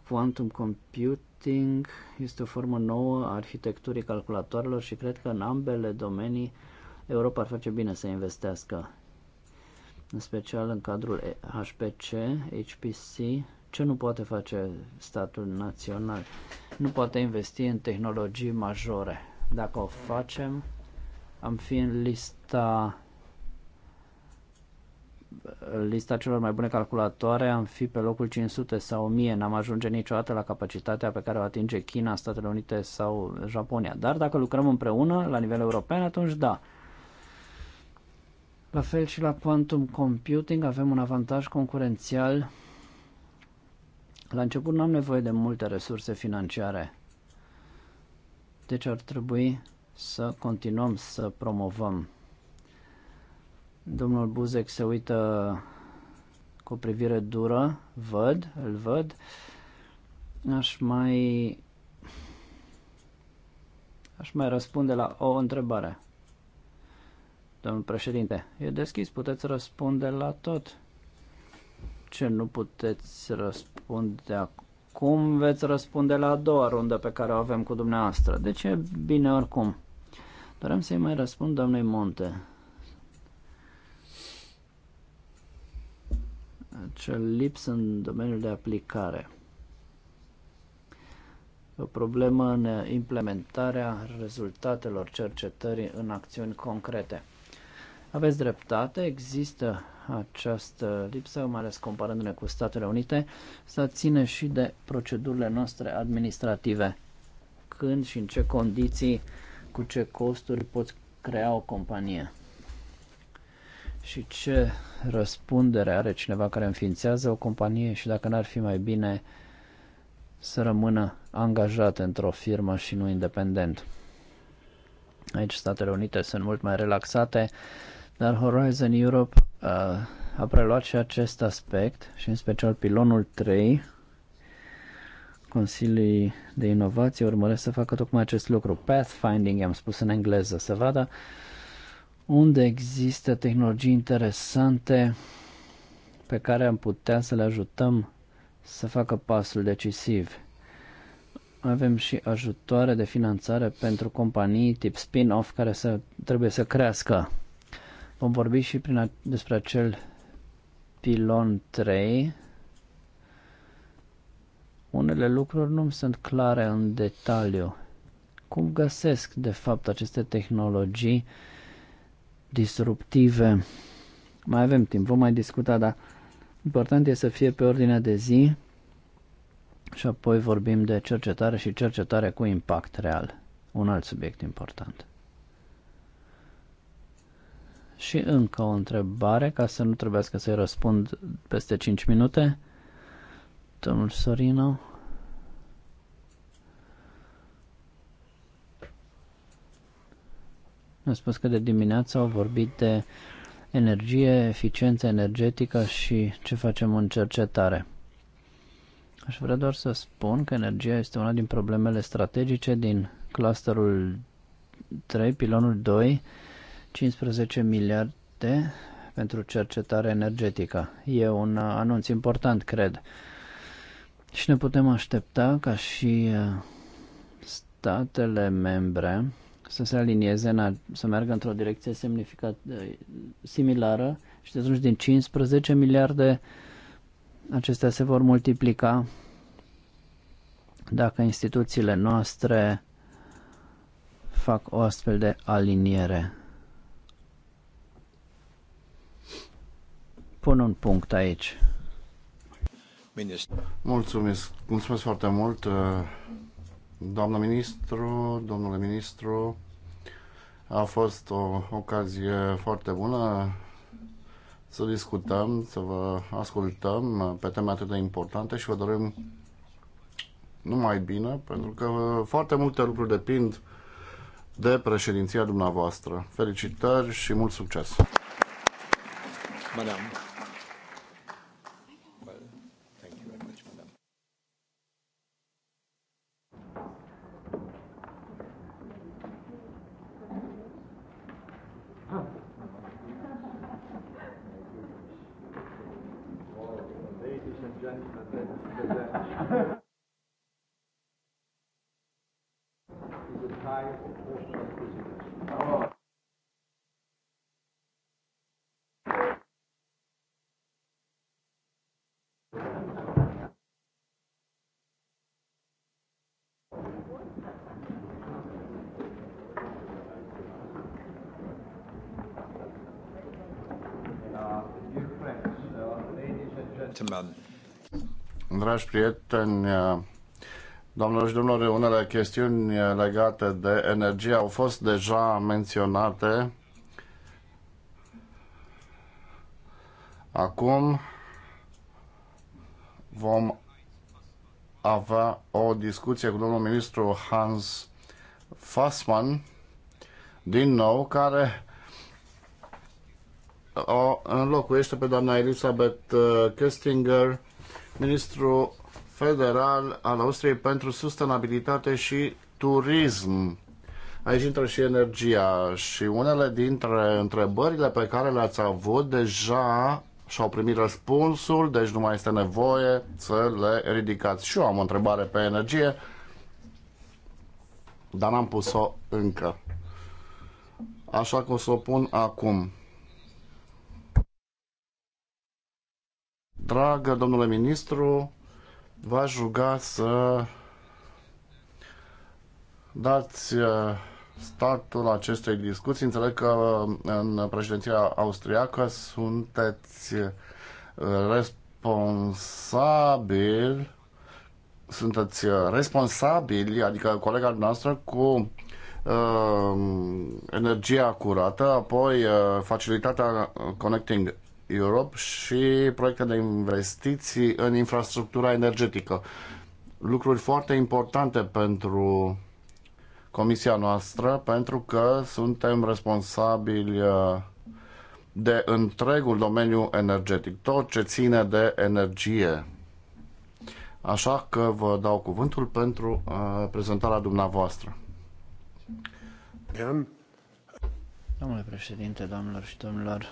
Quantum computing este o formă nouă a arhitecturii calculatoarelor și cred că în ambele domenii Europa ar face bine să investească, în special în cadrul HPC, HPC, ce nu poate face statul național? Nu poate investi în tehnologii majore. Dacă o facem, am fi în lista lista celor mai bune calculatoare am fi pe locul 500 sau 1000, n-am ajunge niciodată la capacitatea pe care o atinge China, Statele Unite sau Japonia. Dar dacă lucrăm împreună la nivel european, atunci da. La fel și la quantum computing avem un avantaj concurențial. La început nu am nevoie de multe resurse financiare. Deci ar trebui să continuăm să promovăm Domnul Buzek se uită cu o privire dură, văd, îl văd. Aș mai... Aș mai răspunde la o întrebare. Domnul președinte, e deschis, puteți răspunde la tot. Ce nu puteți răspunde acum, veți răspunde la a doua rundă pe care o avem cu dumneavoastră. Deci e bine oricum. Doream să-i mai răspund doamnei Monte. acea lipsă în domeniul de aplicare. O problemă în implementarea rezultatelor cercetării în acțiuni concrete. Aveți dreptate, există această lipsă, mai ales comparându-ne cu Statele Unite, să ține și de procedurile noastre administrative. Când și în ce condiții, cu ce costuri poți crea o companie și ce răspundere are cineva care înființează o companie și dacă n-ar fi mai bine să rămână angajat într-o firmă și nu independent. Aici Statele Unite sunt mult mai relaxate, dar Horizon Europe uh, a preluat și acest aspect și în special pilonul 3 Consilii de Inovație urmăresc să facă tocmai acest lucru. Pathfinding, am spus în engleză, să vadă uh, unde există tehnologii interesante pe care am putea să le ajutăm să facă pasul decisiv. Avem și ajutoare de finanțare pentru companii tip spin-off care să, trebuie să crească. Vom vorbi și prin a, despre acel pilon 3. Unele lucruri nu sunt clare în detaliu. Cum găsesc, de fapt, aceste tehnologii disruptive. Mai avem timp, vom mai discuta, dar important e să fie pe ordinea de zi și apoi vorbim de cercetare și cercetare cu impact real. Un alt subiect important. Și încă o întrebare, ca să nu trebuiască să-i răspund peste 5 minute. Domnul Sorino. A spus că de dimineață au vorbit de energie, eficiență energetică și ce facem în cercetare. Aș vrea doar să spun că energia este una din problemele strategice din clusterul 3, pilonul 2, 15 miliarde pentru cercetare energetică. E un anunț important, cred. Și ne putem aștepta ca și uh, statele membre să se alinieze, în a, să meargă într-o direcție semnificat, similară și atunci din 15 miliarde acestea se vor multiplica dacă instituțiile noastre fac o astfel de aliniere. Pun un punct aici. Mulțumesc. Mulțumesc foarte mult. Doamnă ministru, domnule ministru, a fost o ocazie foarte bună să discutăm, să vă ascultăm pe teme atât de importante și vă dorim numai bine, pentru că foarte multe lucruri depind de președinția dumneavoastră. Felicitări și mult succes! Madame. dragi prieteni, doamnelor și domnilor, unele chestiuni legate de energie au fost deja menționate. Acum vom avea o discuție cu domnul ministru Hans Fassmann, din nou, care o înlocuiește pe doamna Elisabeth uh, Köstinger, ministru federal al Austriei pentru sustenabilitate și turism. Aici intră și energia și unele dintre întrebările pe care le-ați avut deja și-au primit răspunsul, deci nu mai este nevoie să le ridicați. Și eu am o întrebare pe energie, dar n-am pus-o încă. Așa că o să o pun acum. Dragă domnule ministru, v-aș ruga să dați uh, startul acestei discuții. Înțeleg că uh, în președinția austriacă sunteți uh, responsabil sunteți responsabili, adică colega noastră, cu uh, energia curată, apoi uh, facilitatea Connecting Europe și proiecte de investiții în infrastructura energetică. Lucruri foarte importante pentru comisia noastră, pentru că suntem responsabili uh, de întregul domeniu energetic, tot ce ține de energie. Așa că vă dau cuvântul pentru uh, prezentarea dumneavoastră. Domnule președinte, doamnelor și domnilor,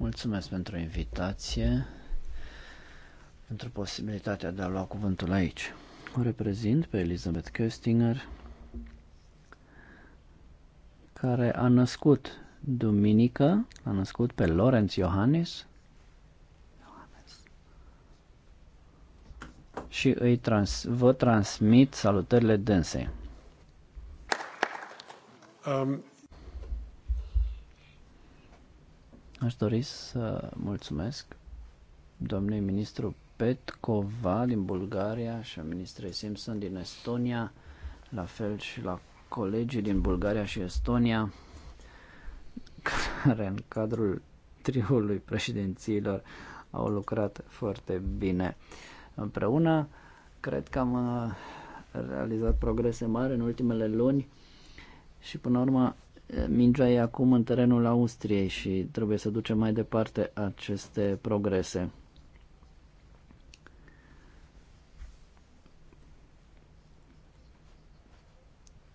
Mulțumesc pentru invitație, pentru posibilitatea de a lua cuvântul aici. O reprezint pe Elizabeth Köstinger, care a născut duminică, a născut pe Lorenz Iohannis și îi trans, vă transmit salutările dânsei. Um, Aș dori să mulțumesc domnului ministru Petkova din Bulgaria și a ministrei Simpson din Estonia, la fel și la colegii din Bulgaria și Estonia, care în cadrul triului președințiilor au lucrat foarte bine împreună. Cred că am uh, realizat progrese mari în ultimele luni și până la urmă Mingea e acum în terenul Austriei și trebuie să ducem mai departe aceste progrese.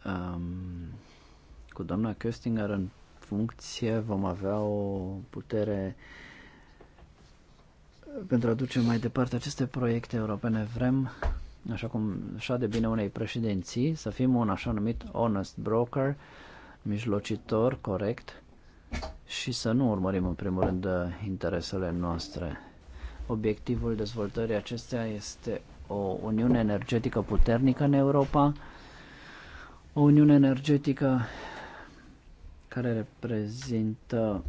Um, cu doamna Köstinger în funcție vom avea o putere pentru a duce mai departe aceste proiecte europene. Vrem, așa cum așa de bine unei președinții, să fim un așa numit honest broker, uh, mijlocitor, corect și să nu urmărim în primul rând interesele noastre. Obiectivul dezvoltării acesteia este o uniune energetică puternică în Europa, o uniune energetică care reprezintă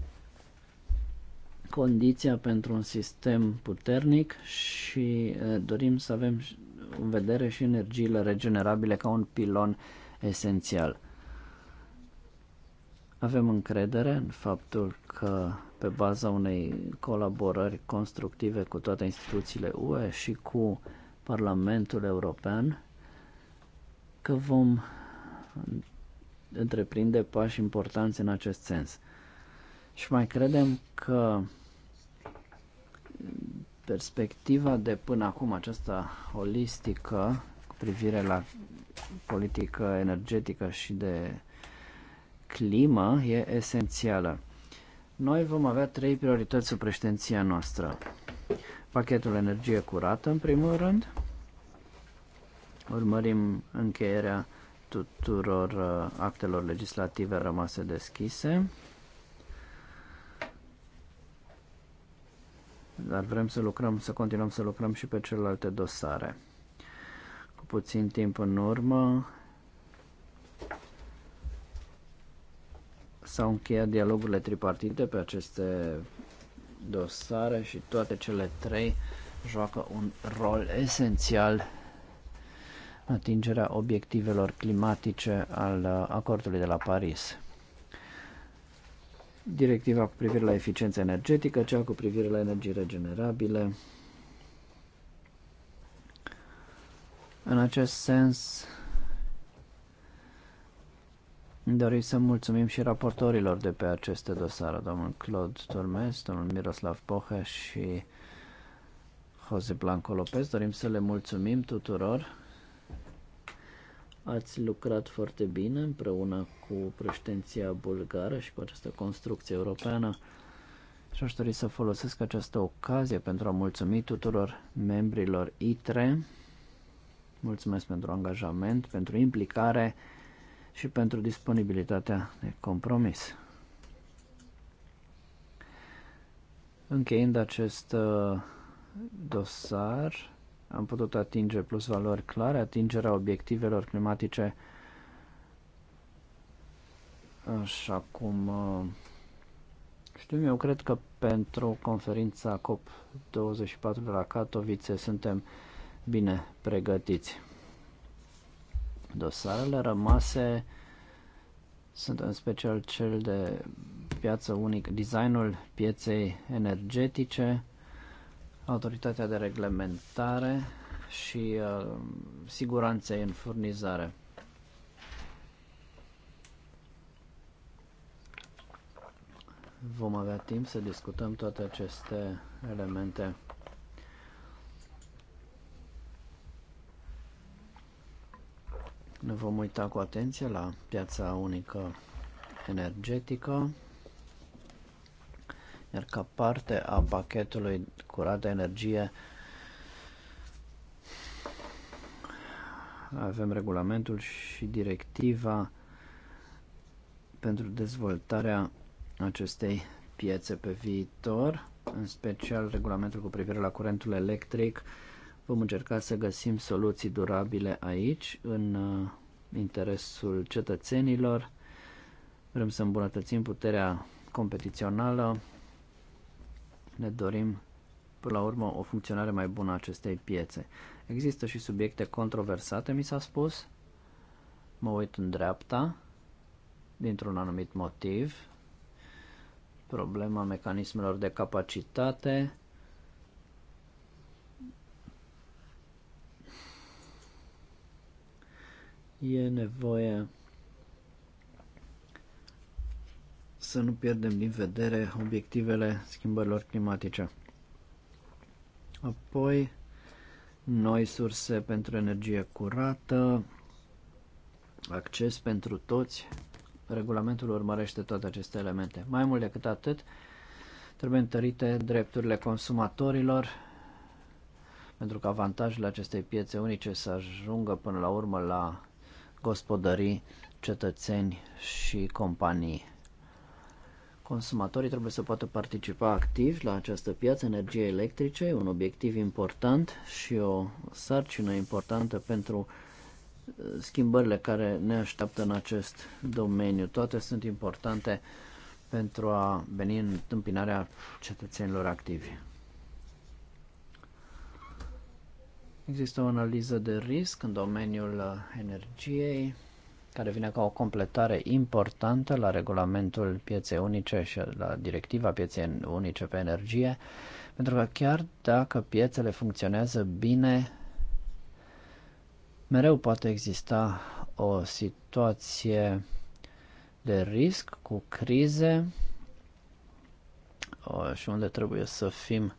condiția pentru un sistem puternic și eh, dorim să avem în vedere și energiile regenerabile ca un pilon esențial. Avem încredere în faptul că pe baza unei colaborări constructive cu toate instituțiile UE și cu Parlamentul European că vom întreprinde pași importanți în acest sens. Și mai credem că perspectiva de până acum, aceasta holistică, cu privire la politică energetică și de Clima e esențială. Noi vom avea trei priorități sub președinția noastră. Pachetul energie curată, în primul rând. Urmărim încheierea tuturor uh, actelor legislative rămase deschise. Dar vrem să lucrăm, să continuăm să lucrăm și pe celelalte dosare. Cu puțin timp în urmă, S-au încheiat dialogurile tripartite pe aceste dosare și toate cele trei joacă un rol esențial în atingerea obiectivelor climatice al uh, acordului de la Paris. Directiva cu privire la eficiență energetică, cea cu privire la energii regenerabile. În acest sens, Dorim să mulțumim și raportorilor de pe aceste dosare, domnul Claude Turmes, domnul Miroslav Pohe și Jose Blanco Lopez. Dorim să le mulțumim tuturor. Ați lucrat foarte bine împreună cu președinția bulgară și cu această construcție europeană și aș dori să folosesc această ocazie pentru a mulțumi tuturor membrilor ITRE. Mulțumesc pentru angajament, pentru implicare și pentru disponibilitatea de compromis. Încheiind acest uh, dosar, am putut atinge plus valori clare, atingerea obiectivelor climatice așa cum uh, știu eu, cred că pentru conferința COP24 de la Katowice suntem bine pregătiți. Dosarele rămase sunt în special cel de piață unică, designul pieței energetice, autoritatea de reglementare și uh, siguranței în furnizare. Vom avea timp să discutăm toate aceste elemente. Ne vom uita cu atenție la piața unică energetică, iar ca parte a pachetului curat de energie avem regulamentul și directiva pentru dezvoltarea acestei piețe pe viitor, în special regulamentul cu privire la curentul electric Vom încerca să găsim soluții durabile aici, în uh, interesul cetățenilor. Vrem să îmbunătățim puterea competițională. Ne dorim, până la urmă, o funcționare mai bună a acestei piețe. Există și subiecte controversate, mi s-a spus. Mă uit în dreapta, dintr-un anumit motiv. Problema mecanismelor de capacitate e nevoie să nu pierdem din vedere obiectivele schimbărilor climatice. Apoi, noi surse pentru energie curată, acces pentru toți. Regulamentul urmărește toate aceste elemente. Mai mult decât atât, trebuie întărite drepturile consumatorilor pentru că avantajele acestei piețe unice să ajungă până la urmă la gospodării, cetățeni și companii. Consumatorii trebuie să poată participa activ la această piață energiei electrice, un obiectiv important și o sarcină importantă pentru uh, schimbările care ne așteaptă în acest domeniu. Toate sunt importante pentru a veni în întâmpinarea cetățenilor activi. Există o analiză de risc în domeniul uh, energiei, care vine ca o completare importantă la regulamentul pieței unice și la directiva pieței unice pe energie, pentru că chiar dacă piețele funcționează bine, mereu poate exista o situație de risc cu crize uh, și unde trebuie să fim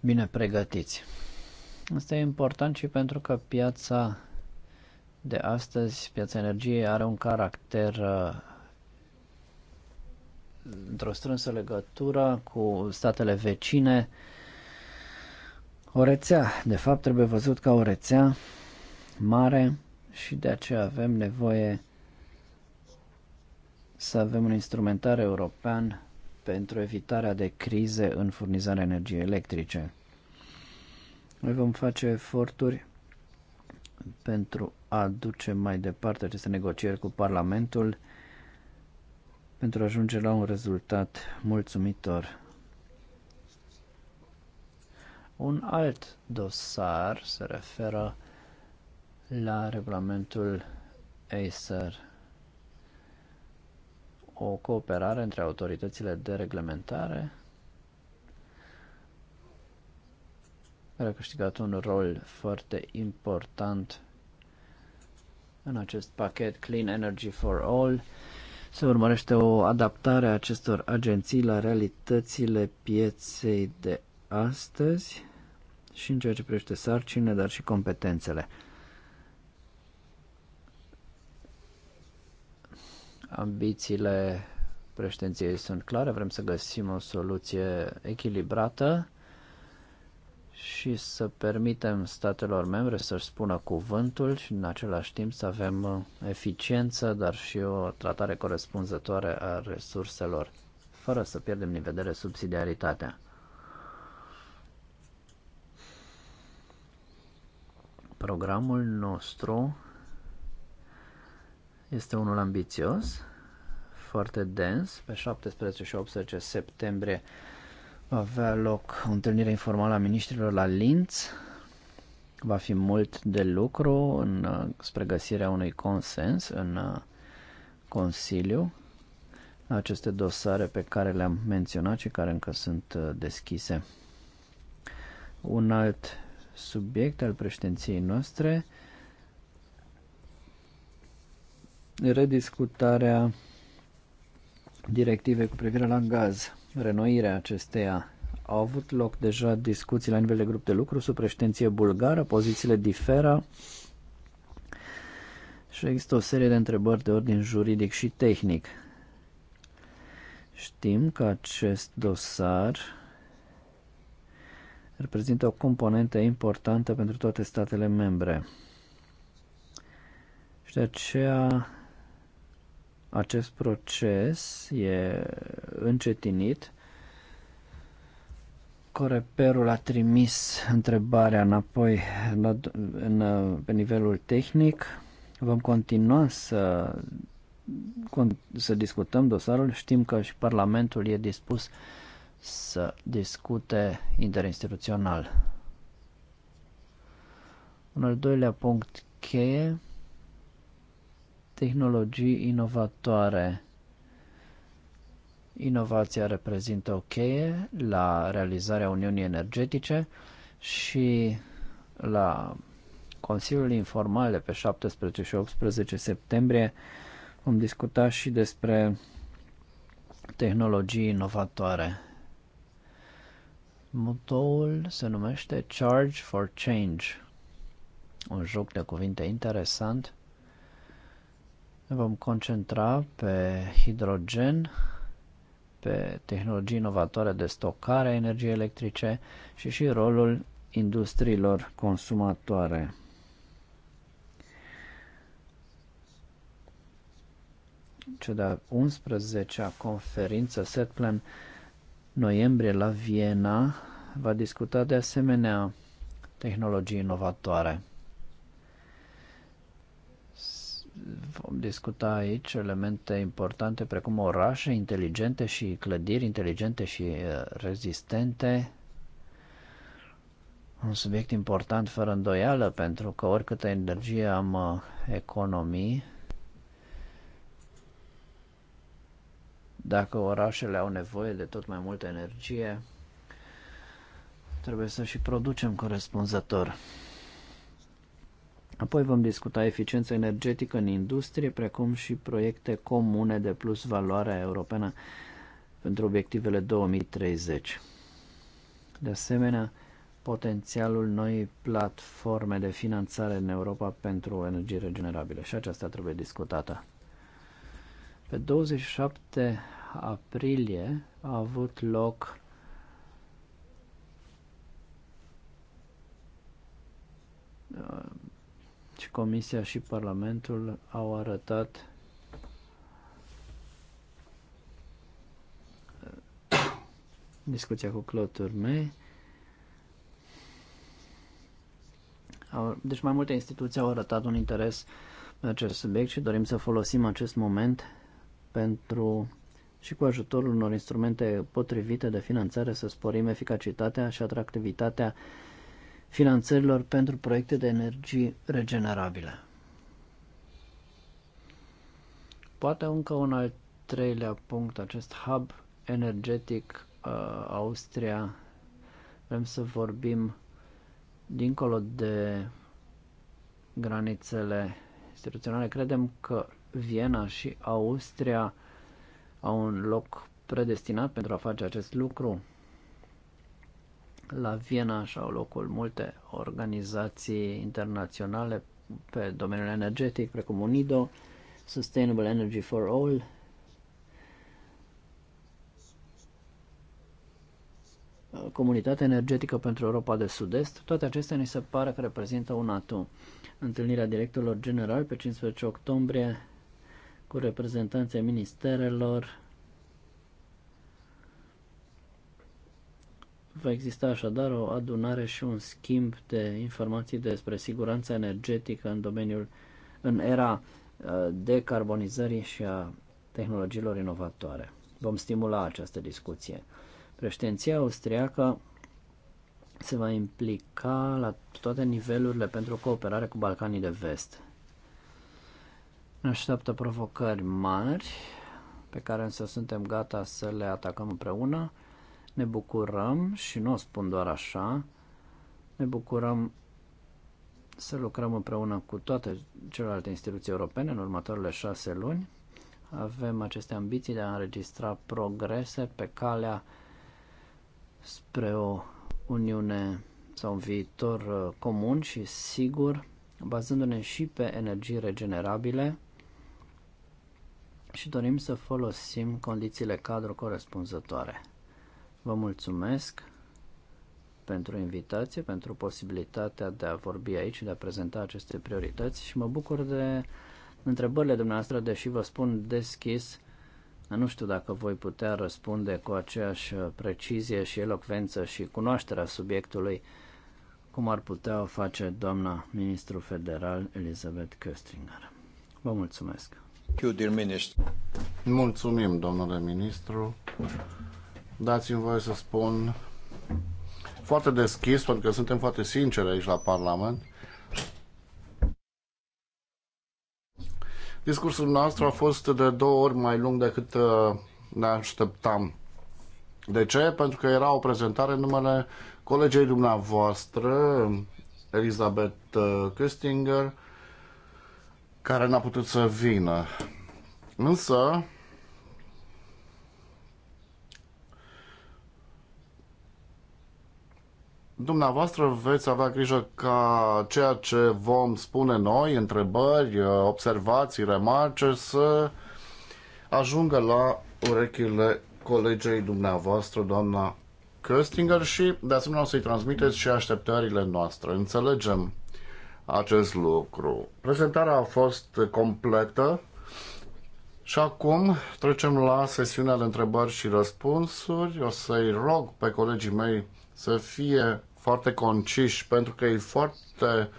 bine pregătiți. Asta e important și pentru că piața de astăzi, piața energiei, are un caracter uh, într-o strânsă legătură cu statele vecine. O rețea, de fapt, trebuie văzut ca o rețea mare și de aceea avem nevoie să avem un instrumentar european pentru evitarea de crize în furnizarea energiei electrice. Noi vom face eforturi pentru a duce mai departe aceste negocieri cu Parlamentul pentru a ajunge la un rezultat mulțumitor. Un alt dosar se referă la regulamentul Acer, o cooperare între autoritățile de reglementare care a câștigat un rol foarte important în acest pachet Clean Energy for All. Se urmărește o adaptare a acestor agenții la realitățile pieței de astăzi și în ceea ce privește sarcine, dar și competențele. Ambițiile președinției sunt clare, vrem să găsim o soluție echilibrată și să permitem statelor membre să-și spună cuvântul și în același timp să avem uh, eficiență, dar și o tratare corespunzătoare a resurselor, fără să pierdem din vedere subsidiaritatea. Programul nostru este unul ambițios, foarte dens. Pe 17 și 18 septembrie avea loc o întâlnire informală a ministrilor la Linz. Va fi mult de lucru în, uh, spre găsirea unui consens în uh, Consiliu. Aceste dosare pe care le-am menționat și care încă sunt uh, deschise. Un alt subiect al președinției noastre rediscutarea directivei cu privire la gaz renoirea acesteia. Au avut loc deja discuții la nivel de grup de lucru sub președinție bulgară, pozițiile diferă și există o serie de întrebări de ordin juridic și tehnic. Știm că acest dosar reprezintă o componentă importantă pentru toate statele membre. Și de aceea acest proces e încetinit. Coreperul a trimis întrebarea înapoi la, în, pe nivelul tehnic. Vom continua să, să discutăm dosarul. Știm că și Parlamentul e dispus să discute interinstituțional. Un al doilea punct cheie tehnologii inovatoare. Inovația reprezintă o cheie la realizarea Uniunii Energetice și la Consiliul informal de pe 17 și 18 septembrie vom discuta și despre tehnologii inovatoare. Motoul se numește Charge for Change, un joc de cuvinte interesant ne vom concentra pe hidrogen, pe tehnologii inovatoare de stocare a energiei electrice și și rolul industriilor consumatoare. Cea de-a 11-a conferință SETPLAN noiembrie la Viena va discuta de asemenea tehnologii inovatoare vom discuta aici elemente importante precum orașe inteligente și clădiri inteligente și uh, rezistente. Un subiect important fără îndoială pentru că oricâtă energie am uh, economii, dacă orașele au nevoie de tot mai multă energie, trebuie să și producem corespunzător. Apoi vom discuta eficiența energetică în industrie, precum și proiecte comune de plus valoare europeană pentru obiectivele 2030. De asemenea, potențialul noi platforme de finanțare în Europa pentru energie regenerabile și aceasta trebuie discutată. Pe 27 aprilie a avut loc aici deci, Comisia și Parlamentul au arătat *coughs* discuția cu Claude Turme. Deci mai multe instituții au arătat un interes în acest subiect și dorim să folosim acest moment pentru și cu ajutorul unor instrumente potrivite de finanțare să sporim eficacitatea și atractivitatea finanțărilor pentru proiecte de energie regenerabile. Poate încă un al treilea punct, acest hub energetic uh, Austria. Vrem să vorbim dincolo de granițele instituționale. Credem că Viena și Austria au un loc predestinat pentru a face acest lucru. La Viena și-au locul multe organizații internaționale pe domeniul energetic, precum UNIDO, Sustainable Energy for All, Comunitatea Energetică pentru Europa de Sud-Est, toate acestea ni se pare că reprezintă un atu. Întâlnirea directorilor generali pe 15 octombrie cu reprezentanții ministerelor, Va exista așadar o adunare și un schimb de informații despre siguranța energetică în domeniul, în era uh, decarbonizării și a tehnologiilor inovatoare. Vom stimula această discuție. Președinția austriacă se va implica la toate nivelurile pentru cooperare cu Balcanii de Vest. Ne așteaptă provocări mari pe care însă suntem gata să le atacăm împreună ne bucurăm, și nu o spun doar așa, ne bucurăm să lucrăm împreună cu toate celelalte instituții europene în următoarele șase luni. Avem aceste ambiții de a înregistra progrese pe calea spre o uniune sau un viitor uh, comun și sigur, bazându-ne și pe energii regenerabile și dorim să folosim condițiile cadru corespunzătoare. Vă mulțumesc pentru invitație, pentru posibilitatea de a vorbi aici, de a prezenta aceste priorități și mă bucur de întrebările dumneavoastră, deși vă spun deschis, nu știu dacă voi putea răspunde cu aceeași precizie și elocvență și cunoașterea subiectului cum ar putea o face doamna ministru federal Elizabeth Köstinger. Vă mulțumesc! Mulțumim, domnule ministru. Dați-mi voie să spun foarte deschis, pentru că suntem foarte sinceri aici la Parlament. Discursul nostru a fost de două ori mai lung decât uh, ne așteptam. De ce? Pentru că era o prezentare în numele colegei dumneavoastră, Elizabeth uh, Köstinger, care n-a putut să vină. Însă, dumneavoastră veți avea grijă ca ceea ce vom spune noi, întrebări, observații, remarce, să ajungă la urechile colegei dumneavoastră, doamna Köstinger, și de asemenea o să-i transmiteți și așteptările noastre. Înțelegem acest lucru. Prezentarea a fost completă și acum trecem la sesiunea de întrebări și răspunsuri. O să-i rog pe colegii mei să fie foarte conciși, pentru că e foarte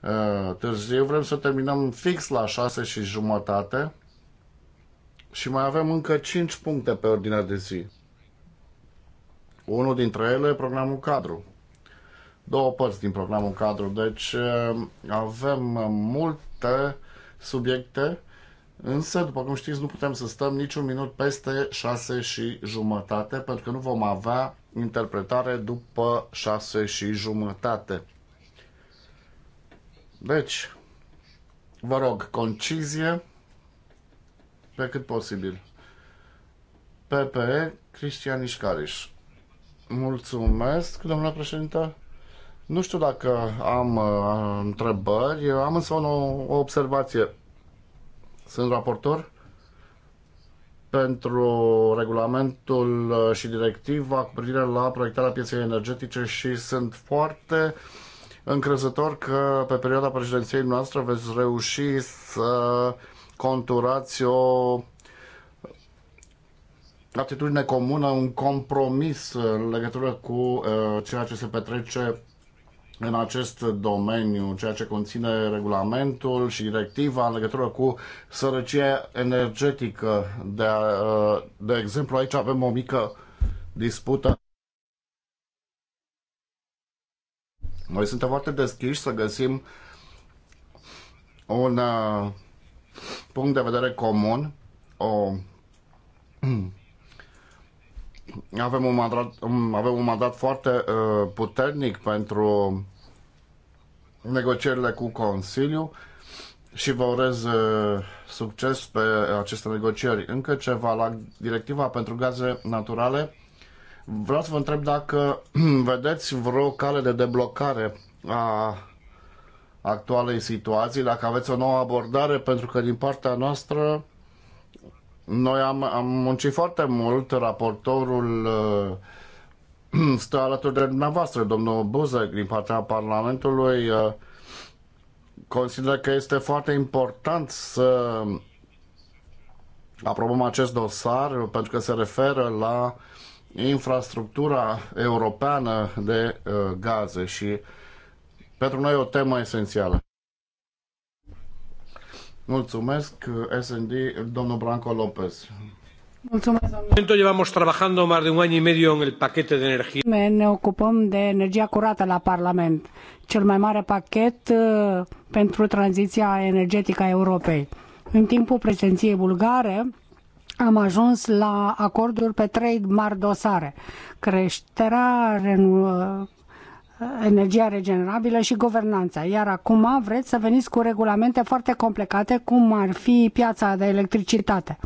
uh, târziu. Vrem să terminăm fix la 6 și jumătate și mai avem încă 5 puncte pe ordinea de zi. Unul dintre ele programul cadru. Două părți din programul cadru, deci uh, avem multe subiecte Însă, după cum știți, nu putem să stăm niciun minut peste 6 și jumătate, pentru că nu vom avea interpretare după 6 și jumătate. Deci, vă rog, concizie pe cât posibil. PPE, Cristian Ișcariș. Mulțumesc, domnule președinte. Nu știu dacă am uh, întrebări, am însă o, o observație sunt raportor pentru regulamentul uh, și directiva cu privire la proiectarea pieței energetice și sunt foarte încrezător că pe perioada președinției noastre veți reuși să conturați o atitudine comună, un compromis în legătură cu uh, ceea ce se petrece în acest domeniu, ceea ce conține regulamentul și directiva în legătură cu sărăcie energetică. De, de exemplu, aici avem o mică dispută. Noi suntem foarte deschiși să găsim un punct de vedere comun, o avem un mandat, avem un mandat foarte uh, puternic pentru negocierile cu Consiliu și vă urez uh, succes pe aceste negocieri. Încă ceva la directiva pentru gaze naturale. Vreau să vă întreb dacă *clears throat* vedeți vreo cale de deblocare a actualei situații, dacă aveți o nouă abordare, pentru că din partea noastră noi am, am muncit foarte mult, raportorul uh, *clears throat* stă alături de dumneavoastră, domnul Buzăc, din partea Parlamentului, uh, consideră că este foarte important să aprobăm acest dosar pentru că se referă la infrastructura europeană de uh, gaze și pentru noi e o temă esențială. Mulțumesc, SND, domnul Branco Lopez. Ne ocupăm de energia curată la Parlament, cel mai mare pachet uh, pentru tranziția energetică a Europei. În timpul prezenției bulgare, am ajuns la acorduri pe trei mari dosare. Creșterea, uh, energia regenerabilă și guvernanța. Iar acum vreți să veniți cu regulamente foarte complicate, cum ar fi piața de electricitate.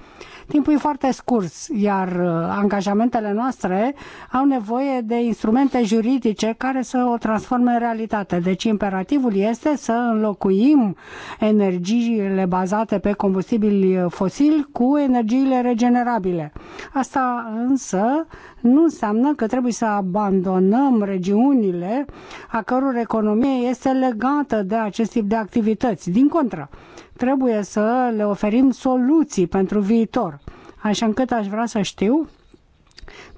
Timpul e foarte scurt, iar uh, angajamentele noastre au nevoie de instrumente juridice care să o transforme în realitate. Deci imperativul este să înlocuim energiile bazate pe combustibili fosili cu energiile regenerabile. Asta însă nu înseamnă că trebuie să abandonăm regiunile a căror economie este legată de acest tip de activități. Din contră, trebuie să le oferim soluții pentru viitor. Așa încât aș vrea să știu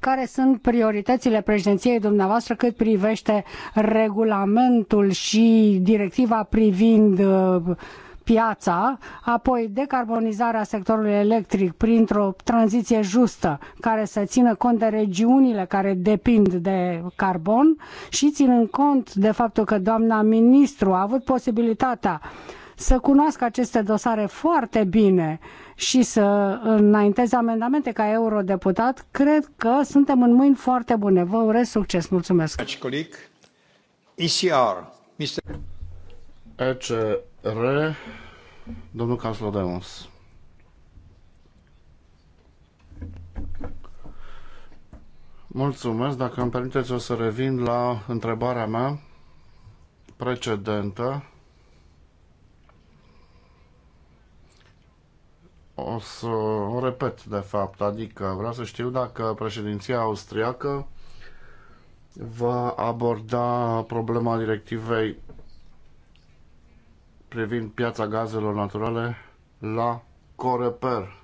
care sunt prioritățile președinției dumneavoastră cât privește regulamentul și directiva privind uh, piața, apoi decarbonizarea sectorului electric printr-o tranziție justă care să țină cont de regiunile care depind de carbon și ținând cont de faptul că doamna ministru a avut posibilitatea uh, să cunoască aceste dosare foarte bine și să înainteze amendamente ca eurodeputat, cred că suntem în mâini foarte bune. Vă urez succes. Mulțumesc. ECR, Mr. ECR, domnul Caslodemos. Mulțumesc. Dacă îmi permiteți, o să revin la întrebarea mea precedentă o să o repet, de fapt, adică vreau să știu dacă președinția austriacă va aborda problema directivei privind piața gazelor naturale la Coreper.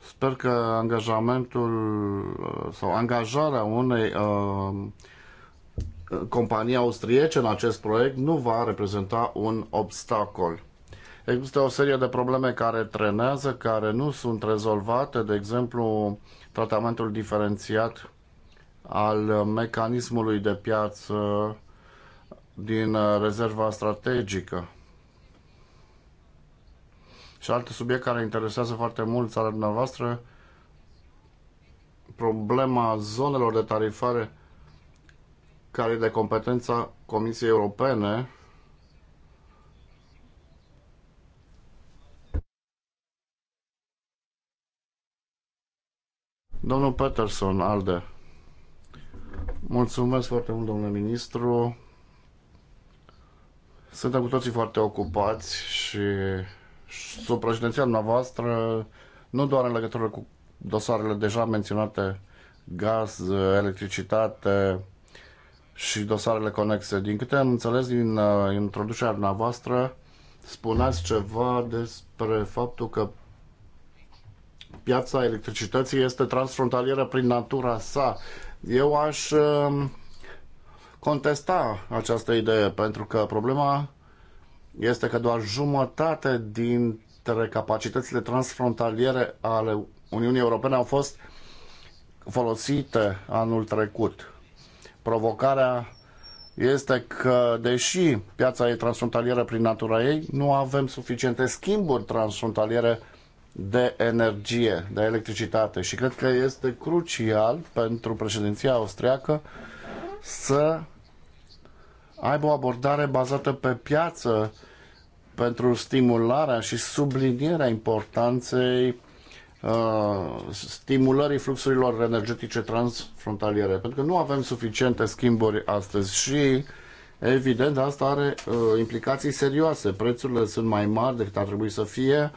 Sper că angajamentul uh, sau angajarea unei uh, companii austriece în acest proiect nu va reprezenta un obstacol. Există o serie de probleme care trenează, care nu sunt rezolvate, de exemplu, tratamentul diferențiat al mecanismului de piață din rezerva strategică. Și alte subiect care interesează foarte mult țara noastră, problema zonelor de tarifare care e de competența Comisiei Europene, Domnul Peterson, Alde. Mulțumesc foarte mult, domnule ministru. Suntem cu toții foarte ocupați și sub președinția noastră, nu doar în legătură cu dosarele deja menționate, gaz, electricitate și dosarele conexe. Din câte am înțeles din uh, introducerea noastră, spuneați ceva despre faptul că piața electricității este transfrontalieră prin natura sa. Eu aș um, contesta această idee, pentru că problema este că doar jumătate dintre capacitățile transfrontaliere ale Uniunii Europene au fost folosite anul trecut. Provocarea este că, deși piața e transfrontalieră prin natura ei, nu avem suficiente schimburi transfrontaliere de energie, de electricitate și cred că este crucial pentru președinția austriacă să aibă o abordare bazată pe piață pentru stimularea și sublinierea importanței uh, stimulării fluxurilor energetice transfrontaliere, pentru că nu avem suficiente schimburi astăzi și evident asta are uh, implicații serioase. Prețurile sunt mai mari decât ar trebui să fie,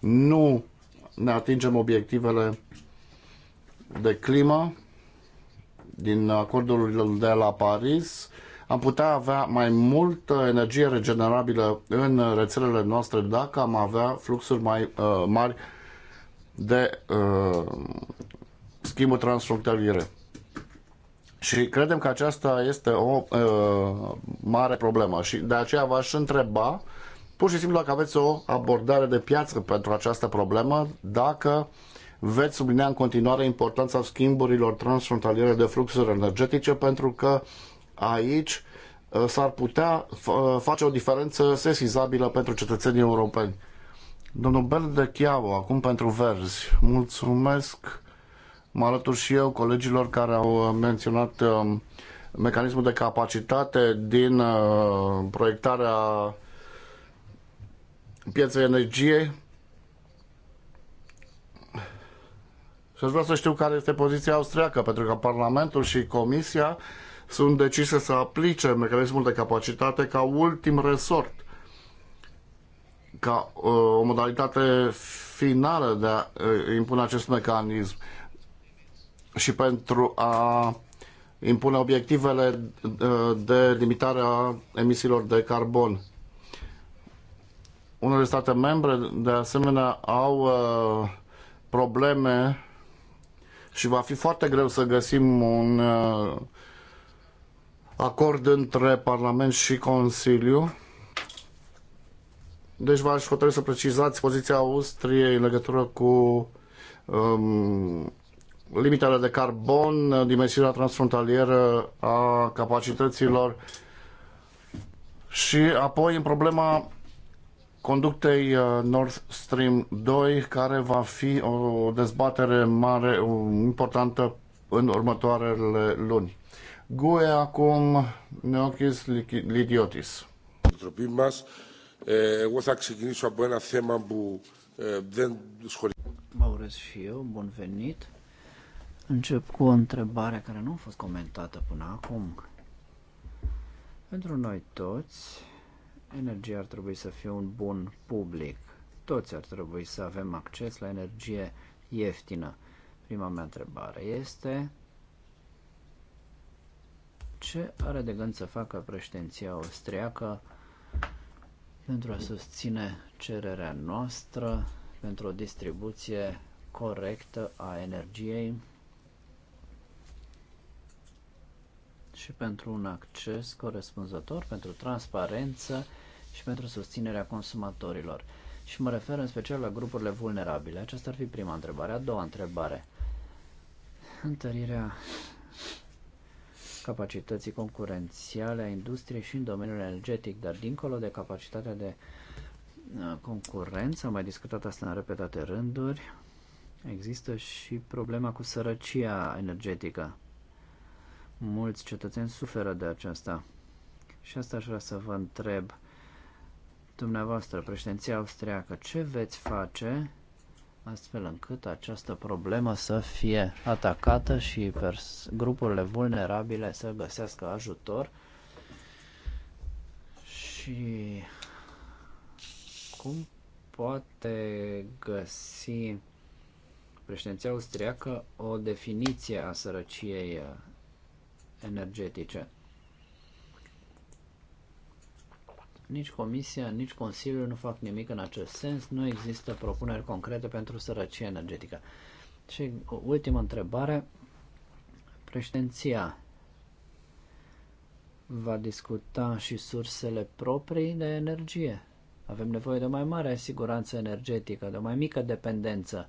nu ne atingem obiectivele de climă din acordul de la Paris, am putea avea mai multă energie regenerabilă în rețelele noastre dacă am avea fluxuri mai uh, mari de uh, schimbul transfrontaliere. Și credem că aceasta este o uh, mare problemă și de aceea v-aș întreba Pur și simplu dacă aveți o abordare de piață pentru această problemă, dacă veți sublinea în continuare importanța schimburilor transfrontaliere de fluxuri energetice, pentru că aici uh, s-ar putea uh, face o diferență sesizabilă pentru cetățenii europeni. Domnul de Chiavo, acum pentru verzi. Mulțumesc, mă alătur și eu colegilor care au uh, menționat um, mecanismul de capacitate din proiectarea piața energiei. Și aș vrea să știu care este poziția austriacă, pentru că Parlamentul și Comisia sunt decise să aplice mecanismul de capacitate ca ultim resort, ca uh, o modalitate finală de a uh, impune acest mecanism și pentru a impune obiectivele uh, de limitare a emisiilor de carbon. Unele state membre, de asemenea, au uh, probleme și va fi foarte greu să găsim un uh, acord între Parlament și Consiliu. Deci v-aș hotărâi să precizați poziția Austriei în legătură cu um, limitele de carbon, dimensiunea transfrontalieră a capacităților și apoi în problema conductei uh, Nord Stream 2, care va fi o dezbatere mare, importantă în următoarele luni. GUE acum Neokis Lidiotis. εγώ θα ξεκινήσω από ένα θέμα που ε, δεν σχολιάζω. Mă urez și eu, bun venit. Încep cu o întrebare care nu a fost comentată până acum. Pentru noi toți, energia ar trebui să fie un bun public. Toți ar trebui să avem acces la energie ieftină. Prima mea întrebare este ce are de gând să facă președinția austriacă pentru a susține cererea noastră pentru o distribuție corectă a energiei și pentru un acces corespunzător, pentru transparență și pentru susținerea consumatorilor. Și mă refer în special la grupurile vulnerabile. Aceasta ar fi prima întrebare. A doua întrebare. Întărirea capacității concurențiale a industriei și în domeniul energetic, dar dincolo de capacitatea de uh, concurență, am mai discutat asta în repetate rânduri, există și problema cu sărăcia energetică. Mulți cetățeni suferă de aceasta. Și asta aș vrea să vă întreb dumneavoastră, președinția austriacă, ce veți face astfel încât această problemă să fie atacată și grupurile vulnerabile să găsească ajutor și cum poate găsi președinția austriacă o definiție a sărăciei uh, energetice. Nici Comisia, nici Consiliul nu fac nimic în acest sens. Nu există propuneri concrete pentru sărăcie energetică. Și ultima ultimă întrebare. Președinția va discuta și sursele proprii de energie. Avem nevoie de o mai mare siguranță energetică, de o mai mică dependență.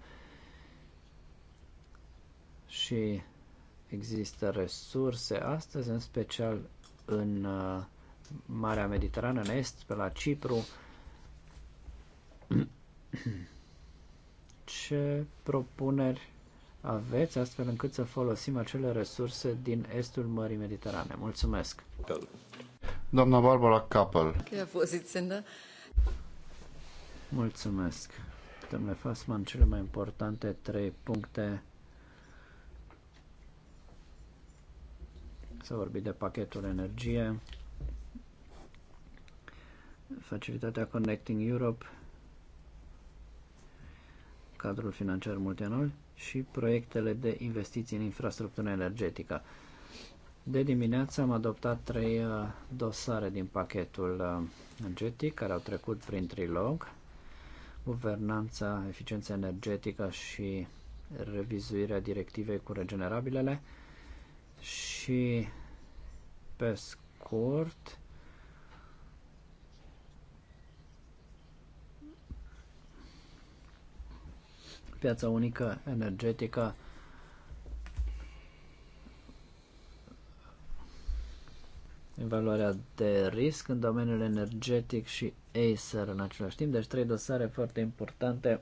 Și există resurse astăzi, în special în uh, Marea Mediterană în est, pe la Cipru. *clears throat* Ce propuneri aveți astfel încât să folosim acele resurse din estul Mării Mediterane? Mulțumesc! Doamna Barbara Capel. Mulțumesc! Domnule Fasman, cele mai importante trei puncte Să vorbim de pachetul energie, facilitatea Connecting Europe, cadrul financiar multianual și proiectele de investiții în infrastructură energetică. De dimineață am adoptat trei uh, dosare din pachetul uh, energetic care au trecut prin trilog, guvernanța, eficiența energetică și revizuirea directivei cu regenerabilele și pe scurt piața unică energetică evaluarea de risc în domeniul energetic și Acer în același timp, deci trei dosare foarte importante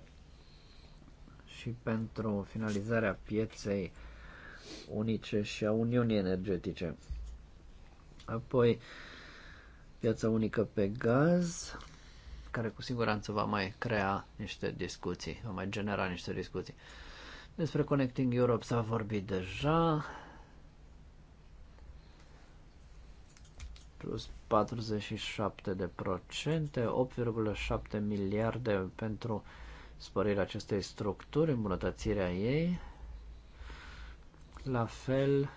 și pentru finalizarea pieței unice și a Uniunii Energetice. Apoi piața unică pe gaz, care cu siguranță va mai crea niște discuții, va mai genera niște discuții. Despre Connecting Europe s-a vorbit deja. Plus 47 de procente, 8,7 miliarde pentru sporirea acestei structuri, îmbunătățirea ei. La fel,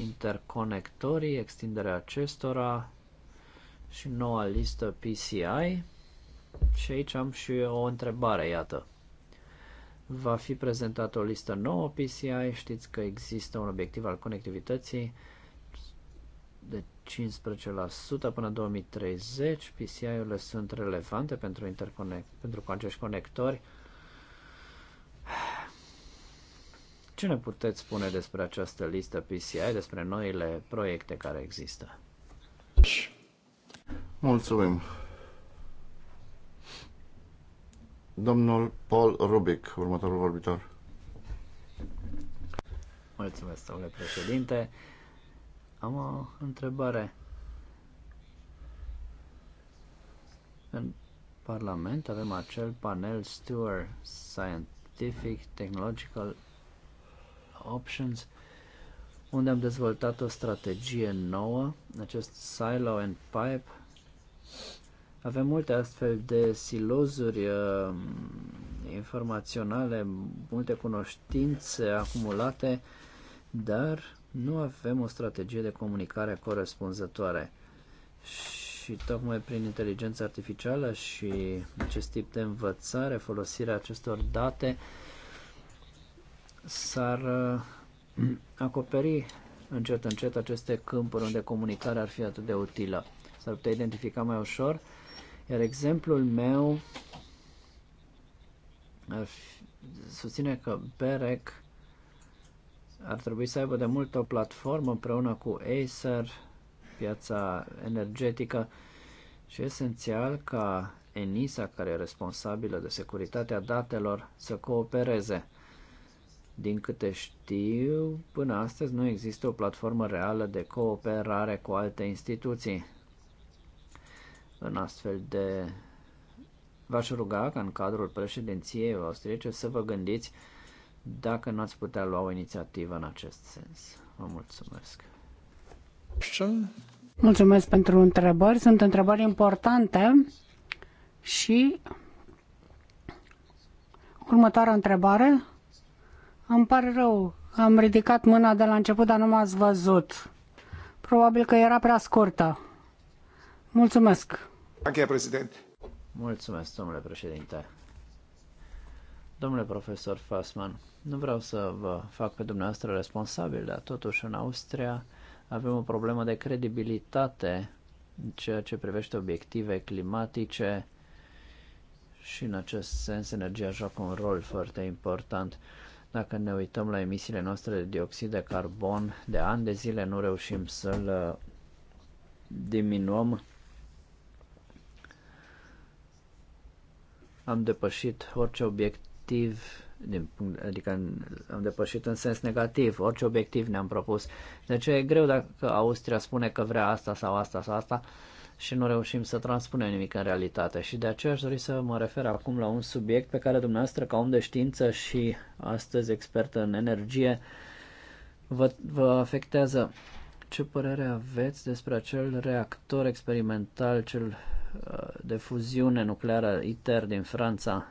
interconectorii, extinderea acestora, și noua listă PCI și aici am și o întrebare, iată. Va fi prezentată o listă nouă PCI, știți că există un obiectiv al conectivității de 15% până 2030. PCI-urile sunt relevante pentru, interconect, pentru acești conectori. Ce ne puteți spune despre această listă PCI, despre noile proiecte care există? Mulțumim. Domnul Paul Rubic, următorul vorbitor. Mulțumesc, domnule președinte. Am o întrebare. În Parlament avem acel panel Stewart Scientific Technological Options unde am dezvoltat o strategie nouă, acest silo and pipe avem multe astfel de silozuri uh, informaționale, multe cunoștințe acumulate, dar nu avem o strategie de comunicare corespunzătoare. Și tocmai prin inteligența artificială și acest tip de învățare, folosirea acestor date, s-ar uh, *clears throat* acoperi încet încet aceste câmpuri unde comunicarea ar fi atât de utilă s-ar putea identifica mai ușor. Iar exemplul meu ar susține că BEREC ar trebui să aibă de mult o platformă împreună cu Acer, piața energetică și esențial ca ENISA, care e responsabilă de securitatea datelor, să coopereze. Din câte știu, până astăzi nu există o platformă reală de cooperare cu alte instituții în astfel de... V-aș ruga ca în cadrul președinției austriece să vă gândiți dacă nu ați putea lua o inițiativă în acest sens. Vă mulțumesc. Mulțumesc pentru întrebări. Sunt întrebări importante și următoarea întrebare. Îmi pare rău, am ridicat mâna de la început, dar nu m-ați văzut. Probabil că era prea scurtă. Mulțumesc! Anche, președinte. Mulțumesc, domnule președinte. Domnule profesor Fassman, nu vreau să vă fac pe dumneavoastră responsabil, dar totuși în Austria avem o problemă de credibilitate în ceea ce privește obiective climatice și în acest sens energia joacă un rol foarte important. Dacă ne uităm la emisiile noastre de dioxid de carbon, de ani de zile nu reușim să-l diminuăm Am depășit orice obiectiv, din punct, adică am depășit în sens negativ, orice obiectiv ne-am propus. Deci e greu dacă Austria spune că vrea asta sau asta sau asta și nu reușim să transpunem nimic în realitate. Și de aceea aș dori să mă refer acum la un subiect pe care dumneavoastră, ca om de știință și astăzi expert în energie, vă, vă afectează ce părere aveți despre acel reactor experimental, cel uh, de fuziune nucleară ITER din Franța?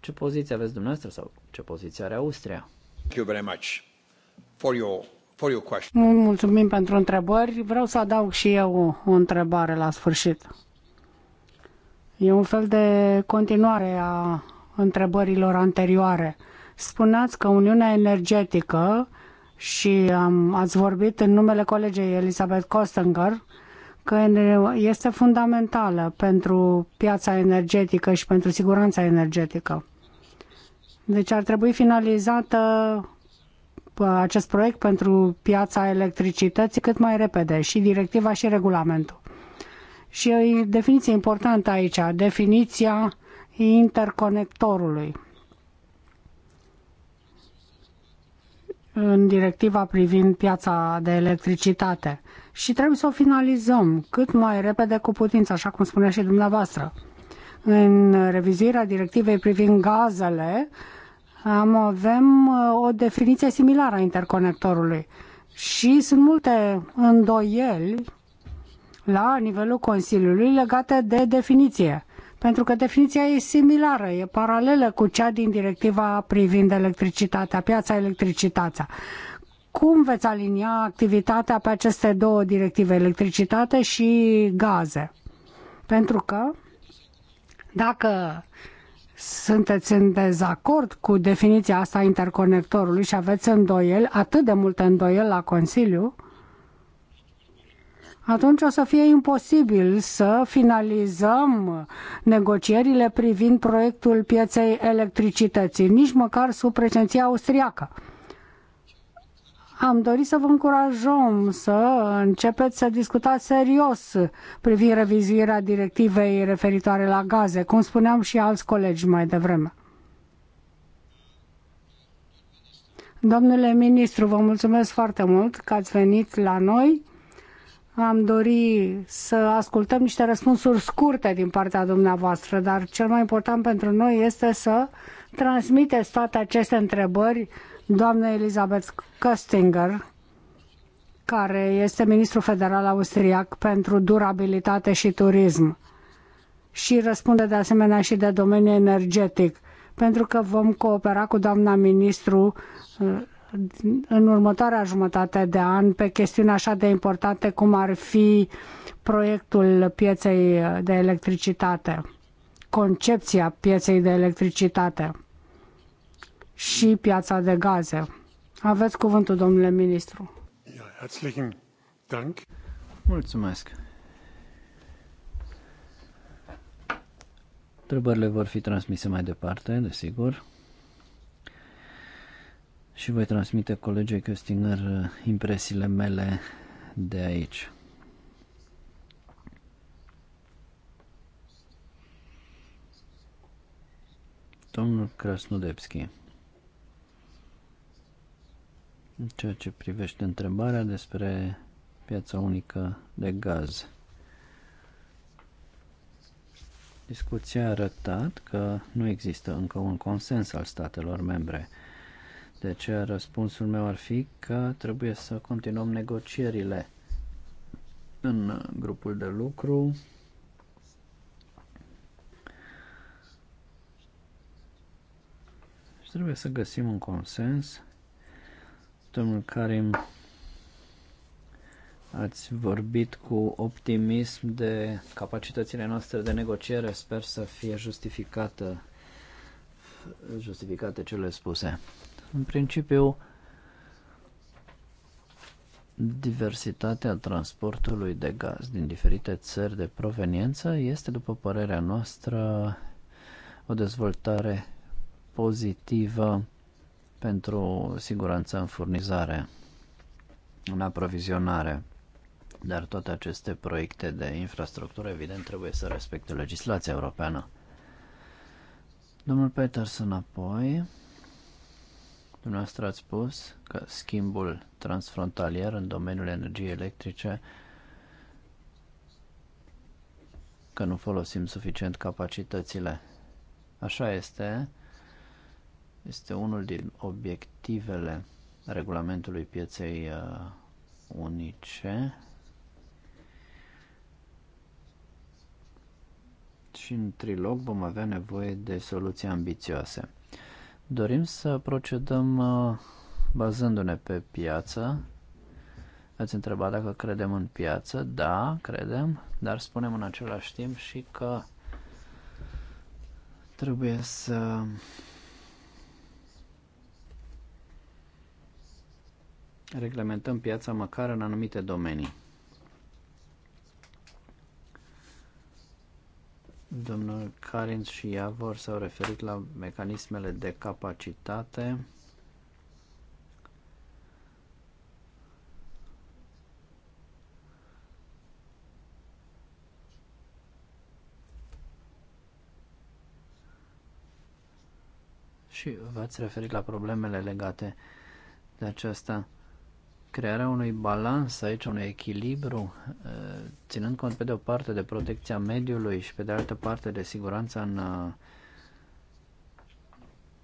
Ce poziție aveți dumneavoastră sau ce poziție are Austria? Thank you very much for your, for your question. Mulțumim pentru întrebări. Vreau să adaug și eu o întrebare la sfârșit. E un fel de continuare a întrebărilor anterioare. Spuneați că Uniunea Energetică și am, um, ați vorbit în numele colegei Elisabeth Kostenger, că este fundamentală pentru piața energetică și pentru siguranța energetică. Deci ar trebui finalizată uh, acest proiect pentru piața electricității cât mai repede și directiva și regulamentul. Și o definiție importantă aici, definiția interconectorului. în directiva privind piața de electricitate și trebuie să o finalizăm cât mai repede cu putință, așa cum spunea și dumneavoastră. În revizuirea directivei privind gazele, am, avem uh, o definiție similară a interconectorului și sunt multe îndoieli la nivelul Consiliului legate de definiție pentru că definiția e similară, e paralelă cu cea din directiva privind electricitatea, piața electricitatea. Cum veți alinia activitatea pe aceste două directive, electricitate și gaze? Pentru că dacă sunteți în dezacord cu definiția asta a interconectorului și aveți îndoieli, atât de multe îndoieli la Consiliu, atunci o să fie imposibil să finalizăm negocierile privind proiectul pieței electricității, nici măcar sub prezenția austriacă. Am dorit să vă încurajăm să începeți să discutați serios privind revizuirea directivei referitoare la gaze, cum spuneam și alți colegi mai devreme. Domnule ministru, vă mulțumesc foarte mult că ați venit la noi am dori să ascultăm niște răspunsuri scurte din partea dumneavoastră, dar cel mai important pentru noi este să transmiteți toate aceste întrebări doamnei Elizabeth Köstinger, care este ministru federal austriac pentru durabilitate și turism și răspunde de asemenea și de domeniul energetic, pentru că vom coopera cu doamna ministru în următoarea jumătate de an pe chestiuni așa de importante cum ar fi proiectul pieței de electricitate, concepția pieței de electricitate și piața de gaze. Aveți cuvântul, domnule ministru. Herzlichen Dank. Mulțumesc. Întrebările vor fi transmise mai departe, desigur și voi transmite colegei Căstinăr uh, impresiile mele de aici. Domnul Krasnodebski în ceea ce privește întrebarea despre piața unică de gaz. Discuția a arătat că nu există încă un consens al statelor membre – de aceea răspunsul meu ar fi că trebuie să continuăm negocierile în grupul de lucru. Și trebuie să găsim un consens. Domnul Karim, ați vorbit cu optimism de capacitățile noastre de negociere. Sper să fie justificată, justificate cele spuse. În principiu, diversitatea transportului de gaz din diferite țări de proveniență este, după părerea noastră, o dezvoltare pozitivă pentru siguranța în furnizare, în aprovizionare. Dar toate aceste proiecte de infrastructură, evident, trebuie să respecte legislația europeană. Domnul Peterson apoi Dumneavoastră ați spus că schimbul transfrontalier în domeniul energiei electrice că nu folosim suficient capacitățile. Așa este. Este unul din obiectivele regulamentului pieței uh, unice și în trilog vom avea nevoie de soluții ambițioase. Dorim să procedăm uh, bazându-ne pe piață. Ați întrebat dacă credem în piață. Da, credem, dar spunem în același timp și că trebuie să reglementăm piața măcar în anumite domenii. Domnul Carinț și Iavor s-au referit la mecanismele de capacitate. Și v-ați referit la problemele legate de aceasta crearea unui balans aici, unui echilibru, eh, ținând cont pe de o parte de protecția mediului și pe de altă parte de siguranța în eh,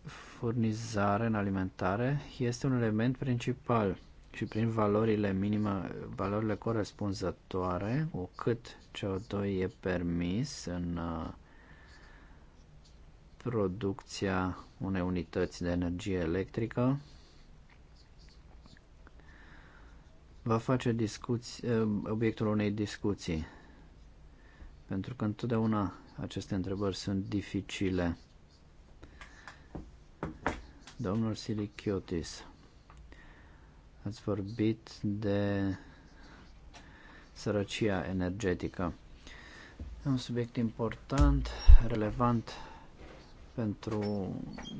furnizare, în alimentare, este un element principal și prin valorile minime, valorile corespunzătoare, cu cât CO2 e permis în eh, producția unei unități de energie electrică, va face discuți, eh, obiectul unei discuții. Pentru că întotdeauna aceste întrebări sunt dificile. Domnul Silichiotis, ați vorbit de sărăcia energetică. E un subiect important, relevant pentru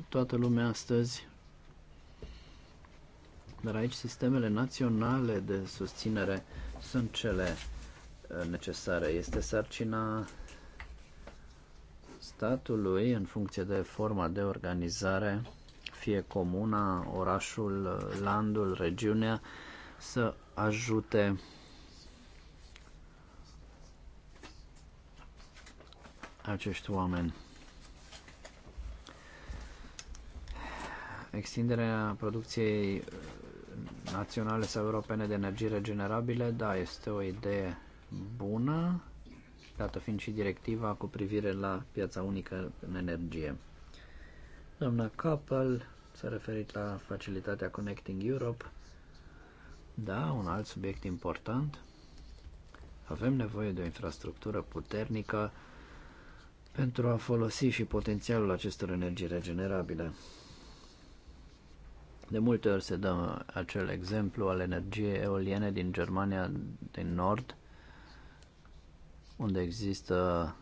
toată lumea astăzi. Dar aici sistemele naționale de susținere sunt cele uh, necesare. Este sarcina statului în funcție de forma de organizare, fie comuna, orașul, uh, landul, regiunea, să ajute acești oameni. Extinderea producției naționale sau europene de energie regenerabile, da, este o idee bună, dată fiind și directiva cu privire la piața unică în energie. Doamna Capel s-a referit la facilitatea Connecting Europe. Da, un alt subiect important. Avem nevoie de o infrastructură puternică pentru a folosi și potențialul acestor energii regenerabile. De multe ori se dă acel exemplu al energiei eoliene din Germania din Nord, unde există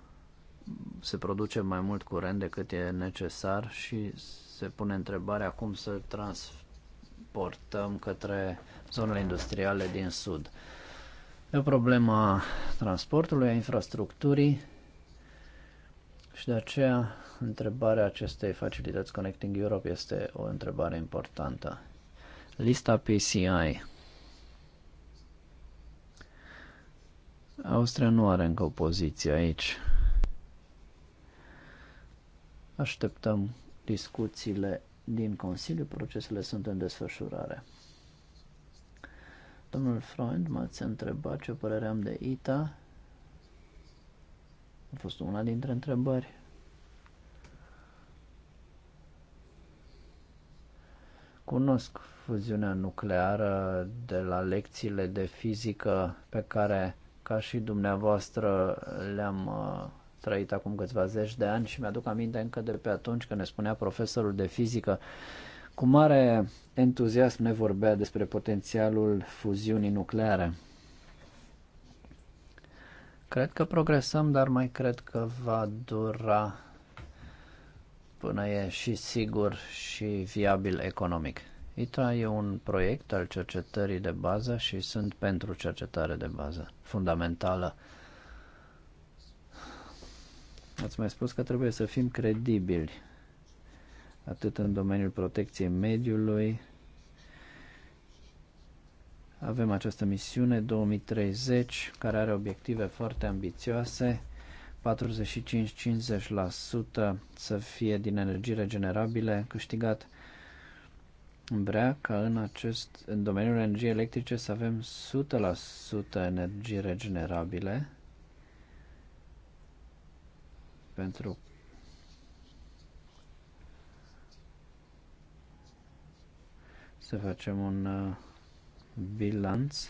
se produce mai mult curent decât e necesar și se pune întrebarea cum să transportăm către zonele industriale din sud. E o problemă transportului, a infrastructurii și de aceea, întrebarea acestei facilități Connecting Europe este o întrebare importantă. Lista PCI. Austria nu are încă o poziție aici. Așteptăm discuțiile din Consiliu, procesele sunt în desfășurare. Domnul Freund m-ați întrebat ce părere am de ITA. A fost una dintre întrebări. Cunosc fuziunea nucleară de la lecțiile de fizică pe care, ca și dumneavoastră, le-am uh, trăit acum câțiva zeci de ani și mi-aduc aminte încă de pe atunci când ne spunea profesorul de fizică cu mare entuziasm ne vorbea despre potențialul fuziunii nucleare. Cred că progresăm, dar mai cred că va dura până e și sigur și viabil economic. ITRA e un proiect al cercetării de bază și sunt pentru cercetare de bază, fundamentală. Ați mai spus că trebuie să fim credibili, atât în domeniul protecției mediului, avem această misiune 2030 care are obiective foarte ambițioase, 45-50% să fie din energii regenerabile câștigat. Vrea ca în, acest, în domeniul energiei electrice să avem 100% energii regenerabile pentru să facem un uh, bilanț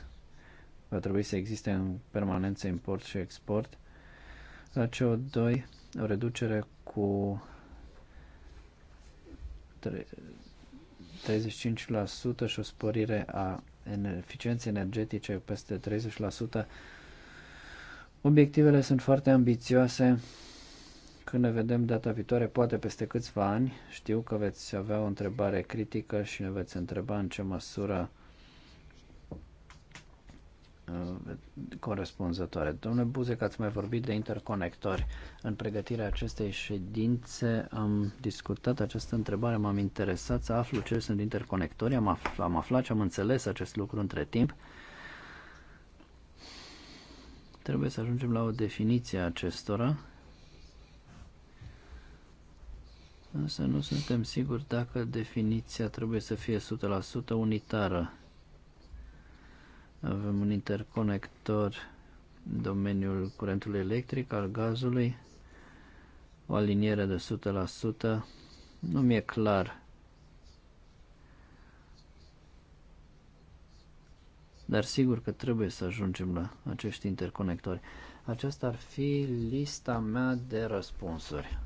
va trebui să existe în permanență import și export. La CO2, o reducere cu 35% și o sporire a eficienței energetice peste 30%. Obiectivele sunt foarte ambițioase. Când ne vedem data viitoare, poate peste câțiva ani, știu că veți avea o întrebare critică și ne veți întreba în ce măsură Uh, corespunzătoare. Domnule Buzec, ați mai vorbit de interconectori. În pregătirea acestei ședințe am discutat această întrebare, m-am interesat să aflu ce sunt interconectori, am, afl- am aflat și am înțeles acest lucru între timp. Trebuie să ajungem la o definiție a acestora. Însă nu suntem siguri dacă definiția trebuie să fie 100% unitară. Avem un interconector în domeniul curentului electric, al gazului, o aliniere de 100%. Nu mi-e clar. Dar sigur că trebuie să ajungem la acești interconectori. Aceasta ar fi lista mea de răspunsuri.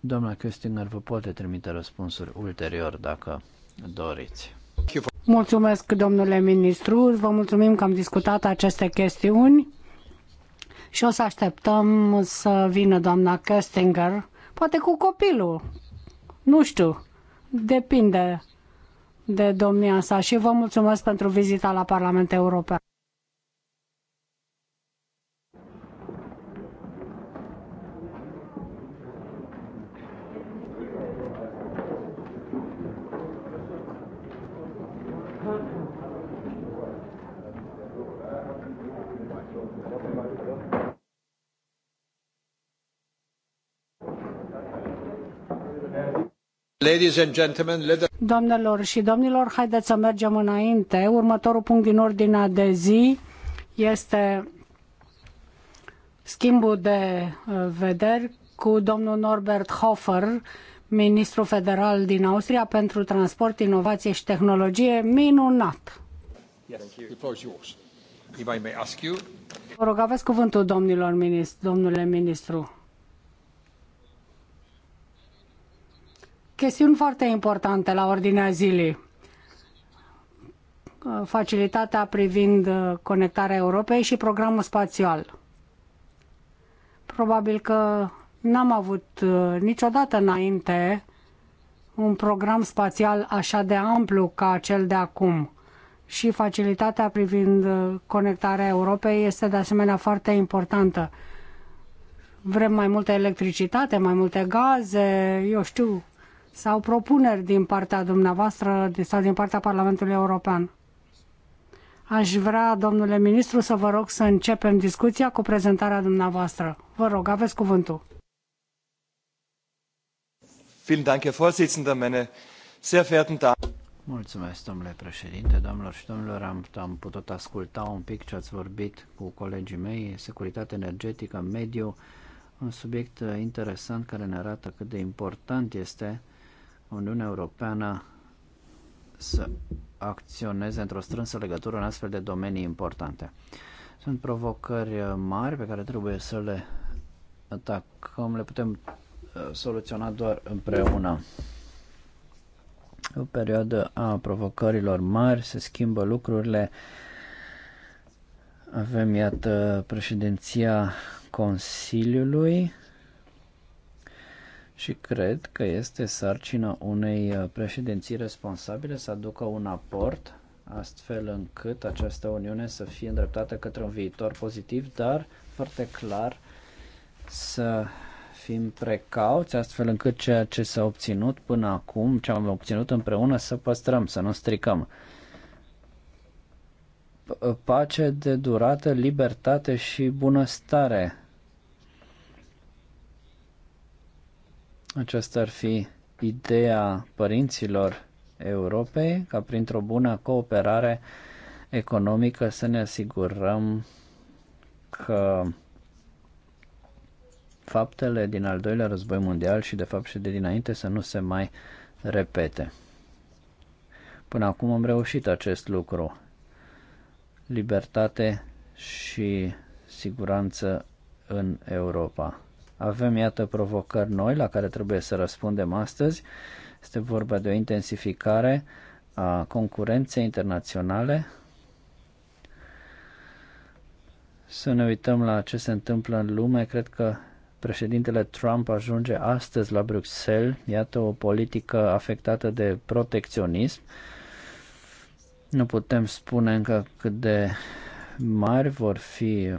Doamna Köstinger vă poate trimite răspunsuri ulterior dacă doriți. Mulțumesc, domnule ministru, vă mulțumim că am discutat aceste chestiuni și o să așteptăm să vină doamna Köstinger, poate cu copilul, nu știu, depinde de domnia sa și vă mulțumesc pentru vizita la Parlamentul European. Doamnelor și domnilor, haideți să mergem înainte. Următorul punct din ordinea de zi este schimbul de uh, vederi cu domnul Norbert Hofer, ministru federal din Austria pentru transport, inovație și tehnologie. Minunat! Vă rog, aveți cuvântul, domnilor, ministru, domnule ministru. chestiuni foarte importante la ordinea zilei. Facilitatea privind uh, conectarea Europei și programul spațial. Probabil că n-am avut uh, niciodată înainte un program spațial așa de amplu ca cel de acum. Și facilitatea privind uh, conectarea Europei este de asemenea foarte importantă. Vrem mai multă electricitate, mai multe gaze, eu știu, sau propuneri din partea dumneavoastră sau din partea Parlamentului European. Aș vrea, domnule ministru, să vă rog să începem discuția cu prezentarea dumneavoastră. Vă rog, aveți cuvântul. Mulțumesc, domnule președinte, domnilor și domnilor. Am, am putut asculta un pic ce ați vorbit cu colegii mei, securitate energetică, mediu, un subiect eh, interesant care ne arată cât de important este Uniunea Europeană să acționeze într-o strânsă legătură în astfel de domenii importante. Sunt provocări uh, mari pe care trebuie să le atacăm, le putem uh, soluționa doar împreună. O perioadă a provocărilor mari, se schimbă lucrurile. Avem, iată, președinția Consiliului, și cred că este sarcina unei uh, președinții responsabile să aducă un aport astfel încât această Uniune să fie îndreptată către un viitor pozitiv, dar foarte clar să fim precauți astfel încât ceea ce s-a obținut până acum, ce am obținut împreună, să păstrăm, să nu stricăm. Pace de durată, libertate și bunăstare Aceasta ar fi ideea părinților Europei, ca printr-o bună cooperare economică să ne asigurăm că faptele din al doilea război mondial și de fapt și de dinainte să nu se mai repete. Până acum am reușit acest lucru. Libertate și siguranță în Europa. Avem, iată, provocări noi la care trebuie să răspundem astăzi. Este vorba de o intensificare a concurenței internaționale. Să ne uităm la ce se întâmplă în lume. Cred că președintele Trump ajunge astăzi la Bruxelles. Iată o politică afectată de protecționism. Nu putem spune încă cât de mari vor fi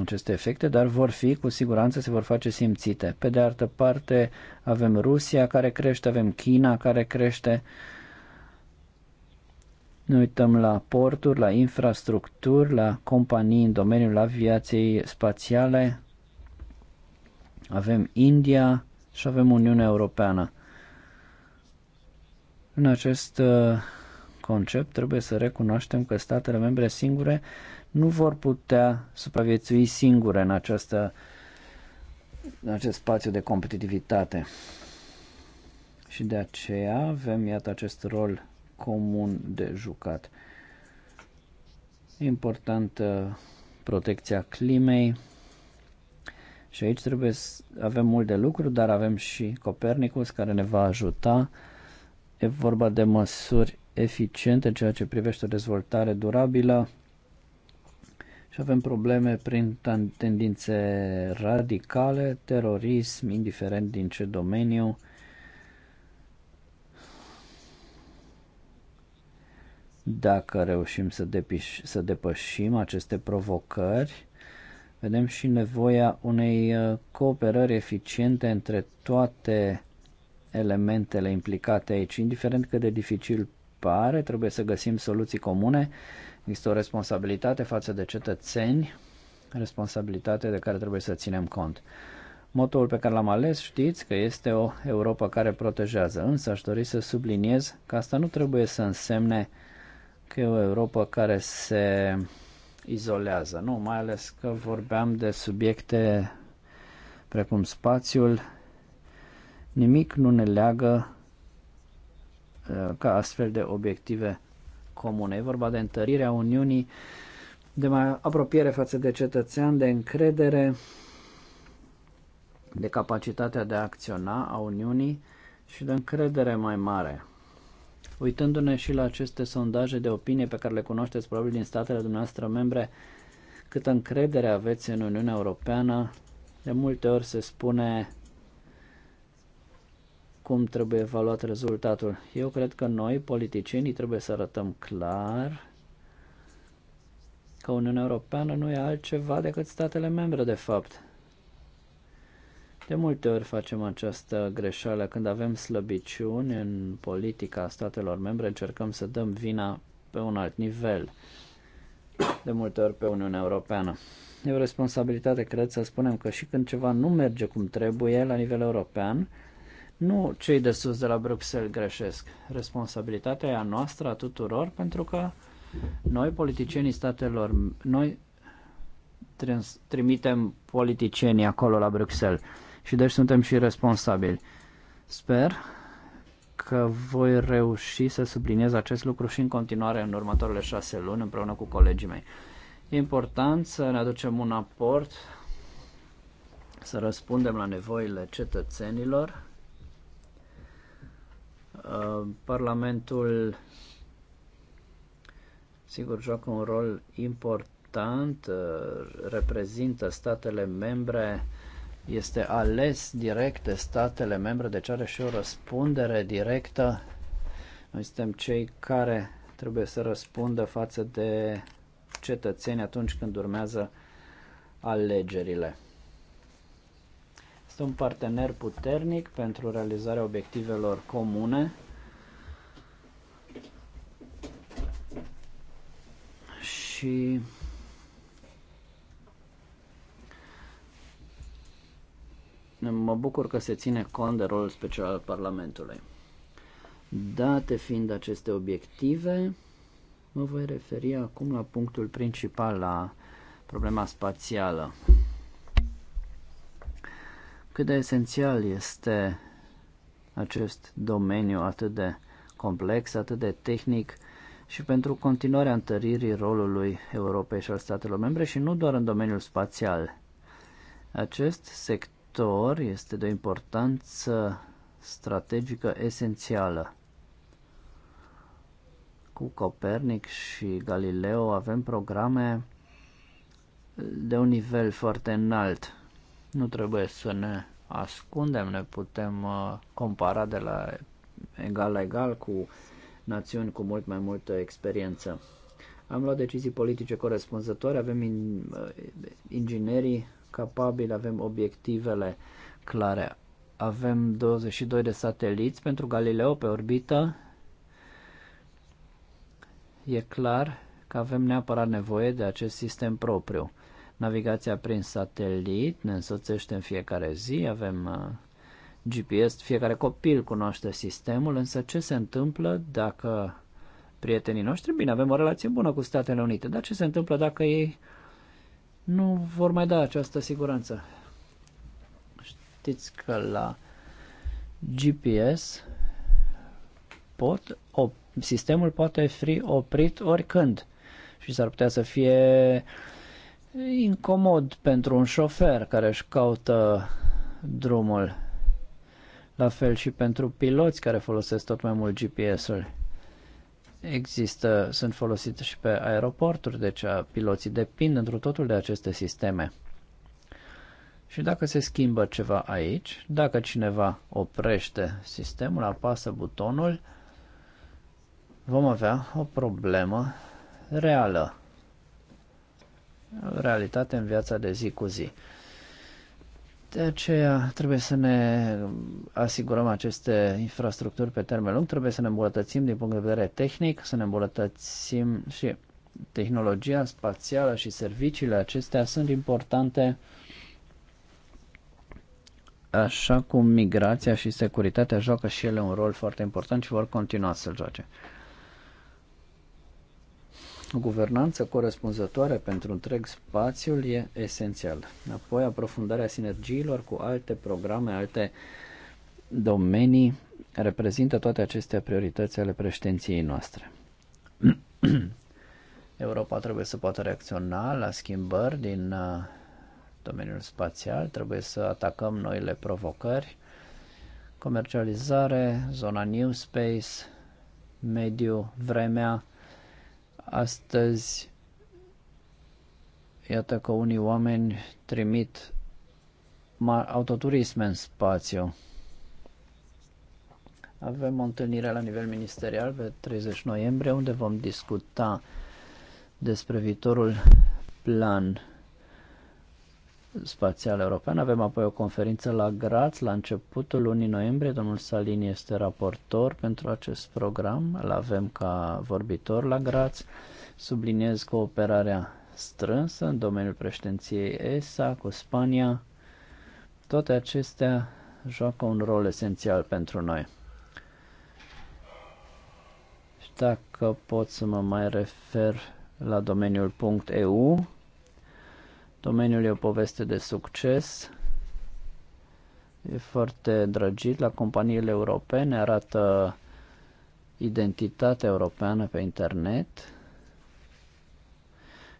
aceste efecte, dar vor fi, cu siguranță, se vor face simțite. Pe de altă parte, avem Rusia care crește, avem China care crește. Ne uităm la porturi, la infrastructuri, la companii în domeniul aviației spațiale. Avem India și avem Uniunea Europeană. În acest uh, concept, trebuie să recunoaștem că statele membre singure nu vor putea supraviețui singure în, această, în acest spațiu de competitivitate. Și de aceea avem, iată, acest rol comun de jucat. Importantă protecția climei, și aici trebuie să avem mult de lucru, dar avem și Copernicus care ne va ajuta. E vorba de măsuri eficient în ceea ce privește dezvoltare durabilă și avem probleme prin tendințe radicale, terorism, indiferent din ce domeniu. Dacă reușim să, depiș, să depășim aceste provocări, vedem și nevoia unei uh, cooperări eficiente între toate elementele implicate aici, indiferent cât de dificil pare, trebuie să găsim soluții comune. Există o responsabilitate față de cetățeni, responsabilitate de care trebuie să ținem cont. Motoul pe care l-am ales știți că este o Europa care protejează, însă aș dori să subliniez că asta nu trebuie să însemne că e o Europa care se izolează, nu, mai ales că vorbeam de subiecte precum spațiul, nimic nu ne leagă Uh, ca astfel de obiective comune. E vorba de întărirea Uniunii, de mai apropiere față de cetățean, de încredere, de capacitatea de a acționa a Uniunii și de încredere mai mare. Uitându-ne și la aceste sondaje de opinie pe care le cunoașteți probabil din statele dumneavoastră membre, câtă încredere aveți în Uniunea Europeană, de multe ori se spune cum trebuie evaluat rezultatul. Eu cred că noi, politicienii, trebuie să arătăm clar că Uniunea Europeană nu e altceva decât statele membre, de fapt. De multe ori facem această greșeală. Când avem slăbiciuni în politica statelor membre, încercăm să dăm vina pe un alt nivel, de multe ori pe Uniunea Europeană. E o responsabilitate, cred, să spunem că și când ceva nu merge cum trebuie la nivel european, nu cei de sus de la Bruxelles greșesc. Responsabilitatea e a noastră, a tuturor, pentru că noi, politicienii statelor, noi trimitem politicienii acolo la Bruxelles și deci suntem și responsabili. Sper că voi reuși să subliniez acest lucru și în continuare în următoarele șase luni împreună cu colegii mei. E important să ne aducem un aport, să răspundem la nevoile cetățenilor Uh, Parlamentul sigur joacă un rol important, uh, reprezintă statele membre, este ales direct de statele membre, deci are și o răspundere directă. Noi suntem cei care trebuie să răspundă față de cetățeni atunci când urmează alegerile. Există un partener puternic pentru realizarea obiectivelor comune și mă bucur că se ține cont de rolul special al Parlamentului. Date fiind aceste obiective, mă voi referi acum la punctul principal, la problema spațială cât de esențial este acest domeniu atât de complex, atât de tehnic și pentru continuarea întăririi rolului Europei și al statelor membre și nu doar în domeniul spațial. Acest sector este de o importanță strategică esențială. Cu Copernic și Galileo avem programe de un nivel foarte înalt nu trebuie să ne ascundem, ne putem uh, compara de la egal la egal cu națiuni cu mult mai multă experiență. Am luat decizii politice corespunzătoare, avem in, uh, inginerii capabili, avem obiectivele clare. Avem 22 de sateliți pentru Galileo pe orbită. E clar că avem neapărat nevoie de acest sistem propriu. Navigația prin satelit ne însoțește în fiecare zi, avem uh, GPS, fiecare copil cunoaște sistemul, însă ce se întâmplă dacă prietenii noștri, bine, avem o relație bună cu Statele Unite, dar ce se întâmplă dacă ei nu vor mai da această siguranță? Știți că la GPS pot, op, sistemul poate fi oprit oricând și s-ar putea să fie uh, incomod pentru un șofer care își caută drumul. La fel și pentru piloți care folosesc tot mai mult GPS-ul. Există, sunt folosite și pe aeroporturi, deci piloții depind într totul de aceste sisteme. Și dacă se schimbă ceva aici, dacă cineva oprește sistemul, apasă butonul, vom avea o problemă reală realitate în viața de zi cu zi. De aceea trebuie să ne asigurăm aceste infrastructuri pe termen lung, trebuie să ne îmbunătățim din punct de vedere tehnic, să ne îmbunătățim și tehnologia spațială și serviciile acestea sunt importante așa cum migrația și securitatea joacă și ele un rol foarte important și vor continua să-l joace. O guvernanță corespunzătoare pentru întreg spațiul e esențial. Apoi aprofundarea sinergiilor cu alte programe, alte domenii reprezintă toate acestea priorități ale președinției noastre. *clears throat* Europa trebuie să poată reacționa la schimbări din uh, domeniul spațial, trebuie să atacăm noile provocări, comercializare, zona New Space, mediu, vremea, Astăzi, iată că unii oameni trimit autoturisme în spațiu. Avem o întâlnire la nivel ministerial pe 30 noiembrie unde vom discuta despre viitorul plan Spațial European. Avem apoi o conferință la Graz la începutul lunii noiembrie. Domnul Salini este raportor pentru acest program. Îl avem ca vorbitor la Graz. Subliniez cooperarea strânsă în domeniul președinției ESA cu Spania. Toate acestea joacă un rol esențial pentru noi. Și dacă pot să mă mai refer la domeniul .eu, Domeniul e o poveste de succes, e foarte drăgit la companiile europene, arată identitatea europeană pe internet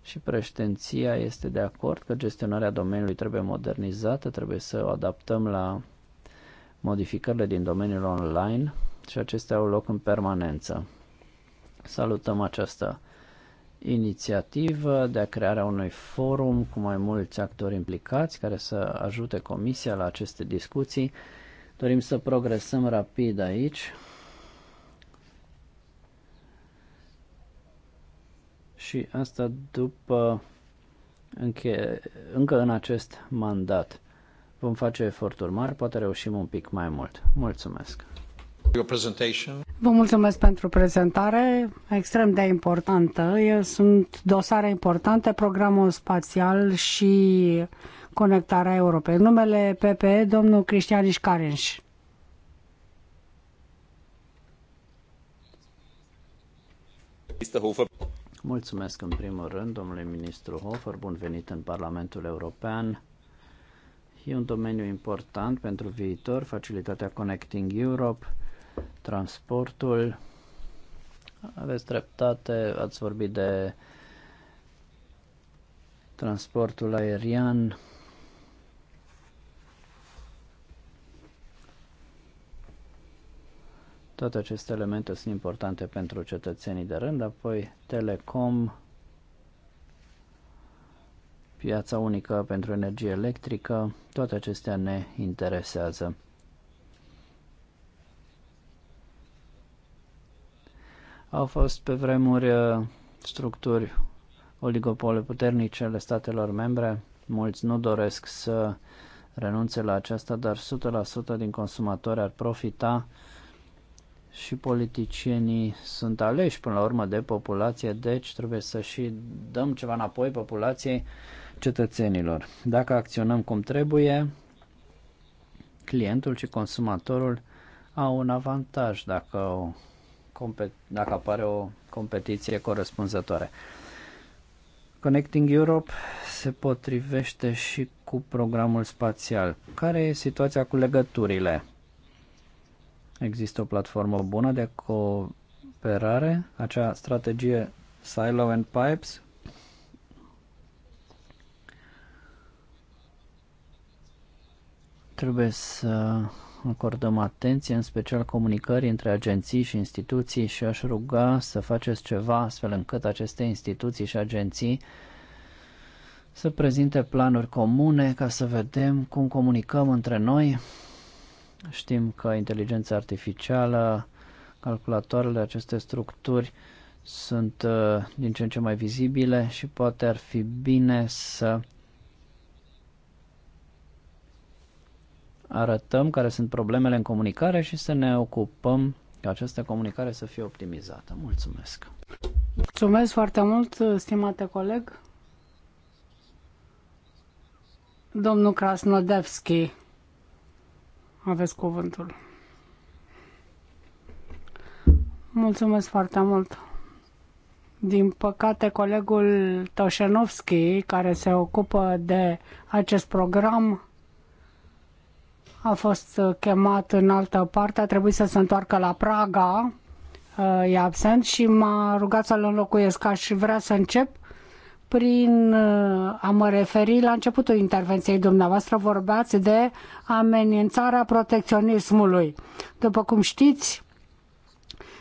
și președinția este de acord că gestionarea domeniului trebuie modernizată, trebuie să o adaptăm la modificările din domeniul online și acestea au loc în permanență. Salutăm această inițiativă de a crearea unui forum cu mai mulți actori implicați care să ajute Comisia la aceste discuții. Dorim să progresăm rapid aici. Și asta după înche- încă în acest mandat. Vom face eforturi mari, poate reușim un pic mai mult. Mulțumesc! Vă mulțumesc pentru prezentare, extrem de importantă. Sunt dosare importante, programul spațial și conectarea Europei. Numele PPE, domnul Cristian Ișcarenș. Mulțumesc în primul rând, domnule ministru Hofer, bun venit în Parlamentul European. E un domeniu important pentru viitor, facilitatea Connecting Europe – transportul. Aveți dreptate, ați vorbit de transportul aerian. Toate aceste elemente sunt importante pentru cetățenii de rând, apoi telecom, piața unică pentru energie electrică, toate acestea ne interesează. au fost pe vremuri uh, structuri oligopole puternice ale statelor membre. Mulți nu doresc să renunțe la aceasta, dar 100% din consumatori ar profita și politicienii sunt aleși până la urmă de populație, deci trebuie să și dăm ceva înapoi populației cetățenilor. Dacă acționăm cum trebuie, clientul și consumatorul au un avantaj dacă o dacă apare o competiție corespunzătoare. Connecting Europe se potrivește și cu programul spațial. Care e situația cu legăturile? Există o platformă bună de cooperare, acea strategie Silo and Pipes. Trebuie să Acordăm atenție în special comunicării între agenții și instituții și aș ruga să faceți ceva astfel încât aceste instituții și agenții să prezinte planuri comune ca să vedem cum comunicăm între noi. Știm că inteligența artificială, calculatoarele, aceste structuri sunt uh, din ce în ce mai vizibile și poate ar fi bine să arătăm care sunt problemele în comunicare și să ne ocupăm ca această comunicare să fie optimizată. Mulțumesc! Mulțumesc foarte mult, stimate coleg! Domnul Krasnodevski, aveți cuvântul. Mulțumesc foarte mult! Din păcate, colegul Toșenovski, care se ocupă de acest program, a fost uh, chemat în altă parte, a trebuit să se întoarcă la Praga, uh, e absent și m-a rugat să-l înlocuiesc. Aș vrea să încep prin uh, a mă referi la începutul intervenției dumneavoastră, vorbeați de amenințarea protecționismului. După cum știți,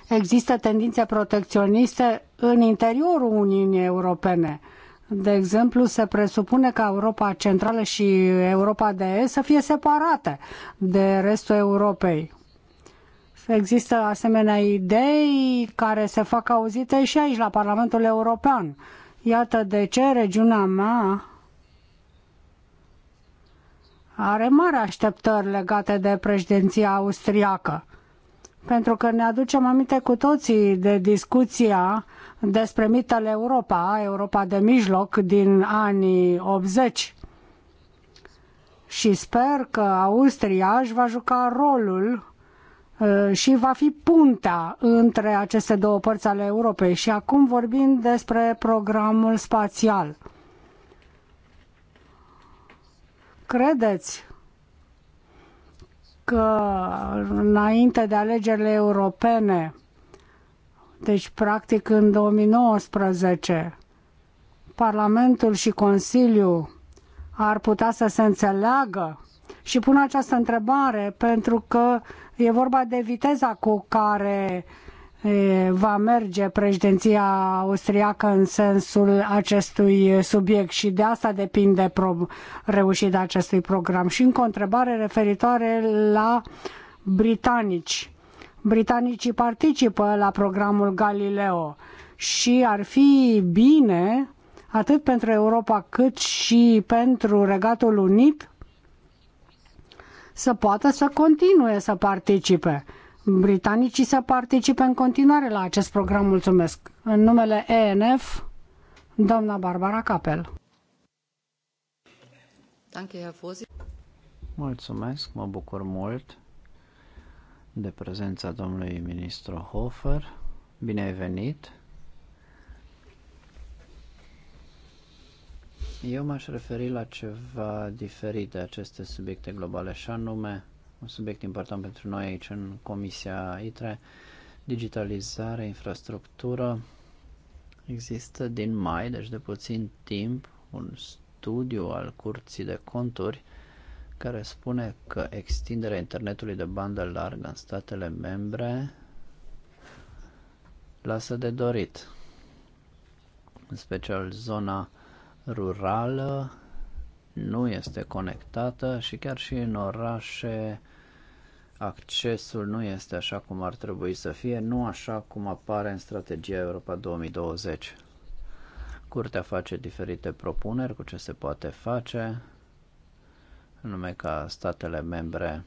există tendințe protecționiste în interiorul Uniunii Europene de exemplu, se presupune ca Europa Centrală și Europa de Est să fie separate de restul Europei. Există asemenea idei care se fac auzite și aici, la Parlamentul European. Iată de ce regiunea mea are mari așteptări legate de președinția austriacă. Pentru că ne aducem aminte cu toții de discuția despre mitele Europa, Europa de mijloc din anii 80. Și sper că Austria își va juca rolul uh, și va fi puntea între aceste două părți ale Europei. Și acum vorbim despre programul spațial. Credeți că înainte de alegerile europene deci practic în 2019, Parlamentul și Consiliul ar putea să se înțeleagă și pun această întrebare pentru că e vorba de viteza cu care va merge președinția austriacă în sensul acestui subiect și de asta depinde reușita acestui program. Și încă o întrebare referitoare la britanici Britanicii participă la programul Galileo și ar fi bine atât pentru Europa cât și pentru Regatul Unit să poată să continue să participe. Britanicii să participe în continuare la acest program. Mulțumesc. În numele ENF, doamna Barbara Capel. Mulțumesc, mă bucur mult de prezența domnului ministru Hofer. Bine ai venit! Eu m-aș referi la ceva diferit de aceste subiecte globale și anume un subiect important pentru noi aici în Comisia ITRE, digitalizare, infrastructură. Există din mai, deci de puțin timp, un studiu al Curții de Conturi care spune că extinderea internetului de bandă largă în statele membre lasă de dorit, în special zona rurală nu este conectată și chiar și în orașe accesul nu este așa cum ar trebui să fie, nu așa cum apare în strategia Europa 2020. Curtea face diferite propuneri cu ce se poate face, anume ca statele membre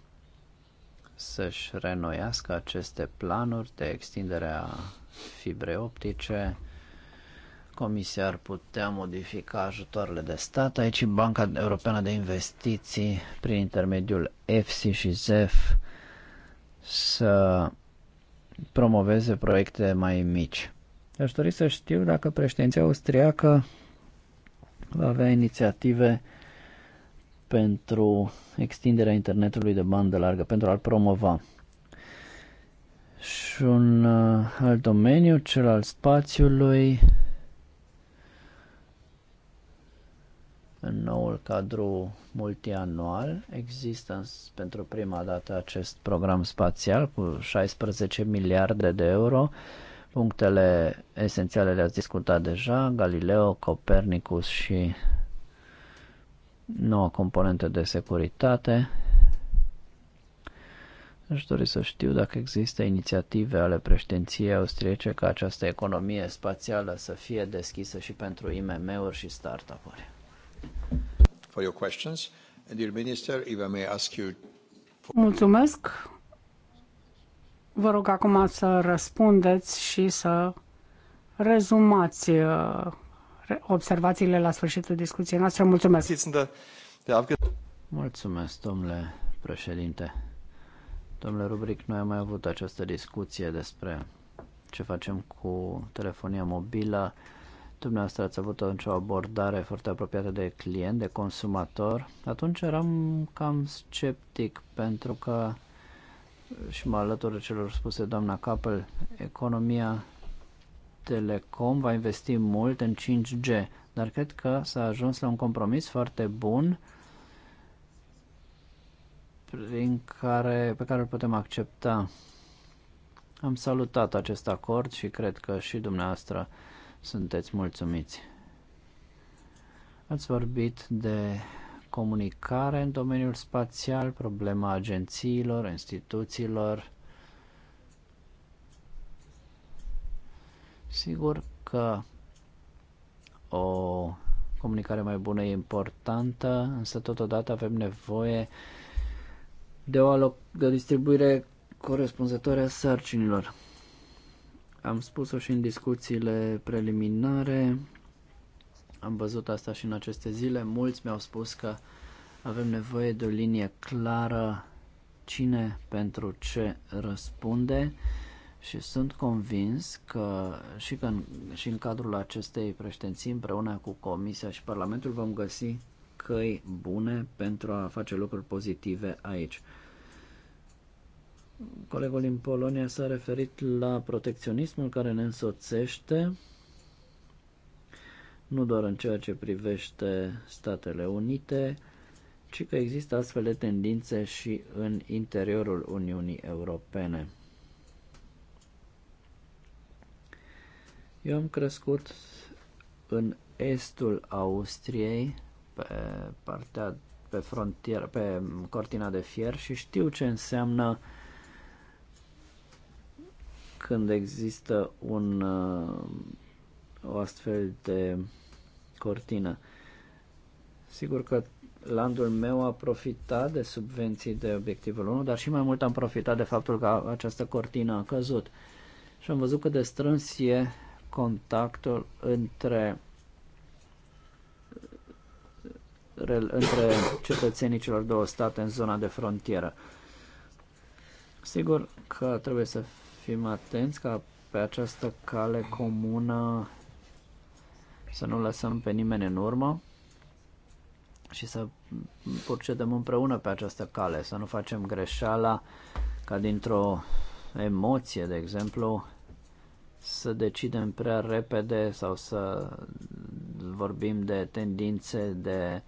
să-și renoiască aceste planuri de extindere a fibrei optice. Comisia ar putea modifica ajutoarele de stat. Aici Banca Europeană de Investiții, prin intermediul EFSI și ZEF, să promoveze proiecte mai mici. Aș dori să știu dacă președinția austriacă va avea inițiative pentru extinderea internetului de bandă largă, pentru a-l promova. Și un uh, alt domeniu, cel al spațiului, în noul cadru multianual. Există pentru prima dată acest program spațial cu 16 miliarde de euro. Punctele esențiale le-ați discutat deja, Galileo, Copernicus și noua componentă de securitate. Aș dori să știu dacă există inițiative ale președinției austriece ca această economie spațială să fie deschisă și pentru IMM-uri și startup-uri. For your questions, dear minister, if I may ask you... Mulțumesc. Vă rog acum să răspundeți și să rezumați uh, observațiile la sfârșitul discuției noastre. Mulțumesc! Mulțumesc, domnule președinte. Domnule Rubric, noi am mai avut această discuție despre ce facem cu telefonia mobilă. Dumneavoastră ați avut atunci o abordare foarte apropiată de client, de consumator. Atunci eram cam sceptic pentru că și mă alătură celor spuse doamna Capel, economia Telecom va investi mult în 5G, dar cred că s-a ajuns la un compromis foarte bun prin care, pe care îl putem accepta. Am salutat acest acord și cred că și dumneavoastră sunteți mulțumiți. Ați vorbit de comunicare în domeniul spațial, problema agențiilor, instituțiilor, Sigur că o comunicare mai bună e importantă, însă totodată avem nevoie de o, de o distribuire corespunzătoare a sarcinilor. Am spus-o și în discuțiile preliminare, am văzut asta și în aceste zile, mulți mi-au spus că avem nevoie de o linie clară cine pentru ce răspunde și sunt convins că și, că în, și în cadrul acestei președinții împreună cu Comisia și Parlamentul vom găsi căi bune pentru a face lucruri pozitive aici. Colegul din Polonia s-a referit la protecționismul care ne însoțește, nu doar în ceea ce privește Statele Unite, ci că există astfel de tendințe și în interiorul Uniunii Europene. Eu am crescut în estul Austriei, pe partea pe frontieră, pe cortina de fier și știu ce înseamnă când există un uh, o astfel de cortină. Sigur că landul meu a profitat de subvenții de obiectivul 1, dar și mai mult am profitat de faptul că această cortină a căzut. Și am văzut că de strâns e contactul între între cetățenii celor două state în zona de frontieră. Sigur că trebuie să fim atenți ca pe această cale comună să nu lăsăm pe nimeni în urmă și să procedăm împreună pe această cale, să nu facem greșeala ca dintr-o emoție, de exemplu, să decidem prea repede sau să vorbim de tendințe, de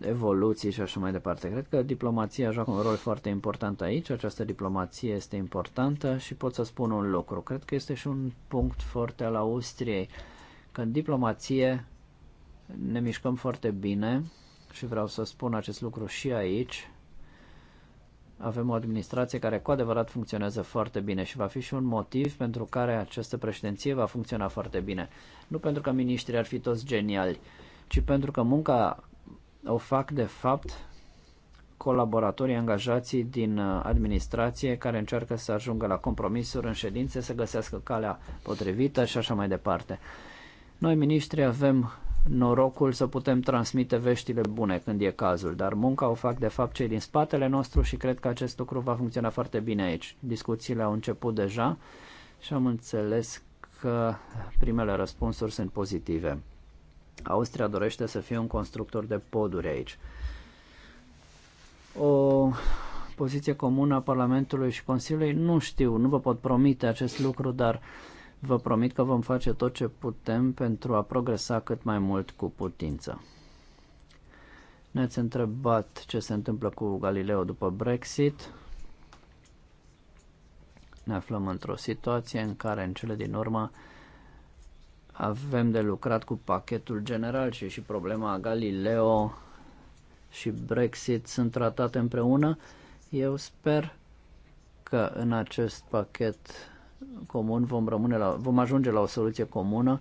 evoluții și așa mai departe. Cred că diplomația joacă un rol foarte important aici, această diplomație este importantă și pot să spun un lucru. Cred că este și un punct foarte al Austriei, că în diplomație ne mișcăm foarte bine și vreau să spun acest lucru și aici, avem o administrație care cu adevărat funcționează foarte bine și va fi și un motiv pentru care această președinție va funcționa foarte bine. Nu pentru că miniștrii ar fi toți geniali, ci pentru că munca o fac de fapt colaboratorii, angajații din uh, administrație care încearcă să ajungă la compromisuri în ședințe, să găsească calea potrivită și așa mai departe. Noi, miniștri, avem norocul să putem transmite veștile bune când e cazul, dar munca o fac de fapt cei din spatele nostru și cred că acest lucru va funcționa foarte bine aici. Discuțiile au început deja și am înțeles că primele răspunsuri sunt pozitive. Austria dorește să fie un constructor de poduri aici. O poziție comună a Parlamentului și Consiliului, nu știu, nu vă pot promite acest lucru, dar uh, Vă promit că vom face tot ce putem pentru a progresa cât mai mult cu putință. Ne-ați întrebat ce se întâmplă cu Galileo după Brexit. Ne aflăm într-o situație în care în cele din urmă avem de lucrat cu pachetul general și și problema Galileo și Brexit sunt tratate împreună. Eu sper că în acest pachet comun vom, rămâne la, vom ajunge la o soluție comună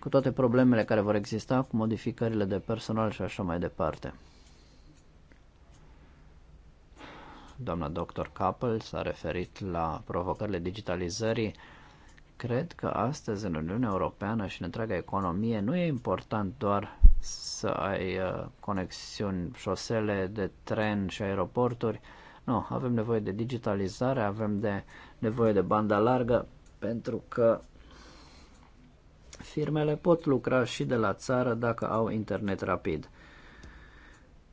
cu toate problemele care vor exista, cu modificările de personal și așa mai departe. Doamna doctor Kappel s-a referit la provocările digitalizării. Cred că astăzi în Uniunea Europeană și în întreaga economie nu e important doar să ai uh, conexiuni, șosele de tren și aeroporturi. Nu, avem nevoie de digitalizare, avem de uh, nevoie de banda largă pentru că firmele pot lucra și de la țară dacă au internet rapid.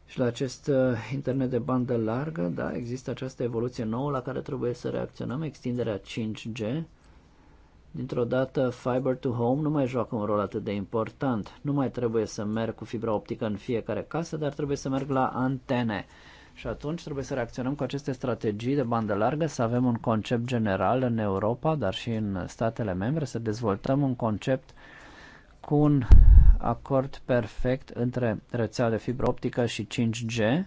Și la acest uh, internet de bandă largă, da, există această evoluție nouă la care trebuie să reacționăm, extinderea 5G. Dintr-o dată, fiber to home nu mai joacă un rol atât de important. Nu mai trebuie să merg cu fibra optică în fiecare casă, dar trebuie să merg la antene. Și atunci trebuie să reacționăm cu aceste strategii de bandă largă, să avem un concept general în Europa, dar și în statele membre, să dezvoltăm un concept cu un acord perfect între rețea de fibră optică și 5G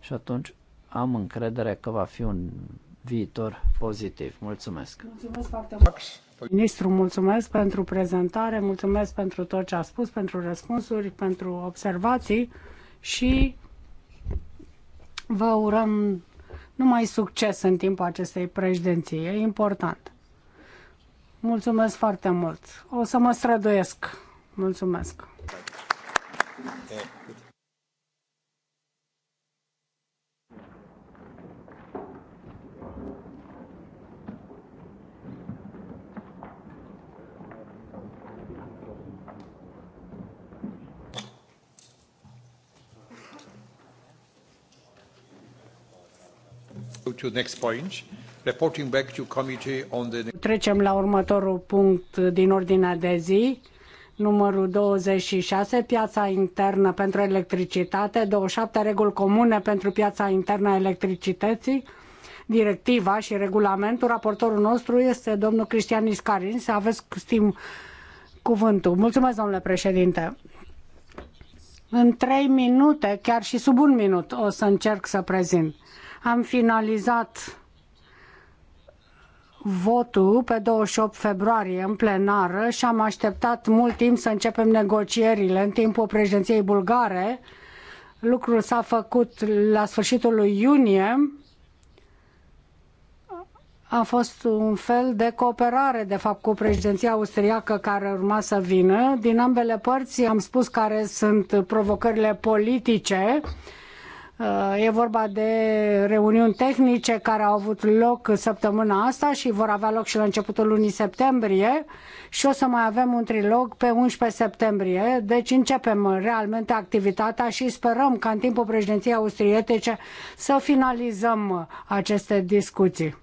și atunci am încredere că va fi un viitor pozitiv. Mulțumesc! Mulțumesc foarte mult! Ministru, mulțumesc pentru prezentare, mulțumesc pentru tot ce a spus, pentru răspunsuri, pentru observații și Vă urăm numai succes în timpul acestei președinții. E important. Mulțumesc foarte mult. O să mă străduiesc. Mulțumesc. Okay. to next point. Reporting back to committee on the... Trecem la următorul punct din ordinea de zi, numărul 26, piața internă pentru electricitate, 27 reguli comune pentru piața internă a electricității, directiva și regulamentul. Raportorul nostru este domnul Cristian Iscarin. Să aveți stim cuvântul. Mulțumesc, domnule președinte. În trei minute, chiar și sub un minut, o să încerc să prezint. Am finalizat votul pe 28 februarie în plenară și am așteptat mult timp să începem negocierile în timpul președinției bulgare. Lucrul s-a făcut la sfârșitul lui iunie. A fost un fel de cooperare, de fapt, cu președinția austriacă care urma să vină. Din ambele părți am spus care sunt provocările politice uh, Uh, e vorba de reuniuni tehnice care au avut loc săptămâna asta și vor avea loc și la începutul lunii septembrie și o să mai avem un trilog pe 11 septembrie. Deci începem realmente activitatea și sperăm ca în timpul președinției austrietice să finalizăm aceste discuții.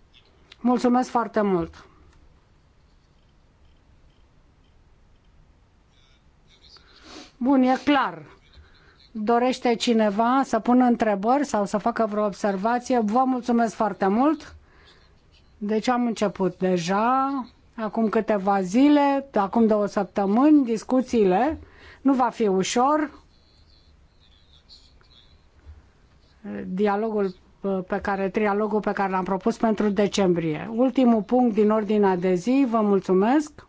Mulțumesc foarte mult! Bun, e clar dorește cineva să pună întrebări sau să facă vreo observație, vă mulțumesc foarte mult. Deci am început deja, acum câteva zile, acum două săptămâni, discuțiile. Nu va fi ușor. Dialogul uh, pe care, trialogul pe care l-am propus pentru decembrie. Ultimul punct din ordinea de zi, vă mulțumesc.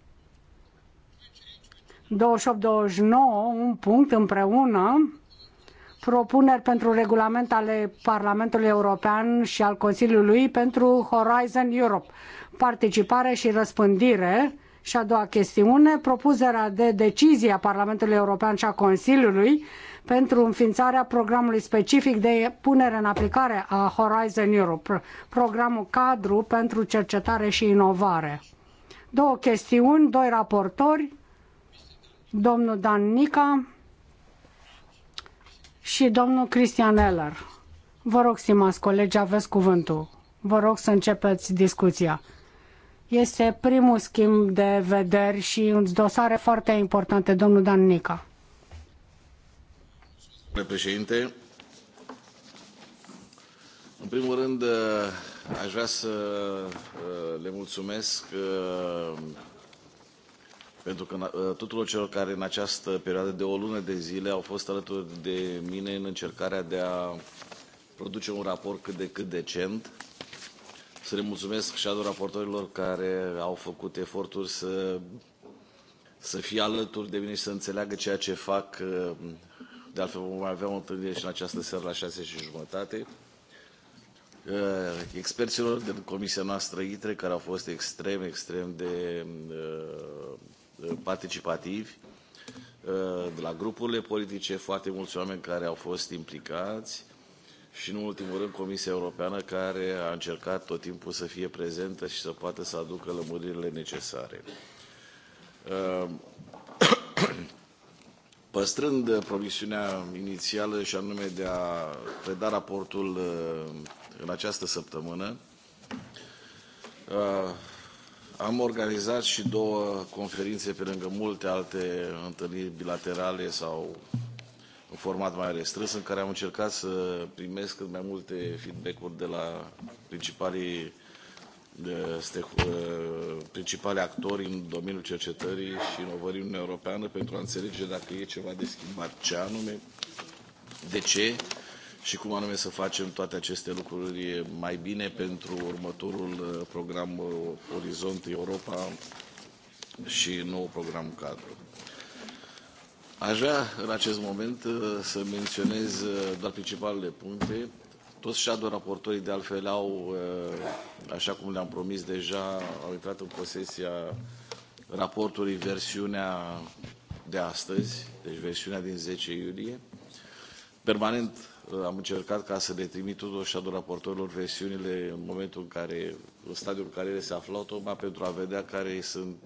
28-29, un punct împreună propuneri pentru regulament ale Parlamentului European și al Consiliului pentru Horizon Europe, participare și răspândire. Și a doua chestiune, propunerea de decizie a Parlamentului European și a Consiliului pentru înființarea programului specific de punere în aplicare a Horizon Europe, programul cadru pentru cercetare și inovare. Două chestiuni, doi raportori, domnul Dan Nica, și domnul Cristian Eller. Vă rog, stimați colegi, aveți cuvântul. Vă rog să începeți discuția. Este primul schimb de vederi și un dosare foarte importante, domnul Dan Nica. Domnule președinte, în primul rând eh, aș vrea să eh, le mulțumesc eh, pentru că uh, tuturor celor care în această perioadă de o lună de zile au fost alături de mine în încercarea de a produce un raport cât de cât decent. Să le mulțumesc shadow raportorilor care au făcut eforturi să, să fie alături de mine și să înțeleagă ceea ce fac. Uh, de altfel vom mai avea o întâlnire și în această seară la șase și jumătate. Uh, experților din comisia noastră ITRE, care au fost extrem, extrem de uh, Uh, participativi uh, de la grupurile politice, foarte mulți oameni care au fost implicați și, în ultimul rând, Comisia Europeană, care a încercat tot timpul să fie prezentă și să poată să aducă lămuririle necesare. Uh, *clears throat* păstrând promisiunea inițială și anume de a preda raportul în această săptămână, am organizat și două conferințe pe lângă multe alte întâlniri bilaterale sau în format mai restrâns, în care am încercat să primesc cât mai multe feedback-uri de la principalii, ă, principalii actori în domeniul cercetării și inovării în Uniunea Europeană pentru a înțelege dacă e ceva de schimbat, ce anume, de ce și cum anume să facem toate aceste lucruri mai bine pentru următorul uh, program uh, Orizont Europa și nou program cadru. Aș vrea în acest moment uh, să menționez doar principalele puncte. Toți shadow raportorii de altfel au, așa cum le-am promis deja, au intrat în posesia raportului versiunea de astăzi, deci versiunea din 10 iulie. Permanent Uh, am încercat ca să le trimit tuturor shadow raportorilor versiunile în momentul în care, în stadiul în care ele se aflau, tocmai pentru a vedea care sunt,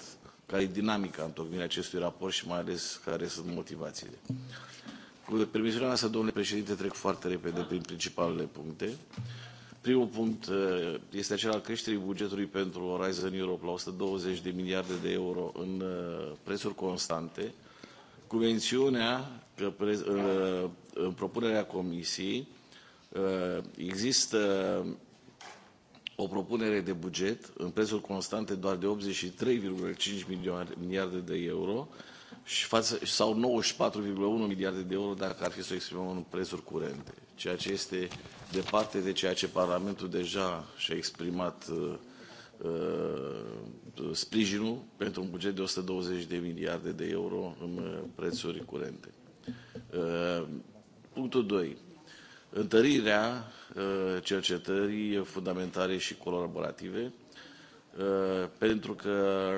care e dinamica întocmirea acestui raport și mai ales care sunt motivațiile. Cu permisiunea noastră, domnule președinte, trec foarte repede prin principalele puncte. Primul punct uh, este acela al creșterii bugetului pentru Horizon Europe la 120 de miliarde de euro în uh, prețuri constante, cu mențiunea că în propunerea Comisiei uh, există o propunere de buget în prețuri constante doar de 83,5 miliarde de euro și față, sau 94,1 miliarde de euro dacă ar fi să o exprimăm în prețuri curente, ceea ce este departe de ceea ce Parlamentul deja și-a exprimat uh, uh sprijinul pentru un buget de 120 de miliarde de euro în uh, prețuri curente. Uh, punctul 2. Întărirea uh, cercetării fundamentare și colaborative, uh, pentru că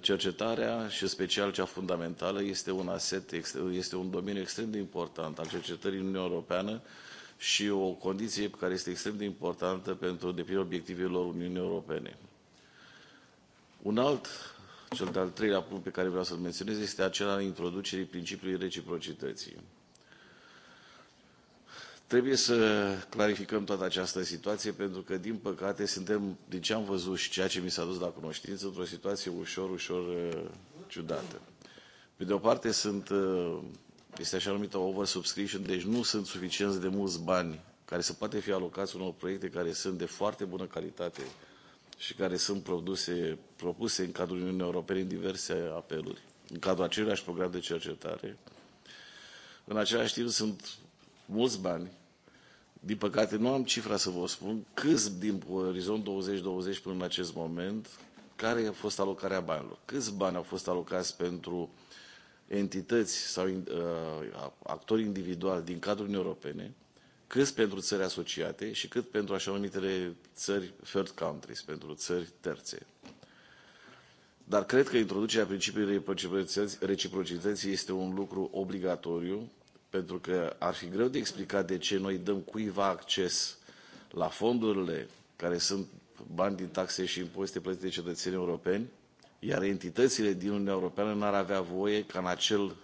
cercetarea și special cea fundamentală este un aset, este un domeniu extrem de important al cercetării în Uniunea Europeană și o condiție care este extrem de importantă pentru îndeplinirea obiectivelor Uniunii Europene. Un alt cel de-al treilea punct pe care vreau să-l menționez este acela al introducerii principiului reciprocității. Trebuie să clarificăm toată această situație pentru că, din păcate, suntem, din ce am văzut și ceea ce mi s-a dus la cunoștință, într-o situație ușor, ușor uh, ciudată. Pe de o parte, sunt, uh, este așa numită oversubscription, deci nu sunt suficienți de mulți bani care să poate fi alocați unor proiecte care sunt de foarte bună calitate și care sunt produse, propuse în cadrul Uniunii Europene în diverse apeluri, în cadrul aceluiași program de cercetare. În același timp sunt mulți bani. Din păcate nu am cifra să vă spun câți din orizont 2020 până în acest moment, care a fost alocarea banilor, câți bani au fost alocați pentru entități sau uh, actori individuali din cadrul Uniunii Europene, cât pentru țări asociate și cât pentru așa numitele țări third countries, pentru țări terțe. Dar cred că introducerea principiului reciprocității este un lucru obligatoriu, pentru că ar fi greu de explicat de ce noi dăm cuiva acces la fondurile care sunt bani din taxe și impozite plătite de cetățenii europeni, iar entitățile din Uniunea Europeană n-ar avea voie ca în acel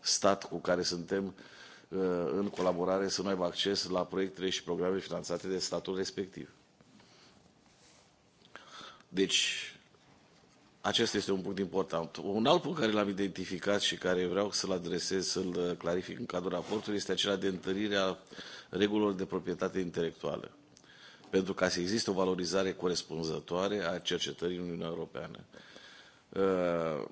stat cu care suntem Uh, în colaborare să nu aibă acces la proiectele și programe finanțate de statul respectiv. Deci, acesta este un punct important. Un alt punct care l-am identificat și care vreau să-l adresez, să-l uh, clarific în cadrul raportului, este acela de întărirea regulilor de proprietate intelectuală. Pentru ca să existe o valorizare corespunzătoare a cercetării în Uniunea Europeană. Uh,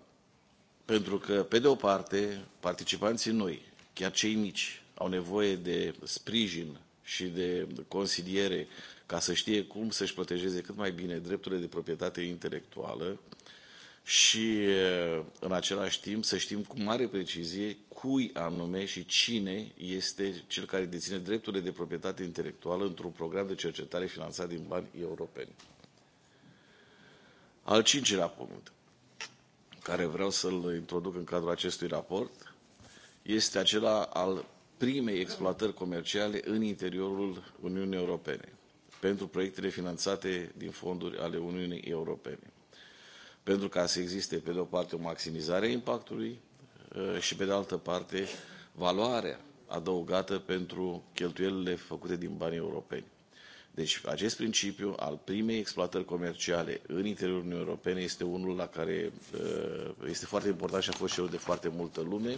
pentru că, pe de o parte, participanții noi, chiar cei mici au nevoie de sprijin și de consiliere ca să știe cum să-și protejeze cât mai bine drepturile de proprietate intelectuală și uh, în același timp să știm cu mare precizie cui anume și cine este cel care deține drepturile de proprietate intelectuală într-un program de cercetare finanțat din bani europeni. Al cincilea punct care vreau să-l introduc în cadrul acestui raport este acela al primei exploatări comerciale în interiorul Uniunii Europene pentru proiectele finanțate din fonduri ale Uniunii Europene. Pentru ca să existe, pe de o parte, o maximizare a impactului uh, și, pe de altă parte, valoarea adăugată pentru cheltuielile făcute din banii europeni. Deci acest principiu al primei exploatări comerciale în interiorul Uniunii Europene este unul la care uh, este foarte important și a fost cerut de foarte multă lume.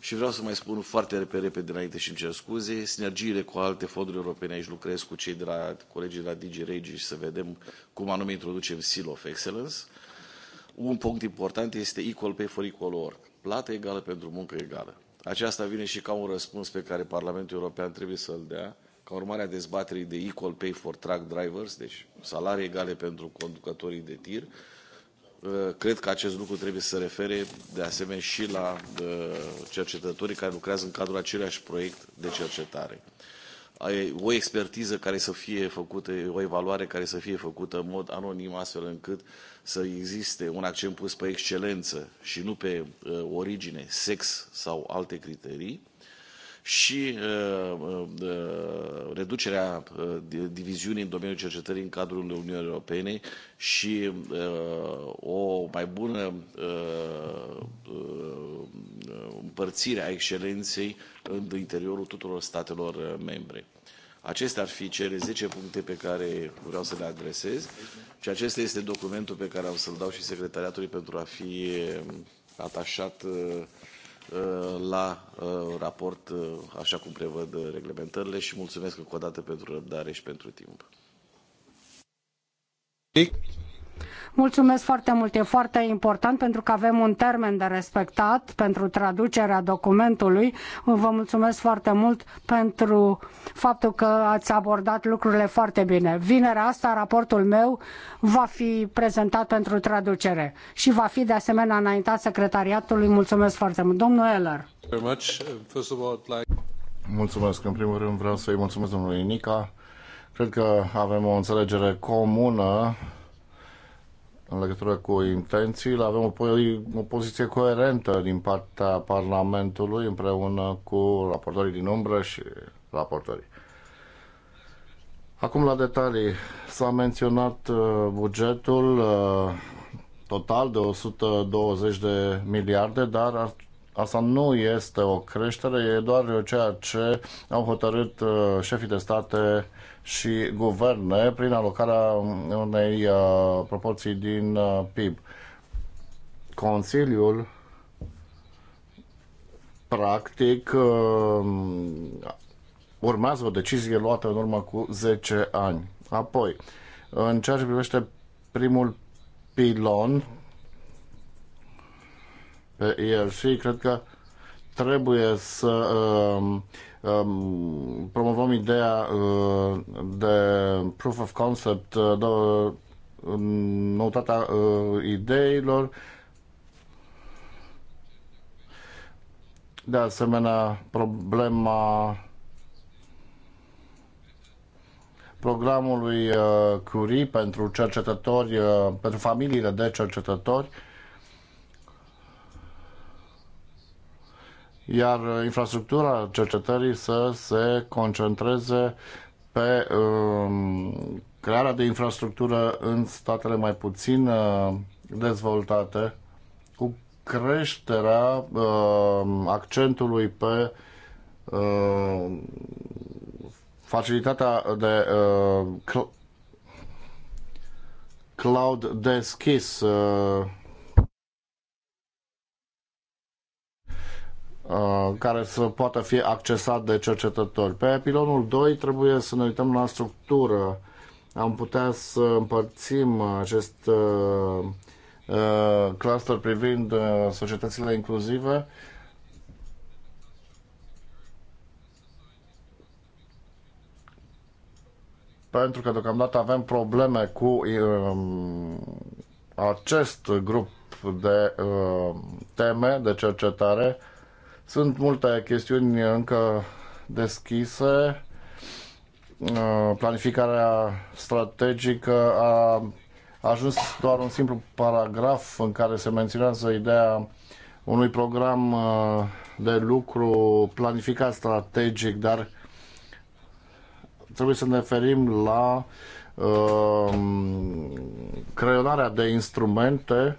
Și vreau să mai spun foarte pe repede înainte și îmi cer scuze, sinergiile cu alte fonduri europene, aici lucrez cu cei de la colegii de la DG Regi și să vedem cum anume introducem Seal of Excellence. Un punct important este Equal Pay for Equal Work, plată egală pentru muncă egală. Aceasta vine și ca un răspuns pe care Parlamentul European trebuie să-l dea ca urmare a dezbaterii de Equal Pay for Truck Drivers, deci salarii egale pentru conducătorii de tir, uh, cred că acest lucru trebuie să se refere de asemenea și la uh, cercetătorii care lucrează în cadrul aceleași proiect de cercetare. O expertiză care să fie făcută, o evaluare care să fie făcută în mod anonim, astfel încât să existe un accent pus pe excelență și nu pe uh, origine, sex sau alte criterii și uh, uh, uh, reducerea diviziunii în domeniul cercetării în cadrul Uniunii Europene și o mai bună împărțire a excelenței în interiorul tuturor statelor membre. Acestea ar fi cele 10 puncte pe care vreau să le adresez și acesta este documentul pe care am să-l dau și secretariatului pentru a fi atașat Uh, la uh, raport, uh, așa cum prevăd reglementările și mulțumesc încă o dată pentru răbdare și pentru timp. Mulțumesc foarte mult, e foarte important pentru că avem un termen de respectat pentru traducerea documentului. Vă mulțumesc foarte mult pentru faptul că ați abordat lucrurile foarte bine. Vinerea asta raportul meu va fi prezentat pentru traducere și va fi de asemenea înaintat secretariatului. Mulțumesc foarte mult. Domnul Eller. Mulțumesc. În primul rând vreau să-i mulțumesc domnului Nica. Cred că avem o înțelegere comună în legătură cu intențiile. Avem o, o poziție coerentă din partea Parlamentului împreună cu raportorii din umbră și raportorii. Acum la detalii. S-a menționat uh, bugetul uh, total de 120 de miliarde, dar ar Asta nu este o creștere, e doar ceea ce au hotărât uh, șefii de state și guverne prin alocarea unei uh, proporții din uh, PIB. Consiliul practic urmează o decizie luată în urmă cu 10 ani. Apoi, în ceea ce privește primul pilon, pe el și cred că trebuie să uh, um, promovăm ideea uh, de proof of concept, uh, de, uh, noutatea uh, ideilor. De asemenea, problema programului uh, Curie pentru cercetători, uh, pentru familiile de cercetători uh, iar uh, infrastructura cercetării să se concentreze pe um, crearea de infrastructură în statele mai puțin uh, dezvoltate, cu creșterea um, accentului pe um, facilitatea de uh, cloud deschis. Uh, Uh, care să poată fi accesat de cercetători. Pe pilonul 2 trebuie să ne uităm la structură. Am putea să împărțim acest uh, uh, cluster privind societățile inclusive pentru că deocamdată avem probleme cu um, acest grup de teme de cercetare sunt multe chestiuni încă deschise. Uh, planificarea strategică a ajuns doar un simplu paragraf în care se menționează ideea unui program uh, de lucru planificat strategic, dar trebuie să ne referim la uh, creionarea de instrumente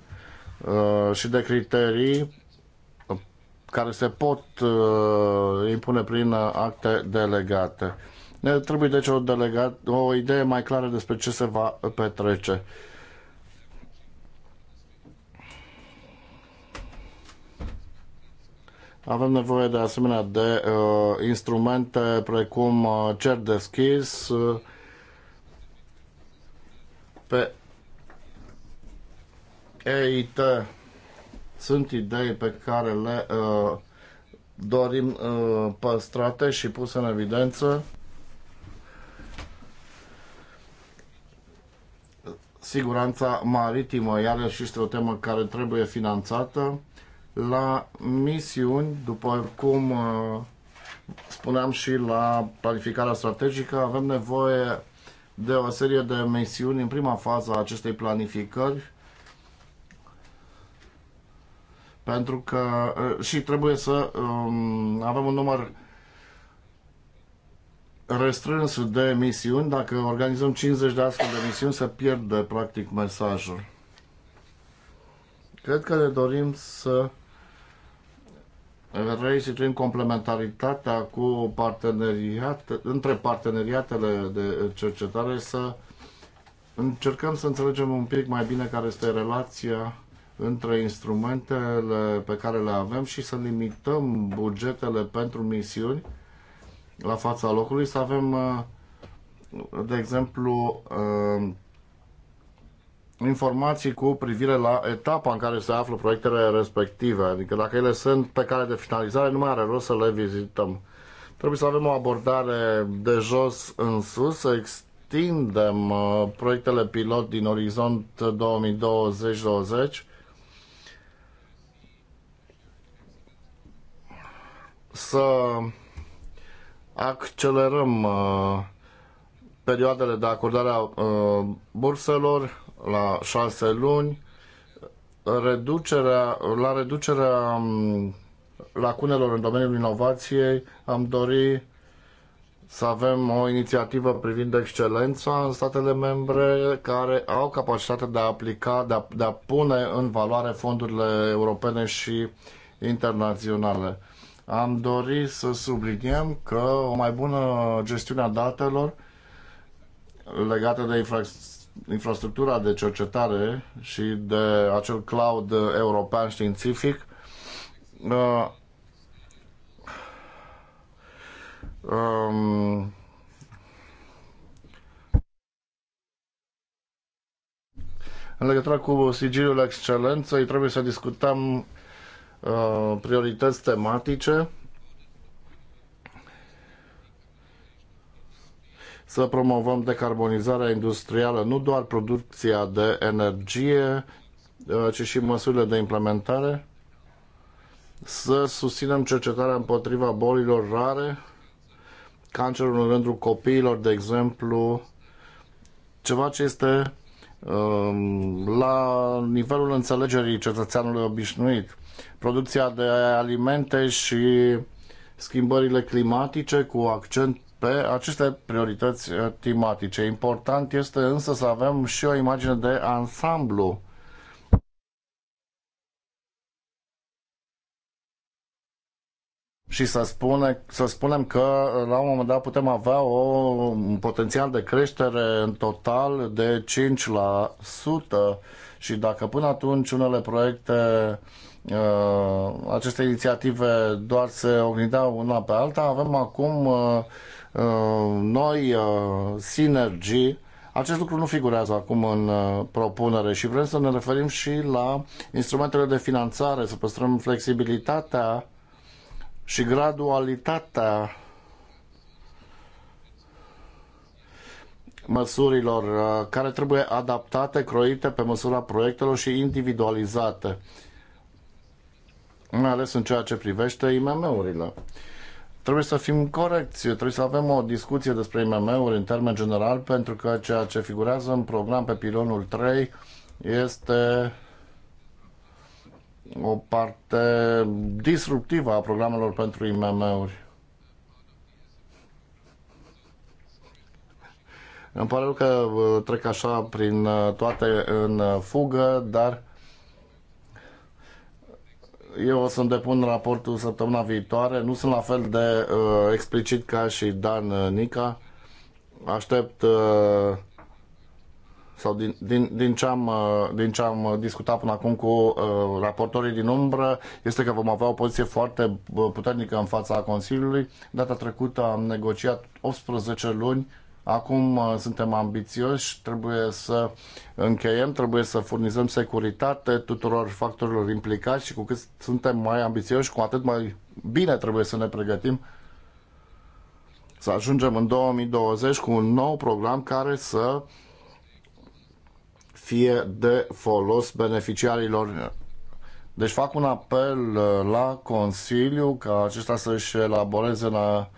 uh, și de criterii care se pot uh, impune prin acte delegate. Ne trebuie deci o, delegat, o idee mai clară despre ce se va petrece. Avem nevoie de asemenea de uh, instrumente precum uh, cer deschis uh, pe EIT sunt idei pe care le uh, dorim uh, păstrate și puse în evidență. Siguranța maritimă, iarăși este o temă care trebuie finanțată. La misiuni, după cum uh, spuneam și la planificarea strategică, avem nevoie de o serie de misiuni în prima fază a acestei planificări pentru că și trebuie să um, avem un număr restrâns de misiuni. Dacă organizăm 50 de astfel de misiuni, se pierde practic mesajul. Cred că ne dorim să reinstituim complementaritatea cu parteneriate, între parteneriatele de cercetare, să încercăm să înțelegem un pic mai bine care este relația între instrumentele pe care le avem și să limităm bugetele pentru misiuni la fața locului, să avem, uh, de exemplu, uh, informații cu privire la etapa în care se află proiectele respective. Adică dacă ele sunt pe care de finalizare, nu mai are rost să le vizităm. Trebuie să avem o abordare de jos în sus, să extindem uh, proiectele pilot din orizont 2020-20 să accelerăm uh, perioadele de acordare a uh, burselor la șase luni, reducerea, la reducerea um, lacunelor în domeniul inovației am dori să avem o inițiativă privind excelența în statele membre care au capacitatea de a aplica, de a, de a pune în valoare fondurile europene și internaționale am dorit să subliniem că o mai bună gestiune a datelor legată de infra infrastructura de cercetare și de acel cloud european științific uh, um, în legătură cu sigiliul excelenței trebuie să discutăm Uh, priorități tematice, să promovăm decarbonizarea industrială, nu doar producția de energie, uh, ci și măsurile de implementare, să susținem cercetarea împotriva bolilor rare, cancerul în rândul copiilor, de exemplu, ceva ce este um, la nivelul înțelegerii cetățeanului obișnuit producția de alimente și schimbările climatice cu accent pe aceste priorități tematice. Important este însă să avem și o imagine de ansamblu și să, spune, să spunem că la un moment dat putem avea o, un potențial de creștere în total de 5% și dacă până atunci unele proiecte Uh, aceste inițiative doar se oglindeau una pe alta, avem acum uh, uh, noi sinergii. Acest lucru nu figurează acum în propunere și vrem să ne referim și la instrumentele de finanțare, să păstrăm flexibilitatea și gradualitatea măsurilor care trebuie adaptate, croite pe măsura proiectelor și individualizate mai ales în ceea ce privește IMM-urile. Trebuie să fim corecți, trebuie să avem o discuție despre IMM-uri în termen general, pentru că ceea ce figurează în program pe pilonul 3 este o parte disruptivă a programelor pentru IMM-uri. Îmi pare că uh, trec așa prin uh, toate în uh, fugă, dar eu o să-mi depun raportul săptămâna viitoare. Nu sunt la fel de uh, explicit ca și Dan uh, Nica. Aștept uh, sau din, din, din, ce am, uh, din ce am uh, discutat până acum cu uh, raportorii din umbră, este că vom avea o poziție foarte puternică în fața Consiliului. Data trecută am negociat 18 luni Acum uh, suntem ambițioși, trebuie să încheiem, trebuie să furnizăm securitate tuturor factorilor implicați și cu cât suntem mai ambițioși, cu atât mai bine trebuie să ne pregătim să ajungem în 2020 cu un nou program care să fie de folos beneficiarilor. Deci fac un apel uh, la Consiliu ca acesta să-și elaboreze în, a,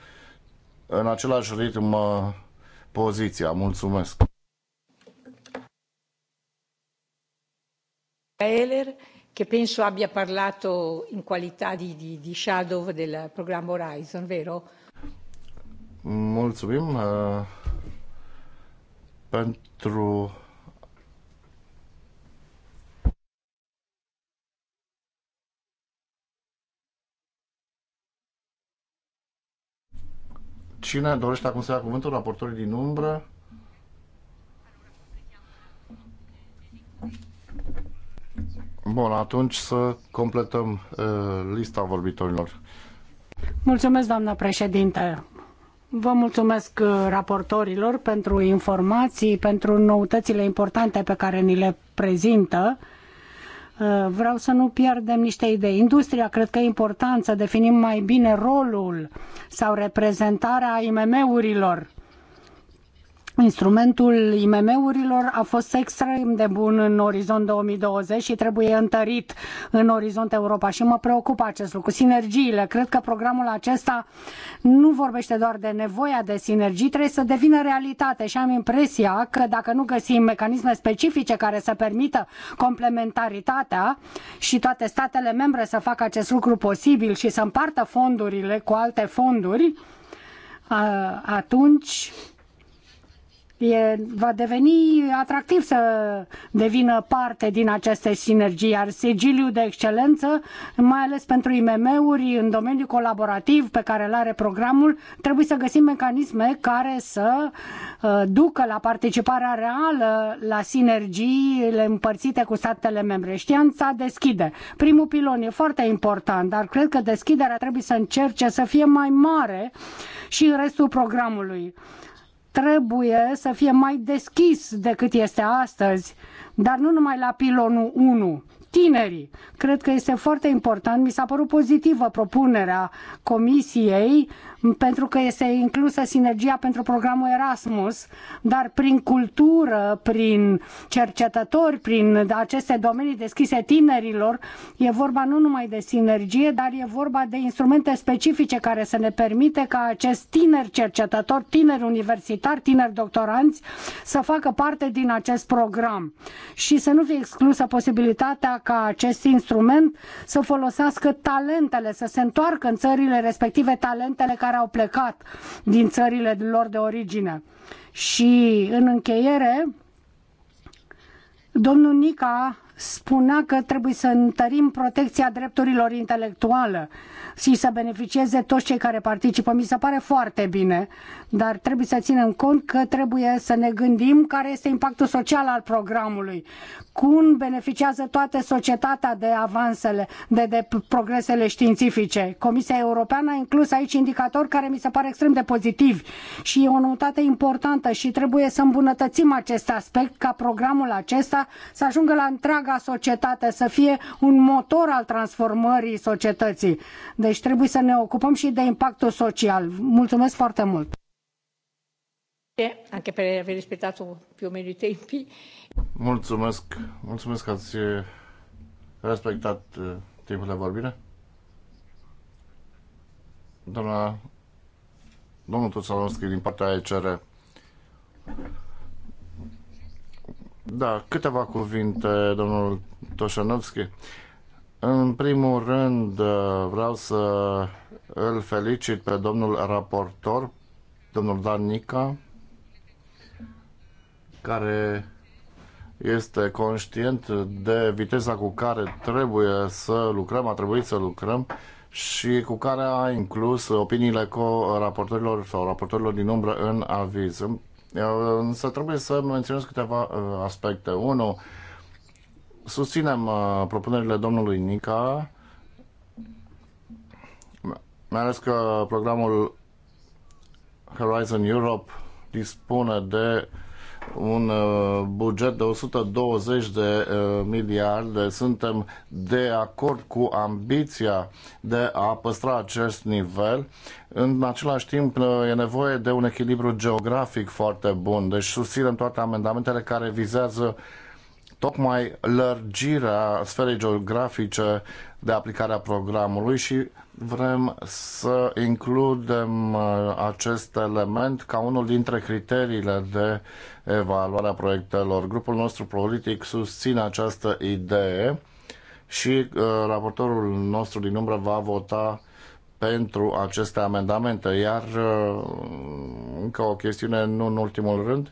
în același ritm uh, poziția. Mulțumesc! Eller, che penso abbia parlato in qualità di, di, di shadow del programma Horizon, vero? Mulțumim uh, pentru Cine dorește acum să ia cuvântul? Raportorii din umbră? Bun, atunci să completăm uh, lista vorbitorilor. Mulțumesc, doamna președinte. Vă mulțumesc uh, raportorilor pentru informații, pentru noutățile importante pe care ni le prezintă Uh, vreau să nu pierdem niște idei. Industria, cred că e important să definim mai bine rolul sau reprezentarea IMM-urilor Instrumentul IMM-urilor a fost extrem de bun în orizont 2020 și trebuie întărit în orizont Europa și mă preocupă acest lucru. Sinergiile, cred că programul acesta nu vorbește doar de nevoia de sinergii, trebuie să devină realitate și am impresia că dacă nu găsim mecanisme specifice care să permită complementaritatea și toate statele membre să facă acest lucru posibil și să împartă fondurile cu alte fonduri, atunci e, va deveni atractiv să devină parte din aceste sinergii, iar sigiliul de excelență, mai ales pentru IMM-uri în domeniul colaborativ pe care îl are programul, trebuie să găsim mecanisme care să uh, ducă la participarea reală la sinergiile împărțite cu statele membre. Știanța deschide. Primul pilon e foarte important, dar cred că deschiderea trebuie să încerce să fie mai mare și în restul programului trebuie să fie mai deschis decât este astăzi, dar nu numai la pilonul 1, tinerii. Cred că este foarte important. Mi s-a părut pozitivă propunerea comisiei pentru că este inclusă sinergia pentru programul Erasmus, dar prin cultură, prin cercetători, prin aceste domenii deschise tinerilor, e vorba nu numai de sinergie, dar e vorba de instrumente specifice care să ne permite ca acest tineri cercetător, tineri universitar, tineri doctoranți să facă parte din acest program și să nu fie exclusă posibilitatea ca acest instrument să folosească talentele, să se întoarcă în țările respective talentele care care au plecat din țările lor de origine. Și în încheiere, domnul Nica spunea că trebuie să întărim protecția drepturilor intelectuale și să beneficieze toți cei care participă. Mi se pare foarte bine, dar trebuie să ținem cont că trebuie să ne gândim care este impactul social al programului, cum beneficiază toată societatea de avansele, de, de progresele științifice. Comisia Europeană a inclus aici indicatori care mi se pare extrem de pozitivi și e o noutate importantă și trebuie să îmbunătățim acest aspect ca programul acesta să ajungă la întreaga societate, să fie un motor al transformării societății. Deci trebuie să ne ocupăm și de impactul social. Mulțumesc foarte mult! Anche per aver rispettato più o meno i tempi. Mulțumesc, mulțumesc că ați eh, respectat eh, timpul de vorbire. Doamna, domnul Tuțalovski din partea ECR. Da, câteva cuvinte, domnul Toșanovski. În primul rând, uh, vreau să îl felicit pe domnul raportor, domnul Dan Nica, care este conștient de viteza cu care trebuie să lucrăm, a trebuit să lucrăm și cu care a inclus opiniile co-raportorilor sau raportorilor din umbră în aviz. Uh, însă trebuie să menționez câteva uh, aspecte. Unul, susținem uh, propunerile domnului Nica, mai ales că programul Horizon Europe dispune de un uh, buget de 120 de uh, miliarde. Suntem de acord cu ambiția de a păstra acest nivel. În același timp, e nevoie de un echilibru geografic foarte bun. Deci susținem toate amendamentele care vizează uh, tocmai lărgirea sferei geografice de aplicare a programului și vrem să includem uh, acest element ca unul dintre criteriile de evaluare a proiectelor. Grupul nostru politic susține această idee și uh, raportorul nostru din umbră va vota pentru aceste amendamente. Iar uh, încă o chestiune, nu în ultimul rând,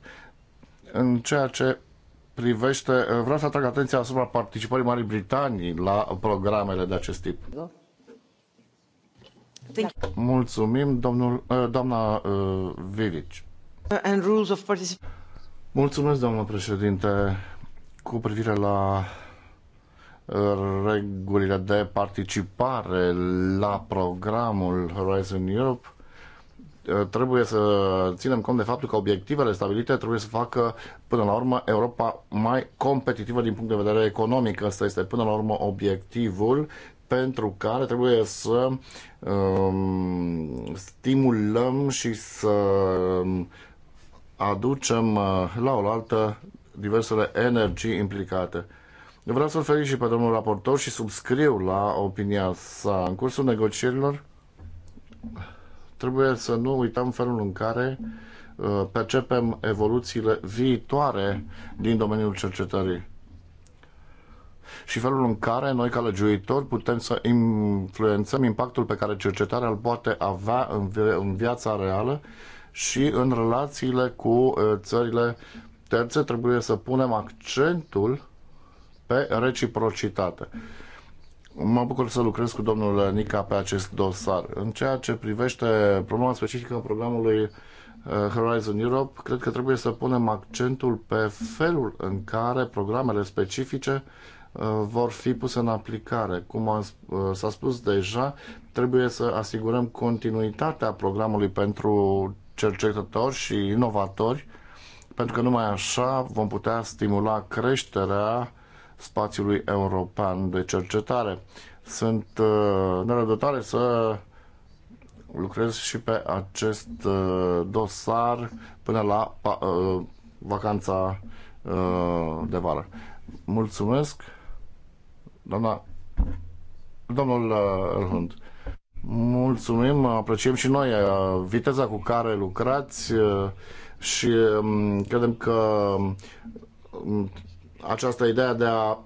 în ceea ce privește, eh, vreau să atrag atenția asupra participării Marii Britanii la programele de acest tip. Mulțumim, domnul, eh, doamna eh, Vilici. And rules of Mulțumesc, doamnă președinte. Cu privire la regulile de participare la programul Horizon Europe, Uh, trebuie să ținem cont de faptul că obiectivele stabilite trebuie să facă până la urmă Europa mai competitivă din punct de vedere economic. Asta este până la urmă obiectivul pentru care trebuie să um, stimulăm și să um, aducem uh, la oaltă diversele energii implicate. Vreau să-l felicit și pe domnul raportor și subscriu la opinia sa în cursul negocierilor trebuie să nu uităm felul în care uh, percepem evoluțiile viitoare din domeniul cercetării și felul în care noi, ca legiuitori, putem să influențăm impactul pe care cercetarea îl poate avea în, vi- în viața reală și în relațiile cu uh, țările terțe. Trebuie să punem accentul pe reciprocitate. Mă bucur să lucrez cu domnul Nica pe acest dosar. În ceea ce privește problema specifică a programului uh, Horizon Europe, cred că trebuie să punem accentul pe felul în care programele specifice uh, vor fi puse în aplicare. Cum uh, s-a spus deja, trebuie să asigurăm continuitatea programului pentru cercetători și inovatori, pentru că numai așa vom putea stimula creșterea spațiului european de cercetare. Sunt uh, nerăbdătoare să lucrez și pe acest uh, dosar până la uh, vacanța de vară. Mulțumesc, doamna, domnul Elhund. Mulțumim, apreciem și noi viteza cu care lucrați și um, credem că um, această idee de a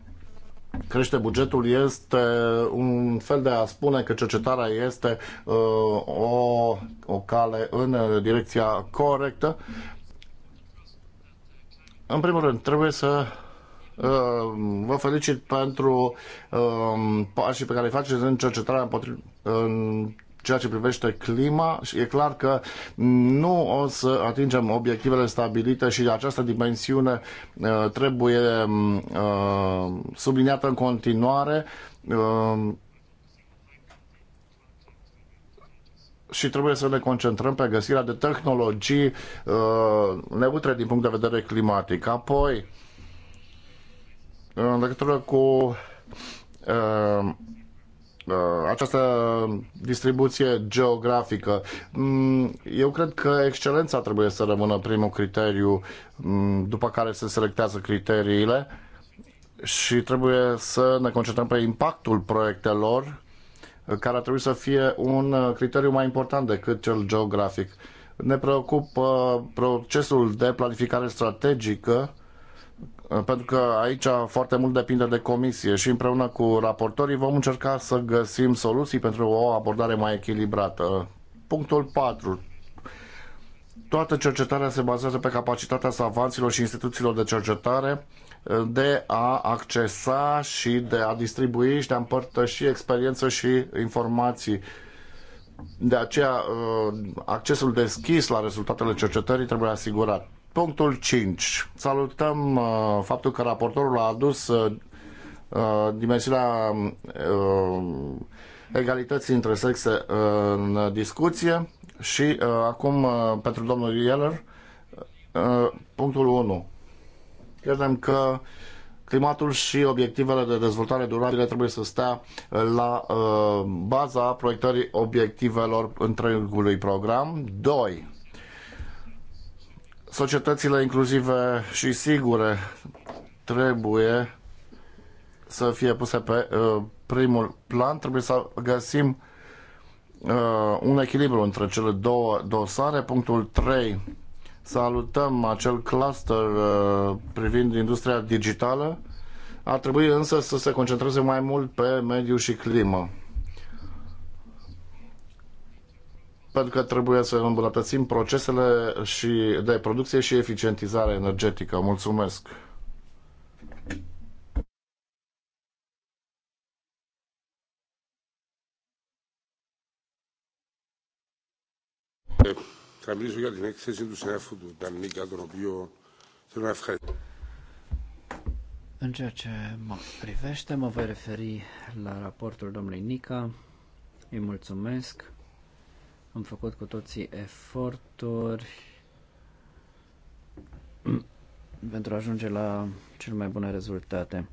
crește bugetul este un fel de a spune că cercetarea este uh, o, o cale în direcția corectă. În primul rând, trebuie să uh, vă felicit pentru uh, pașii pe care îi faceți în cercetarea împotri- în ceea ce privește clima și e clar că nu o să atingem obiectivele stabilite și această dimensiune uh, trebuie mm, uh, subliniată în continuare uh, și trebuie să ne concentrăm pe găsirea de tehnologii neutre din punct de vedere climatic. Apoi, în legătură cu Uh, această distribuție geografică. Mm, eu cred că excelența trebuie să rămână primul criteriu mm, după care se selectează criteriile și trebuie să ne concentrăm pe impactul proiectelor uh, care ar trebui să fie un uh, criteriu mai important decât cel geografic. Ne preocupă procesul de planificare strategică pentru că aici foarte mult depinde de comisie și împreună cu raportorii vom încerca să găsim soluții pentru o abordare mai echilibrată. Punctul 4. Toată cercetarea se bazează pe capacitatea savanților și instituțiilor de cercetare de a accesa și de a distribui și de a împărtăși experiență și informații. De aceea, uh, accesul deschis la rezultatele cercetării trebuie asigurat. Punctul 5. Salutăm uh, faptul că raportorul a adus uh, uh dimensiunea uh, egalității între sexe uh, în discuție și uh, acum uh, pentru domnul Yeller uh, punctul 1. Credem că climatul și obiectivele de dezvoltare durabilă trebuie să stea uh, la uh, baza proiectării obiectivelor întregului program. 2 Societățile inclusive și sigure trebuie să fie puse pe uh, primul plan, trebuie să găsim uh, un echilibru între cele două dosare. Punctul 3. Salutăm acel cluster uh, privind industria digitală. Ar trebui însă să se concentreze mai mult pe mediu și climă. pentru că trebuie să îmbunătățim procesele și de producție și eficientizare energetică. Mulțumesc! Θα μιλήσω για την έκθεση του συνέφου του Ντανίκα, τον οποίο θέλω να ευχαριστήσω. În ceea ce mă privește, mă voi referi la raportul domnului Nica. Îi mulțumesc am făcut cu toții eforturi *clears throat* pentru a ajunge la cele mai bune rezultate.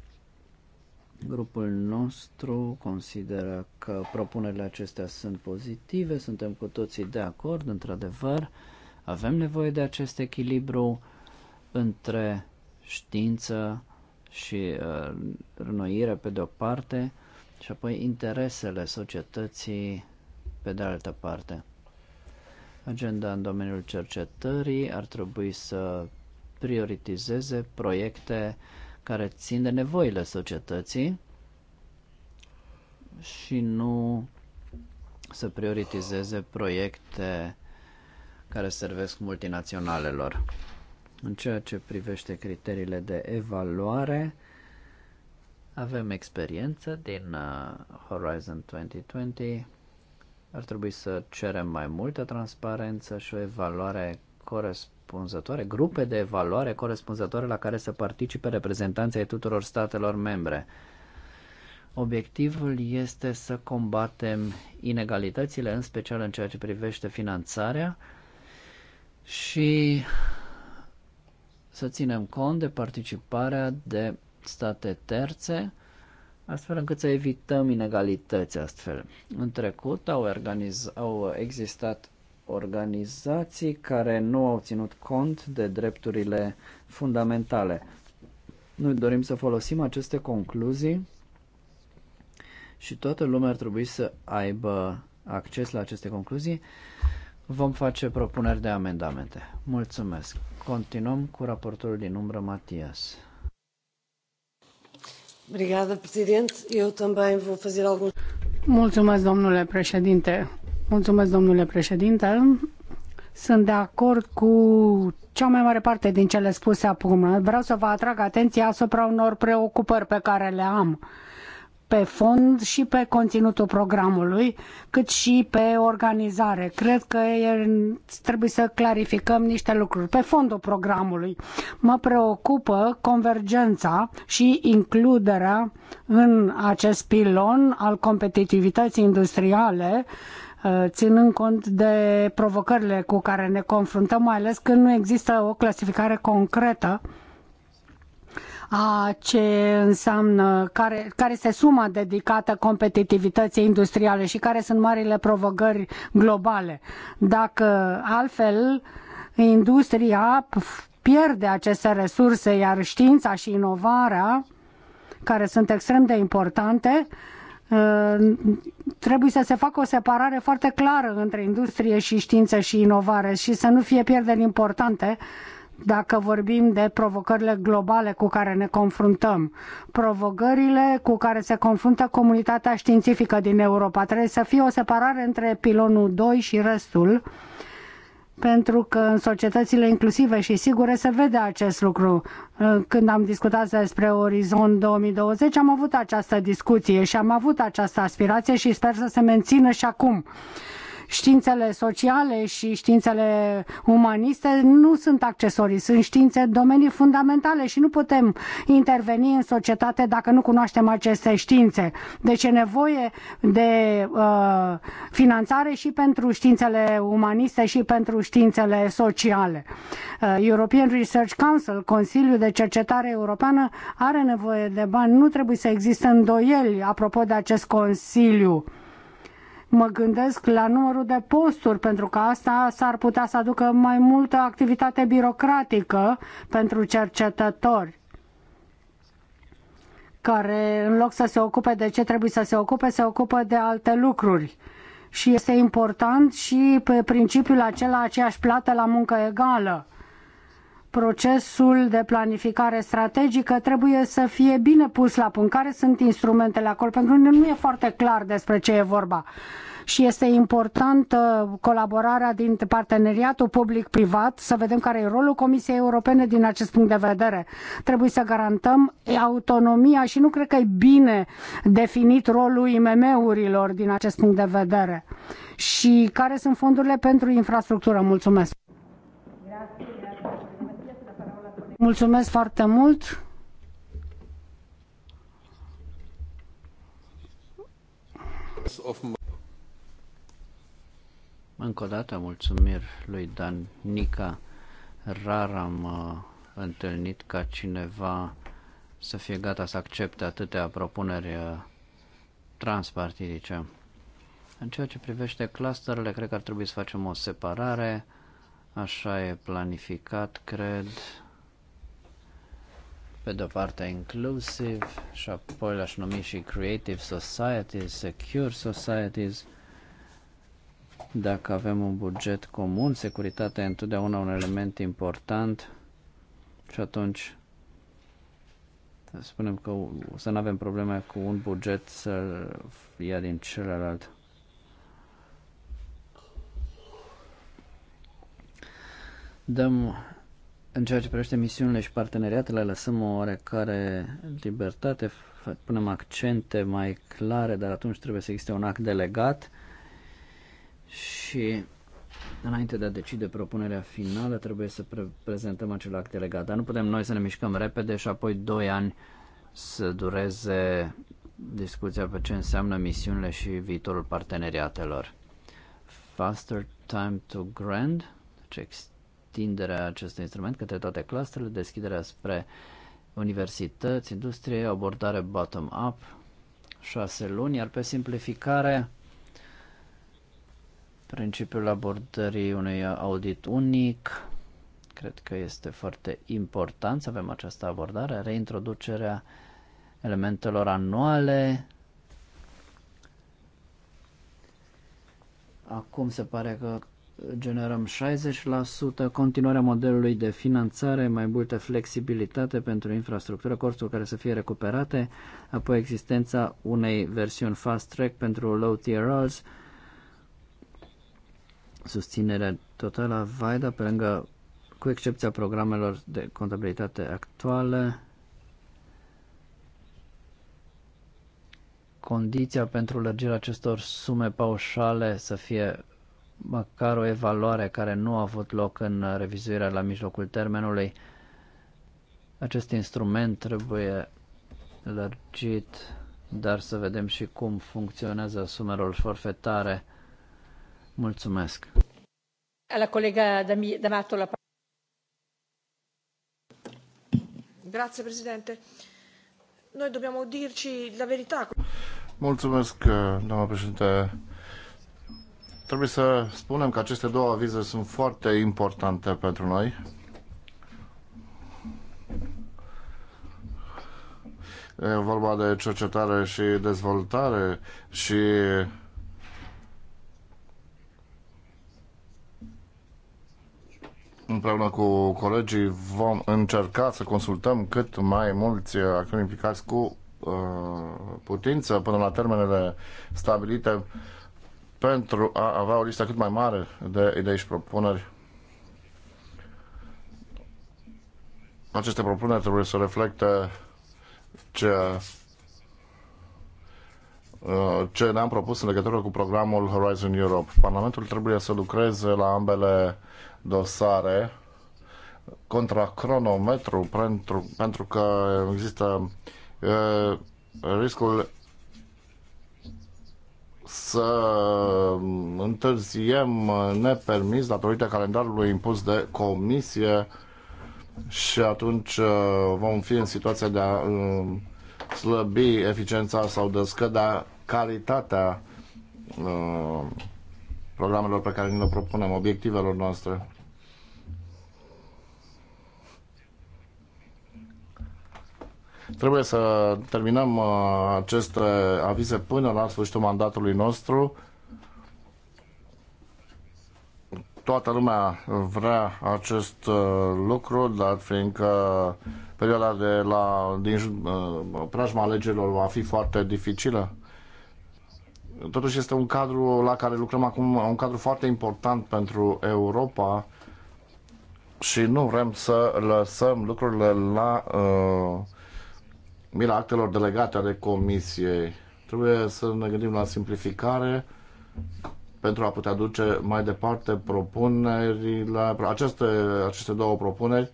Grupul nostru consideră că propunerile acestea sunt pozitive, suntem cu toții de acord, într-adevăr, avem nevoie de acest echilibru între știință și uh, rănoire pe de-o parte și apoi interesele societății pe de altă parte. Agenda în domeniul cercetării ar trebui să prioritizeze proiecte care țin de nevoile societății și nu să prioritizeze proiecte care servesc multinaționalelor. În ceea ce privește criteriile de evaluare, avem experiență din uh, Horizon 2020 ar trebui să cerem mai multă transparență și o evaluare corespunzătoare, grupe de evaluare corespunzătoare la care să participe reprezentanții tuturor statelor membre. Obiectivul este să combatem inegalitățile, în special în ceea ce privește finanțarea și să ținem cont de participarea de state terțe astfel încât să evităm inegalități astfel. În trecut au, organiz- au existat organizații care nu au ținut cont de drepturile fundamentale. Noi dorim să folosim aceste concluzii și toată lumea ar trebui să aibă acces la aceste concluzii. Vom face propuneri de amendamente. Mulțumesc. Continuăm cu raportul din umbră Matias. Obrigada, Presidente. Eu também vou fazer alguns... Mulțumesc, domnule președinte. Mulțumesc, domnule președinte. Sunt de acord cu cea mai mare parte din cele spuse acum. Vreau să vă atrag atenția asupra unor preocupări pe care le am. Uh, pe fond și pe conținutul programului, cât și pe organizare. Cred că trebuie să clarificăm niște lucruri. Pe fondul programului mă preocupă convergența și includerea în acest pilon al competitivității industriale uh, ținând cont de provocările cu care ne confruntăm, mai ales când nu există o clasificare concretă uh, a ce înseamnă, care, care este suma dedicată competitivității industriale și care sunt marile provocări globale. Dacă altfel industria pierde aceste resurse, iar știința și inovarea, care sunt extrem de importante, ă, trebuie să se facă o separare foarte clară între industrie și știință și inovare și să nu fie pierderi importante uh, dacă vorbim de provocările globale cu care ne confruntăm, provocările cu care se confruntă comunitatea științifică din Europa. Trebuie să fie o separare între pilonul 2 și restul, pentru că în societățile inclusive și sigure se vede acest lucru. Când am discutat despre Orizont 2020, am avut această discuție și am avut această aspirație și sper să se mențină și acum Științele sociale și științele umaniste nu sunt accesorii, sunt științe domenii fundamentale și nu putem interveni în societate dacă nu cunoaștem aceste științe. Deci e nevoie de uh, finanțare și pentru științele umaniste și pentru științele sociale. Uh, European Research Council, Consiliul de Cercetare Europeană, are nevoie de bani, nu trebuie să existe îndoieli apropo de acest Consiliu mă gândesc la numărul de posturi, pentru că asta s-ar putea să aducă mai multă activitate birocratică pentru cercetători care în loc să se ocupe de ce trebuie să se ocupe, se ocupă de alte lucruri. Și este important și pe principiul acela aceeași plată la muncă egală procesul de planificare strategică trebuie să fie bine pus la punct. Care sunt instrumentele acolo? Pentru că nu e foarte clar despre ce e vorba. Și este importantă colaborarea din parteneriatul public-privat, să vedem care e rolul Comisiei Europene din acest punct de vedere. Trebuie să garantăm autonomia și nu cred că e bine definit rolul IMM-urilor din acest punct de vedere. Și care sunt fondurile pentru infrastructură? Mulțumesc! Grazie. Mulțumesc foarte mult. Încă o dată mulțumiri lui Dan Nica. Rar am uh, întâlnit ca cineva să fie gata să accepte atâtea propuneri uh, transpartidice. În ceea ce privește clusterele, cred că ar trebui să facem o separare. Așa e planificat, cred pe de-o parte inclusive și apoi l-aș numi și creative societies, secure societies. Dacă avem un buget comun, securitatea e întotdeauna un element important și atunci să spunem că să nu avem probleme cu un buget să-l ia din celălalt. Dăm în ceea ce privește misiunile și parteneriatele, lăsăm o oarecare libertate, punem accente mai clare, dar atunci trebuie să existe un act delegat și înainte de a decide propunerea finală trebuie să pre- prezentăm acel act delegat. Dar nu putem noi să ne mișcăm repede și apoi doi ani să dureze discuția pe ce înseamnă misiunile și viitorul parteneriatelor. Faster time to grand, deci extinderea acestui instrument către toate clusterele, deschiderea spre universități, industrie, abordare bottom-up, șase luni, iar pe simplificare principiul abordării unui audit unic, cred că este foarte important să avem această abordare, reintroducerea elementelor anuale. Acum se pare că generăm 60%, continuarea modelului de finanțare, mai multă flexibilitate pentru infrastructură, costuri care să fie recuperate, apoi existența unei versiuni fast track pentru low tier rolls susținerea totală a VAIDA pe lângă cu excepția programelor de contabilitate actuale, condiția pentru lărgirea acestor sume paușale să fie măcar o evaluare care nu a avut loc în revizuirea la mijlocul termenului. Acest instrument trebuie lărgit, dar să vedem și cum funcționează sumerul forfetare. Mulțumesc. La colega D'Amato la Grazie Presidente. Noi dobbiamo dirci la verità. Mulțumesc, doamna președinte Trebuie să spunem că aceste două avize sunt foarte importante pentru noi. E vorba de cercetare și dezvoltare și împreună cu colegii vom încerca să consultăm cât mai mulți actori implicați cu uh, putință până la termenele stabilite pentru a avea o listă cât mai mare de idei și propuneri. Aceste propuneri trebuie să reflecte ce, uh, ce ne-am propus în legătură cu programul Horizon Europe. Parlamentul trebuie să lucreze la ambele dosare contra cronometru pentru, pentru că există e, uh, riscul să întârziem nepermis datorită calendarului impus de comisie și atunci uh, vom fi în situația de a uh, slăbi eficiența sau de scădea calitatea uh, programelor pe care ni le propunem, obiectivelor noastre. Trebuie să terminăm uh, aceste avize până la sfârșitul mandatului nostru. Toată lumea vrea acest uh, lucru, dar fiindcă perioada de la, din uh, preajma alegerilor va fi foarte dificilă. Totuși este un cadru la care lucrăm acum, un cadru foarte important pentru Europa și nu vrem să lăsăm lucrurile la uh, mila actelor delegate ale Comisiei. Trebuie să ne gândim la simplificare pentru a putea duce mai departe propunerile, aceste, aceste două propuneri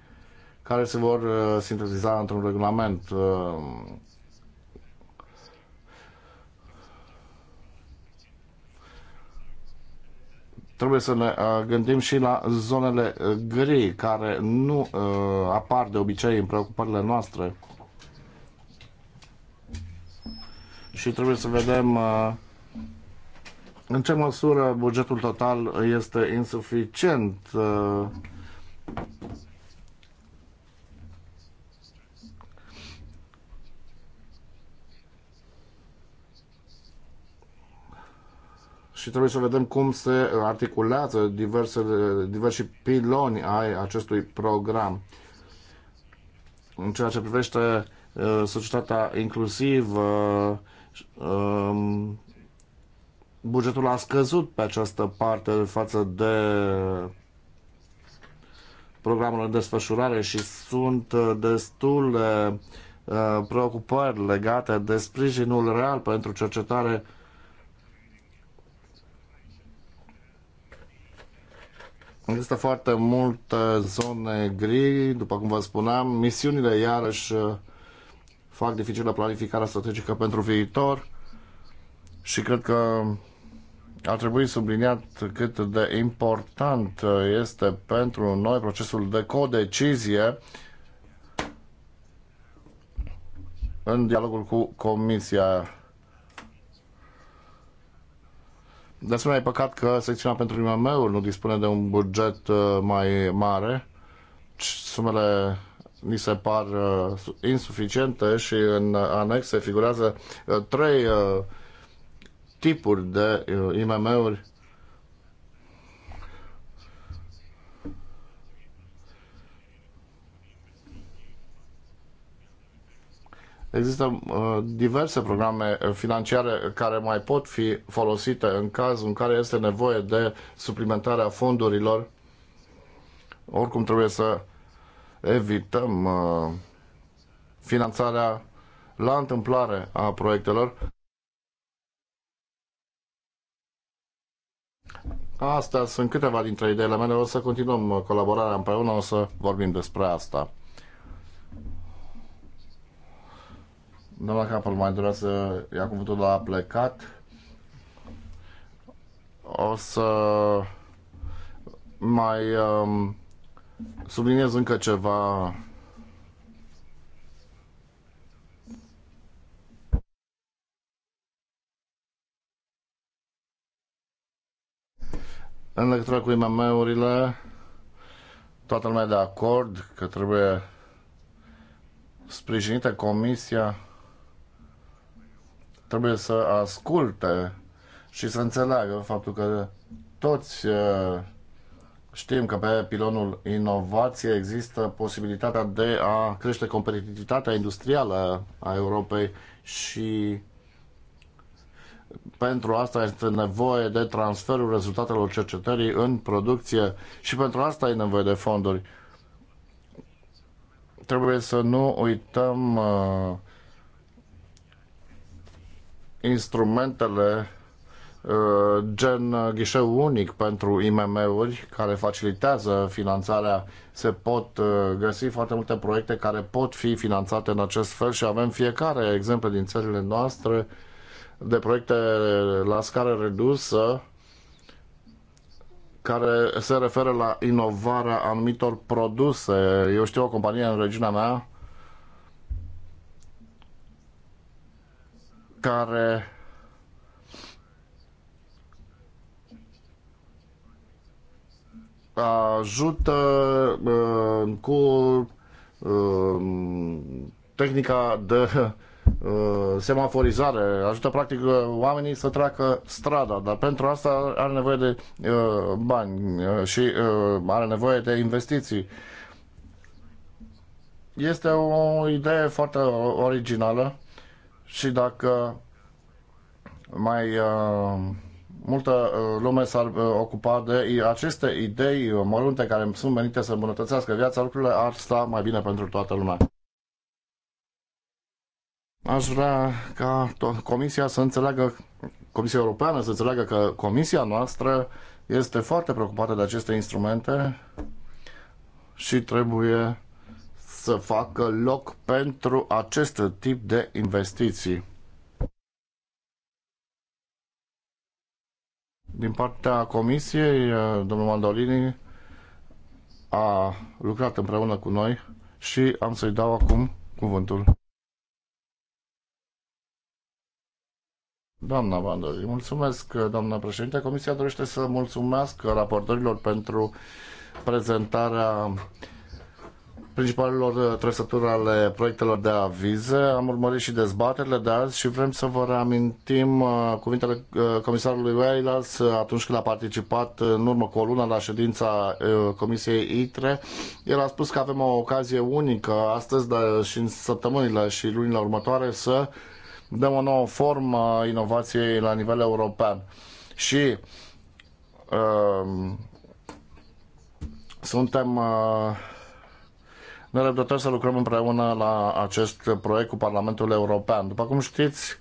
care se vor uh, sintetiza într-un regulament. Uh, Trebuie să ne uh, gândim și la zonele gri care nu apar de obicei în preocupările noastre. și trebuie să vedem uh, în ce măsură bugetul total este insuficient. Uh, și trebuie să vedem cum se articulează diverse, diversi piloni ai acestui program. În ceea ce privește uh, societatea inclusivă, Ehm, bugetul a scăzut pe această parte față de programul de desfășurare și sunt uh, de uh, preocupări legate de sprijinul real pentru cercetare Există foarte multe zone gri, după cum vă spuneam, misiunile iarăși uh, fac dificilă planificarea strategică pentru viitor și cred că ar trebui subliniat cât de important este pentru noi procesul de codecizie în dialogul cu Comisia. De asemenea, e păcat că secțiunea pentru IMM-uri nu dispune de un buget uh, mai mare. Sumele ni se par uh, insuficiente și în anexe figurează uh, trei uh, tipuri de IMM-uri Există uh, diverse programe financiare care mai pot fi folosite în cazul în care este nevoie de suplimentarea fondurilor. Oricum trebuie să evităm uh, finanțarea la întâmplare a proiectelor. Astea sunt câteva dintre ideile mele. O să continuăm colaborarea împreună, o să vorbim despre asta. Doamna Capăl mai dorea să ia cuvântul la plecat. O să mai um, Subliniez încă ceva În legătură cu IMM-urile, toată lumea de acord că trebuie sprijinită comisia, trebuie să asculte și să înțeleagă faptul că toți uh, Știm că pe pilonul inovație există posibilitatea de a crește competitivitatea industrială a Europei și pentru asta este nevoie de transferul rezultatelor cercetării în producție și pentru asta e nevoie de fonduri. Trebuie să nu uităm uh, instrumentele Uh, gen uh, ghișeu unic pentru IMM-uri care facilitează finanțarea, se pot uh, găsi foarte multe proiecte care pot fi finanțate în acest fel și avem fiecare exemple din țările noastre de proiecte la scară redusă care se referă la inovarea anumitor produse. Eu știu o companie în regiunea mea care ajută uh, cu uh, tehnica de uh, semaforizare, ajută practic oamenii să treacă strada, dar pentru asta are nevoie de uh, bani uh, și uh, are nevoie de investiții. Este o idee foarte originală și dacă mai uh, multă uh, lume s-ar uh, ocupa de aceste idei uh, mărunte care sunt venite să îmbunătățească viața, lucrurile ar sta mai bine pentru toată lumea. Aș vrea ca Comisia să înțeleagă, Comisia Europeană să înțeleagă că Comisia noastră este foarte preocupată de aceste instrumente și trebuie să facă loc pentru acest tip de investiții. Din partea Comisiei, eh, domnul Mandolini a lucrat împreună cu noi și am să-i dau acum cuvântul. Doamna Mandolini, mulțumesc, eh, doamna președinte. Comisia dorește să mulțumesc raportorilor pentru prezentarea principalelor uh, trăsături ale proiectelor de avize. Am urmărit și dezbaterile de azi și vrem să vă reamintim uh, cuvintele uh, comisarului Weilas atunci când a participat în urmă cu o lună la ședința Comisiei ITRE. El a spus că avem o ocazie unică astăzi dar și în săptămânile și lunile următoare să dăm o nouă formă inovației la nivel european. Și uh, suntem uh, nerăbdători să lucrăm împreună la acest proiect cu Parlamentul European. După cum știți,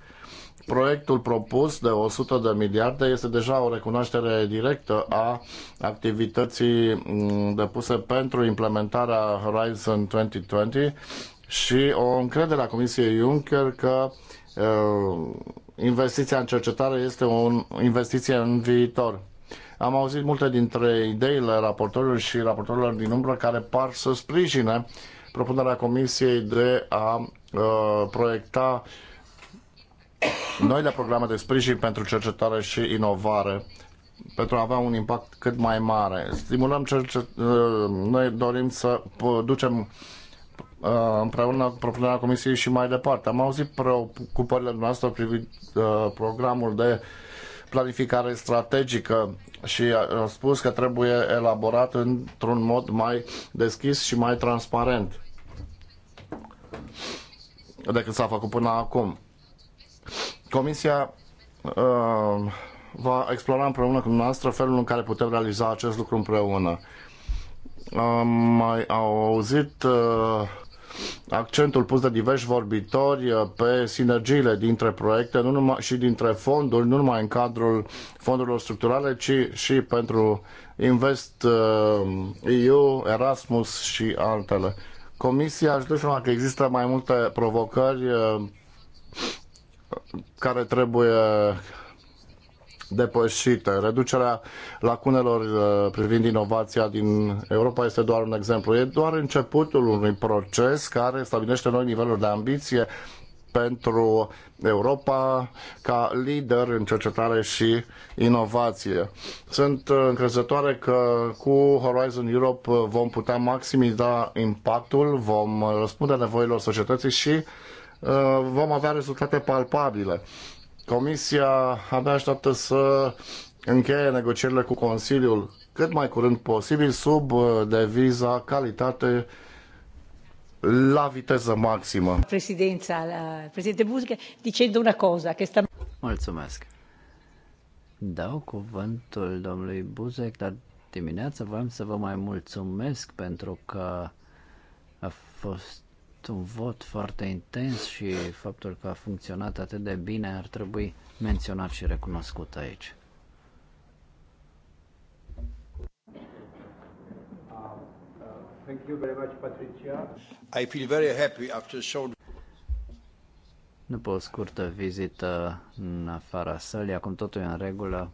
proiectul propus de 100 de miliarde este deja o recunoaștere directă a activității mm, depuse pentru implementarea Horizon 2020 și o încredere a Comisiei Juncker că uh, investiția în cercetare este o investiție în viitor. Am auzit multe dintre ideile raportorilor și raportorilor din umbră care par să sprijine propunerea Comisiei de a uh, proiecta noile programe de sprijin pentru cercetare și inovare pentru a avea un impact cât mai mare. Stimulăm cercet... Uh, noi dorim să ducem uh, împreună propunerea Comisiei și mai departe. Am auzit preocupările noastre privind uh, programul de planificare strategică și a spus că trebuie elaborat într-un mod mai deschis și mai transparent decât s-a făcut până acum. Comisia uh, va explora împreună cu noastră felul în care putem realiza acest lucru împreună. Am mai auzit uh, accentul pus de diversi vorbitori uh, pe sinergiile dintre proiecte nu numai, și dintre fonduri, nu numai în cadrul fondurilor structurale, ci și pentru Invest uh, EU, Erasmus și altele. Comisia, aș dori că există mai multe provocări uh, care trebuie depășite. Reducerea lacunelor uh, privind inovația din Europa este doar un exemplu. E doar începutul unui proces care stabilește noi niveluri de ambiție pentru Europa ca lider în cercetare și inovație. Sunt uh, încrezătoare că cu Horizon Europe uh, vom putea maximiza impactul, vom răspunde nevoilor societății și vom avea rezultate palpabile. Comisia abia așteaptă să încheie negocierile cu Consiliul cât mai curând posibil sub uh, deviza calitate la viteză maximă. Presidența, uh, președinte Buzică, dicendo una cosa, că sta... Mulțumesc. Dau cuvântul domnului Buzek, dar dimineața vreau să vă mai mulțumesc pentru că a fost un vot foarte intens și faptul că a funcționat atât de bine ar trebui menționat și recunoscut aici. Thank you very much, Patricia. I feel very happy after so după o scurtă vizită în afara sălii, acum totul e în regulă.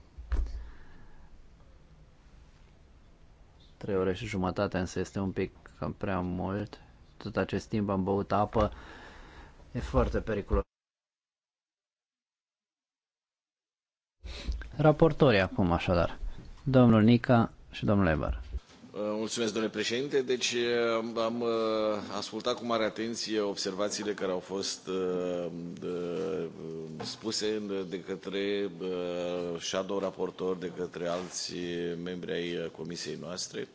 Trei ore și jumătate, însă este un pic cam prea mult tot acest timp am băut apă. E foarte periculos. Raportorii acum, așadar. Domnul Nica și domnul Ebar. Uh, mulțumesc, domnule președinte. Deci uh, am uh, ascultat cu mare atenție observațiile care au fost spuse de către shadow raportor, de către alți membri ai comisiei noastre.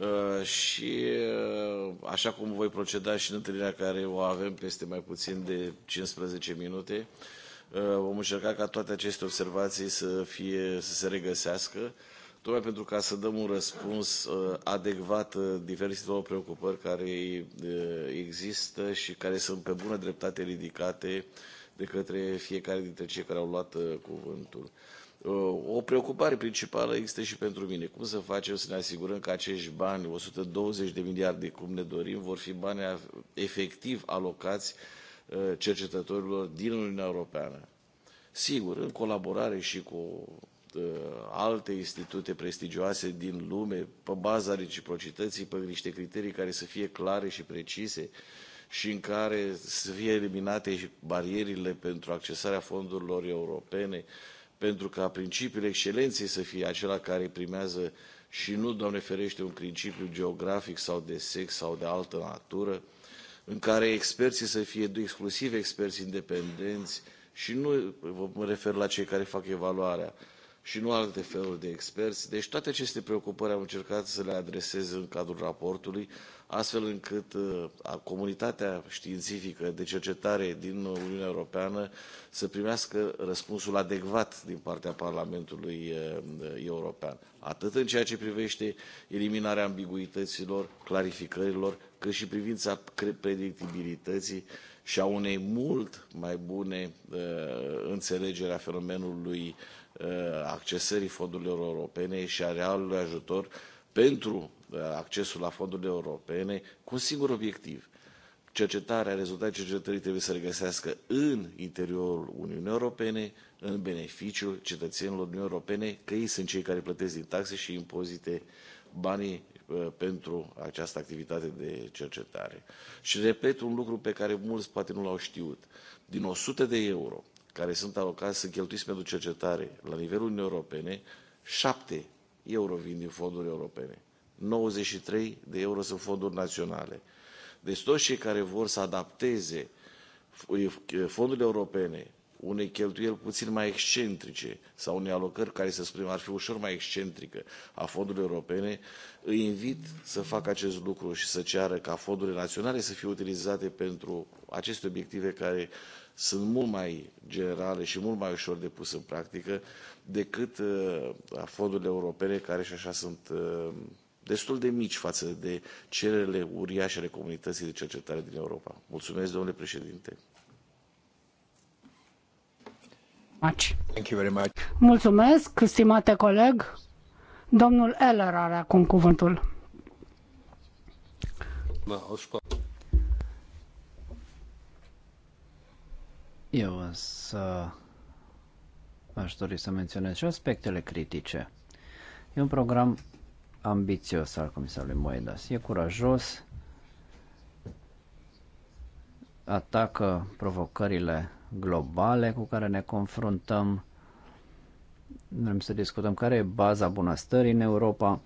Uh, și uh, așa cum voi proceda și în întâlnirea care o avem peste mai puțin de 15 minute, uh, vom încerca ca toate aceste observații să, fie, să se regăsească, tocmai pentru ca să dăm un răspuns adecvat diferitelor preocupări care există și care sunt pe bună dreptate ridicate de către fiecare dintre cei care au luat cuvântul. O preocupare principală există și pentru mine. Cum să facem să ne asigurăm că acești bani, 120 de miliarde, cum ne dorim, vor fi bani efectiv alocați uh, cercetătorilor din Uniunea Europeană. Sigur, în colaborare și cu uh, alte institute prestigioase din lume, pe baza reciprocității, pe niște criterii care să fie clare și precise și în care să fie eliminate și barierile pentru accesarea fondurilor europene, pentru ca principiul excelenței să fie acela care primează și nu, Doamne ferește, un principiu geografic sau de sex sau de altă natură, în care experții să fie exclusiv experți independenți și nu mă refer la cei care fac evaluarea și nu alte feluri de experți. Deci toate aceste preocupări am încercat să le adresez în cadrul raportului, astfel încât uh, comunitatea științifică de cercetare din Uniunea Europeană să primească răspunsul adecvat din partea Parlamentului uh, European, atât în ceea ce privește eliminarea ambiguităților, clarificărilor, cât și privința predictibilității și a unei mult mai bune uh, înțelegeri a fenomenului accesării fondurilor europene și a realului ajutor pentru Uh, accesul la fondurile europene cu un singur obiectiv cercetarea rezultatele cercetării trebuie să regăsească în interiorul uniunii europene în beneficiul cetățenilor uniunii europene că ei sunt cei care plătesc din taxe și impozite banii uh, pentru această activitate de cercetare. Și repet un lucru pe care mulți poate nu l-au știut. Din 100 de euro care sunt alocați, sunt cheltuiți pentru cercetare la nivelul Uniunii Europene, 7 euro vin din fonduri europene. 93 de euro sunt fonduri naționale. Deci toți cei care vor să adapteze fondurile europene unei cheltuieli puțin mai excentrice sau unei alocări care, să spunem, ar fi ușor mai excentrică a fondurilor europene, îi invit să facă acest lucru și să ceară ca fondurile naționale să fie utilizate pentru aceste obiective care sunt mult mai generale și mult mai ușor de pus în practică decât uh, fondurile europene care și așa sunt uh, destul de mici față de cererile uriașe ale comunității de cercetare din Europa. Mulțumesc, domnule președinte. Thank you very much. Mulțumesc, stimate coleg. Domnul Eller are acum cuvântul. Eu însă aș dori să menționez și aspectele critice. E un program ambițios al comisarului Moedas. E curajos, atacă provocările globale cu care ne confruntăm. Vrem să discutăm care e baza bunăstării în Europa.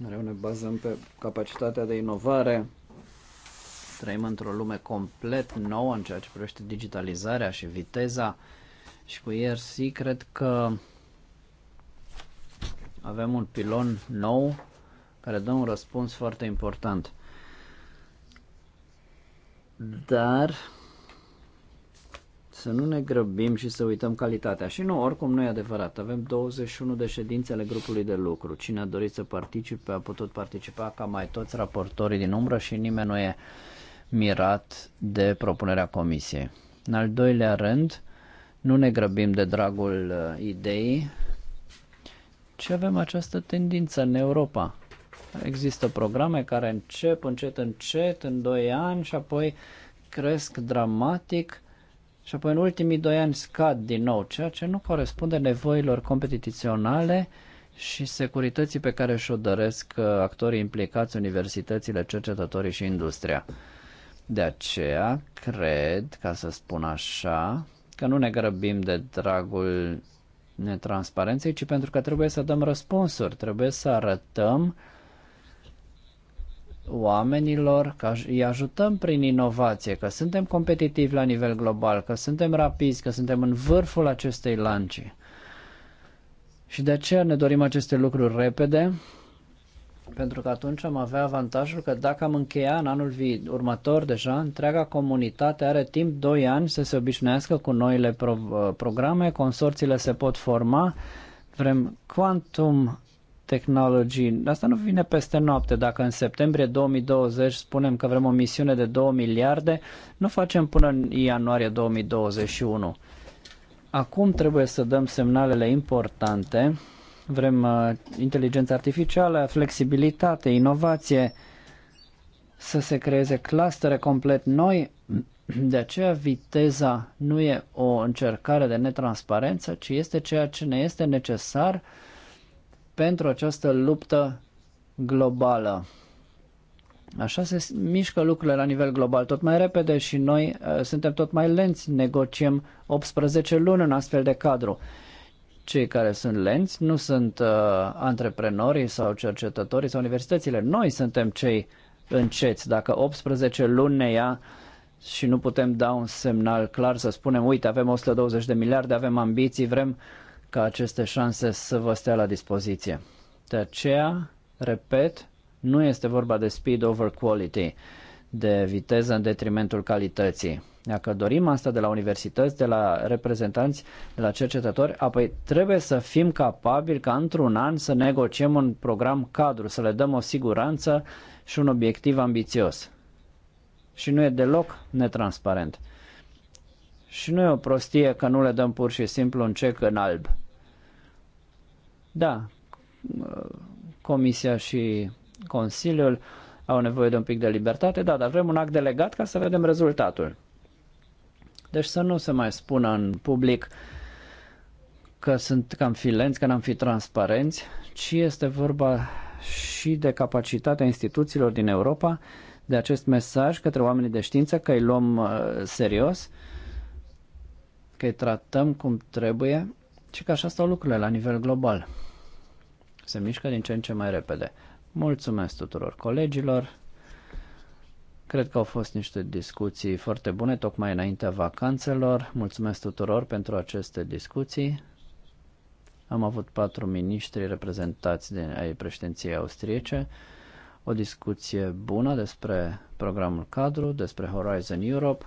Mereu ne bazăm pe capacitatea de inovare. Trăim într-o lume complet nouă în ceea ce privește digitalizarea și viteza. Și cu ieri, cred că avem un pilon nou care dă un răspuns foarte important. Dar să nu ne grăbim și să uităm calitatea. Și nu, oricum nu e adevărat. Avem 21 de ședințe ale grupului de lucru. Cine a dorit să participe a putut participa ca mai toți raportorii din umbră și nimeni nu e mirat de propunerea comisiei. În al doilea rând, nu ne grăbim de dragul uh, ideii, și avem această tendință în Europa. Există programe care încep încet, încet, în 2 ani și apoi cresc dramatic și apoi în ultimii 2 ani scad din nou, ceea ce nu corespunde nevoilor competiționale și securității pe care și-o doresc uh, actorii implicați, universitățile, cercetătorii și industria. De aceea, cred, ca să spun așa, că nu ne grăbim de dragul netransparenței, ci pentru că trebuie să dăm răspunsuri, trebuie să arătăm oamenilor că îi ajutăm prin inovație, că suntem competitivi la nivel global, că suntem rapizi, că suntem în vârful acestei lanci. Și de aceea ne dorim aceste lucruri repede pentru că atunci am avea avantajul că dacă am încheia în anul următor deja, întreaga comunitate are timp 2 ani să se obișnuiască cu noile pro- programe, consorțiile se pot forma, vrem quantum technology, Asta nu vine peste noapte. Dacă în septembrie 2020 spunem că vrem o misiune de 2 miliarde, nu facem până în ianuarie 2021. Acum trebuie să dăm semnalele importante Vrem uh, inteligență artificială, flexibilitate, inovație, să se creeze clustere complet noi. De aceea viteza nu e o încercare de netransparență, ci este ceea ce ne este necesar pentru această luptă globală. Așa se mișcă lucrurile la nivel global tot mai repede și noi uh, suntem tot mai lenți, negociem 18 luni în astfel de cadru cei care sunt lenți nu sunt uh, antreprenorii sau cercetătorii sau universitățile. Noi suntem cei înceți. Dacă 18 luni ne ia și nu putem da un semnal clar să spunem, uite, avem 120 de miliarde, avem ambiții, vrem ca aceste șanse să vă stea la dispoziție. De aceea, repet, nu este vorba de speed over quality, de viteză în detrimentul calității. Dacă dorim asta de la universități, de la reprezentanți, de la cercetători, apoi trebuie să fim capabili ca într-un an să negociem un program cadru, să le dăm o siguranță și un obiectiv ambițios. Și nu e deloc netransparent. Și nu e o prostie că nu le dăm pur și simplu un cec în alb. Da, Comisia și Consiliul au nevoie de un pic de libertate, da, dar vrem un act delegat ca să vedem rezultatul. Deci să nu se mai spună în public că sunt cam filenți, că n-am fi transparenți, ci este vorba și de capacitatea instituțiilor din Europa de acest mesaj către oamenii de știință, că îi luăm uh, serios, că îi tratăm cum trebuie și că așa stau lucrurile la nivel global. Se mișcă din ce în ce mai repede. Mulțumesc tuturor colegilor, Cred că au fost niște discuții foarte bune, tocmai înaintea vacanțelor. Mulțumesc tuturor pentru aceste discuții. Am avut patru miniștri reprezentați de, ai președinției austriece, o discuție bună despre programul cadru, despre Horizon Europe.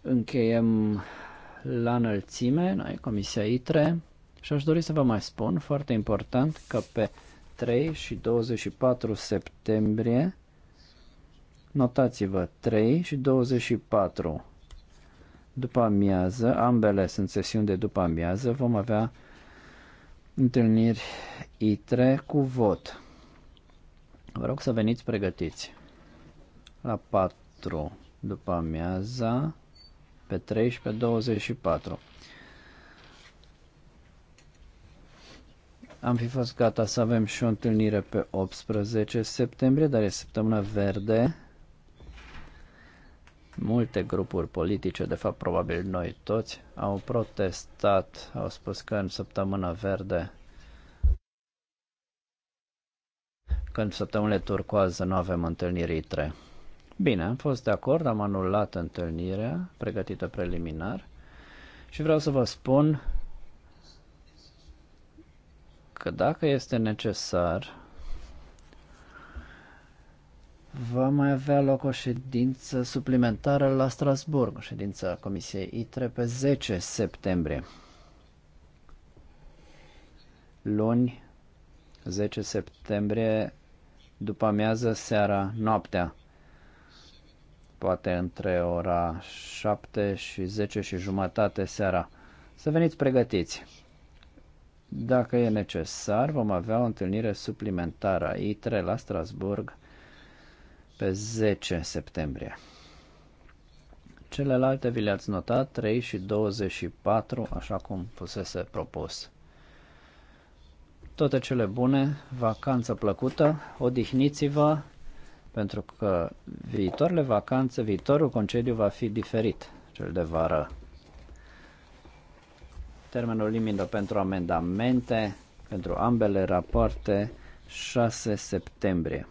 Încheiem la înălțime, noi, Comisia ITRE, și aș dori să vă mai spun, foarte important, că pe 3 și 24 septembrie. Notați-vă 3 și 24 după amiază, ambele sunt sesiuni de după amiază, vom avea întâlniri ITRE cu vot. Vă rog să veniți pregătiți. La 4 după amiaza, pe 13, 24. Am fi fost gata să avem și o întâlnire pe 18 septembrie, dar e săptămâna verde. Multe grupuri politice, de fapt probabil noi toți, au protestat, au spus că în săptămâna verde, că în săptămânile turcoază nu avem întâlniri ITRE. Bine, am fost de acord, am anulat întâlnirea pregătită preliminar și vreau să vă spun că dacă este necesar, va mai avea loc o ședință suplimentară la Strasburg, o ședință a Comisiei ITRE pe 10 septembrie. Luni, 10 septembrie, după amiază, seara, noaptea. Poate între ora 7 și 10 și jumătate seara. Să veniți pregătiți. Dacă e necesar, vom avea o întâlnire suplimentară a ITRE la Strasburg pe 10 septembrie. Celelalte vi le-ați notat, 3 și 24, așa cum fusese propus. Toate cele bune, vacanță plăcută, odihniți-vă, pentru că viitoarele vacanțe, viitorul concediu va fi diferit, cel de vară. Termenul limită pentru amendamente, pentru ambele rapoarte, 6 septembrie.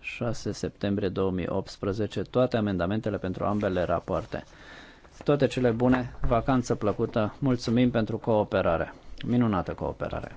6 septembrie 2018, toate amendamentele pentru ambele rapoarte. Toate cele bune, vacanță plăcută, mulțumim pentru cooperare. Minunată cooperare!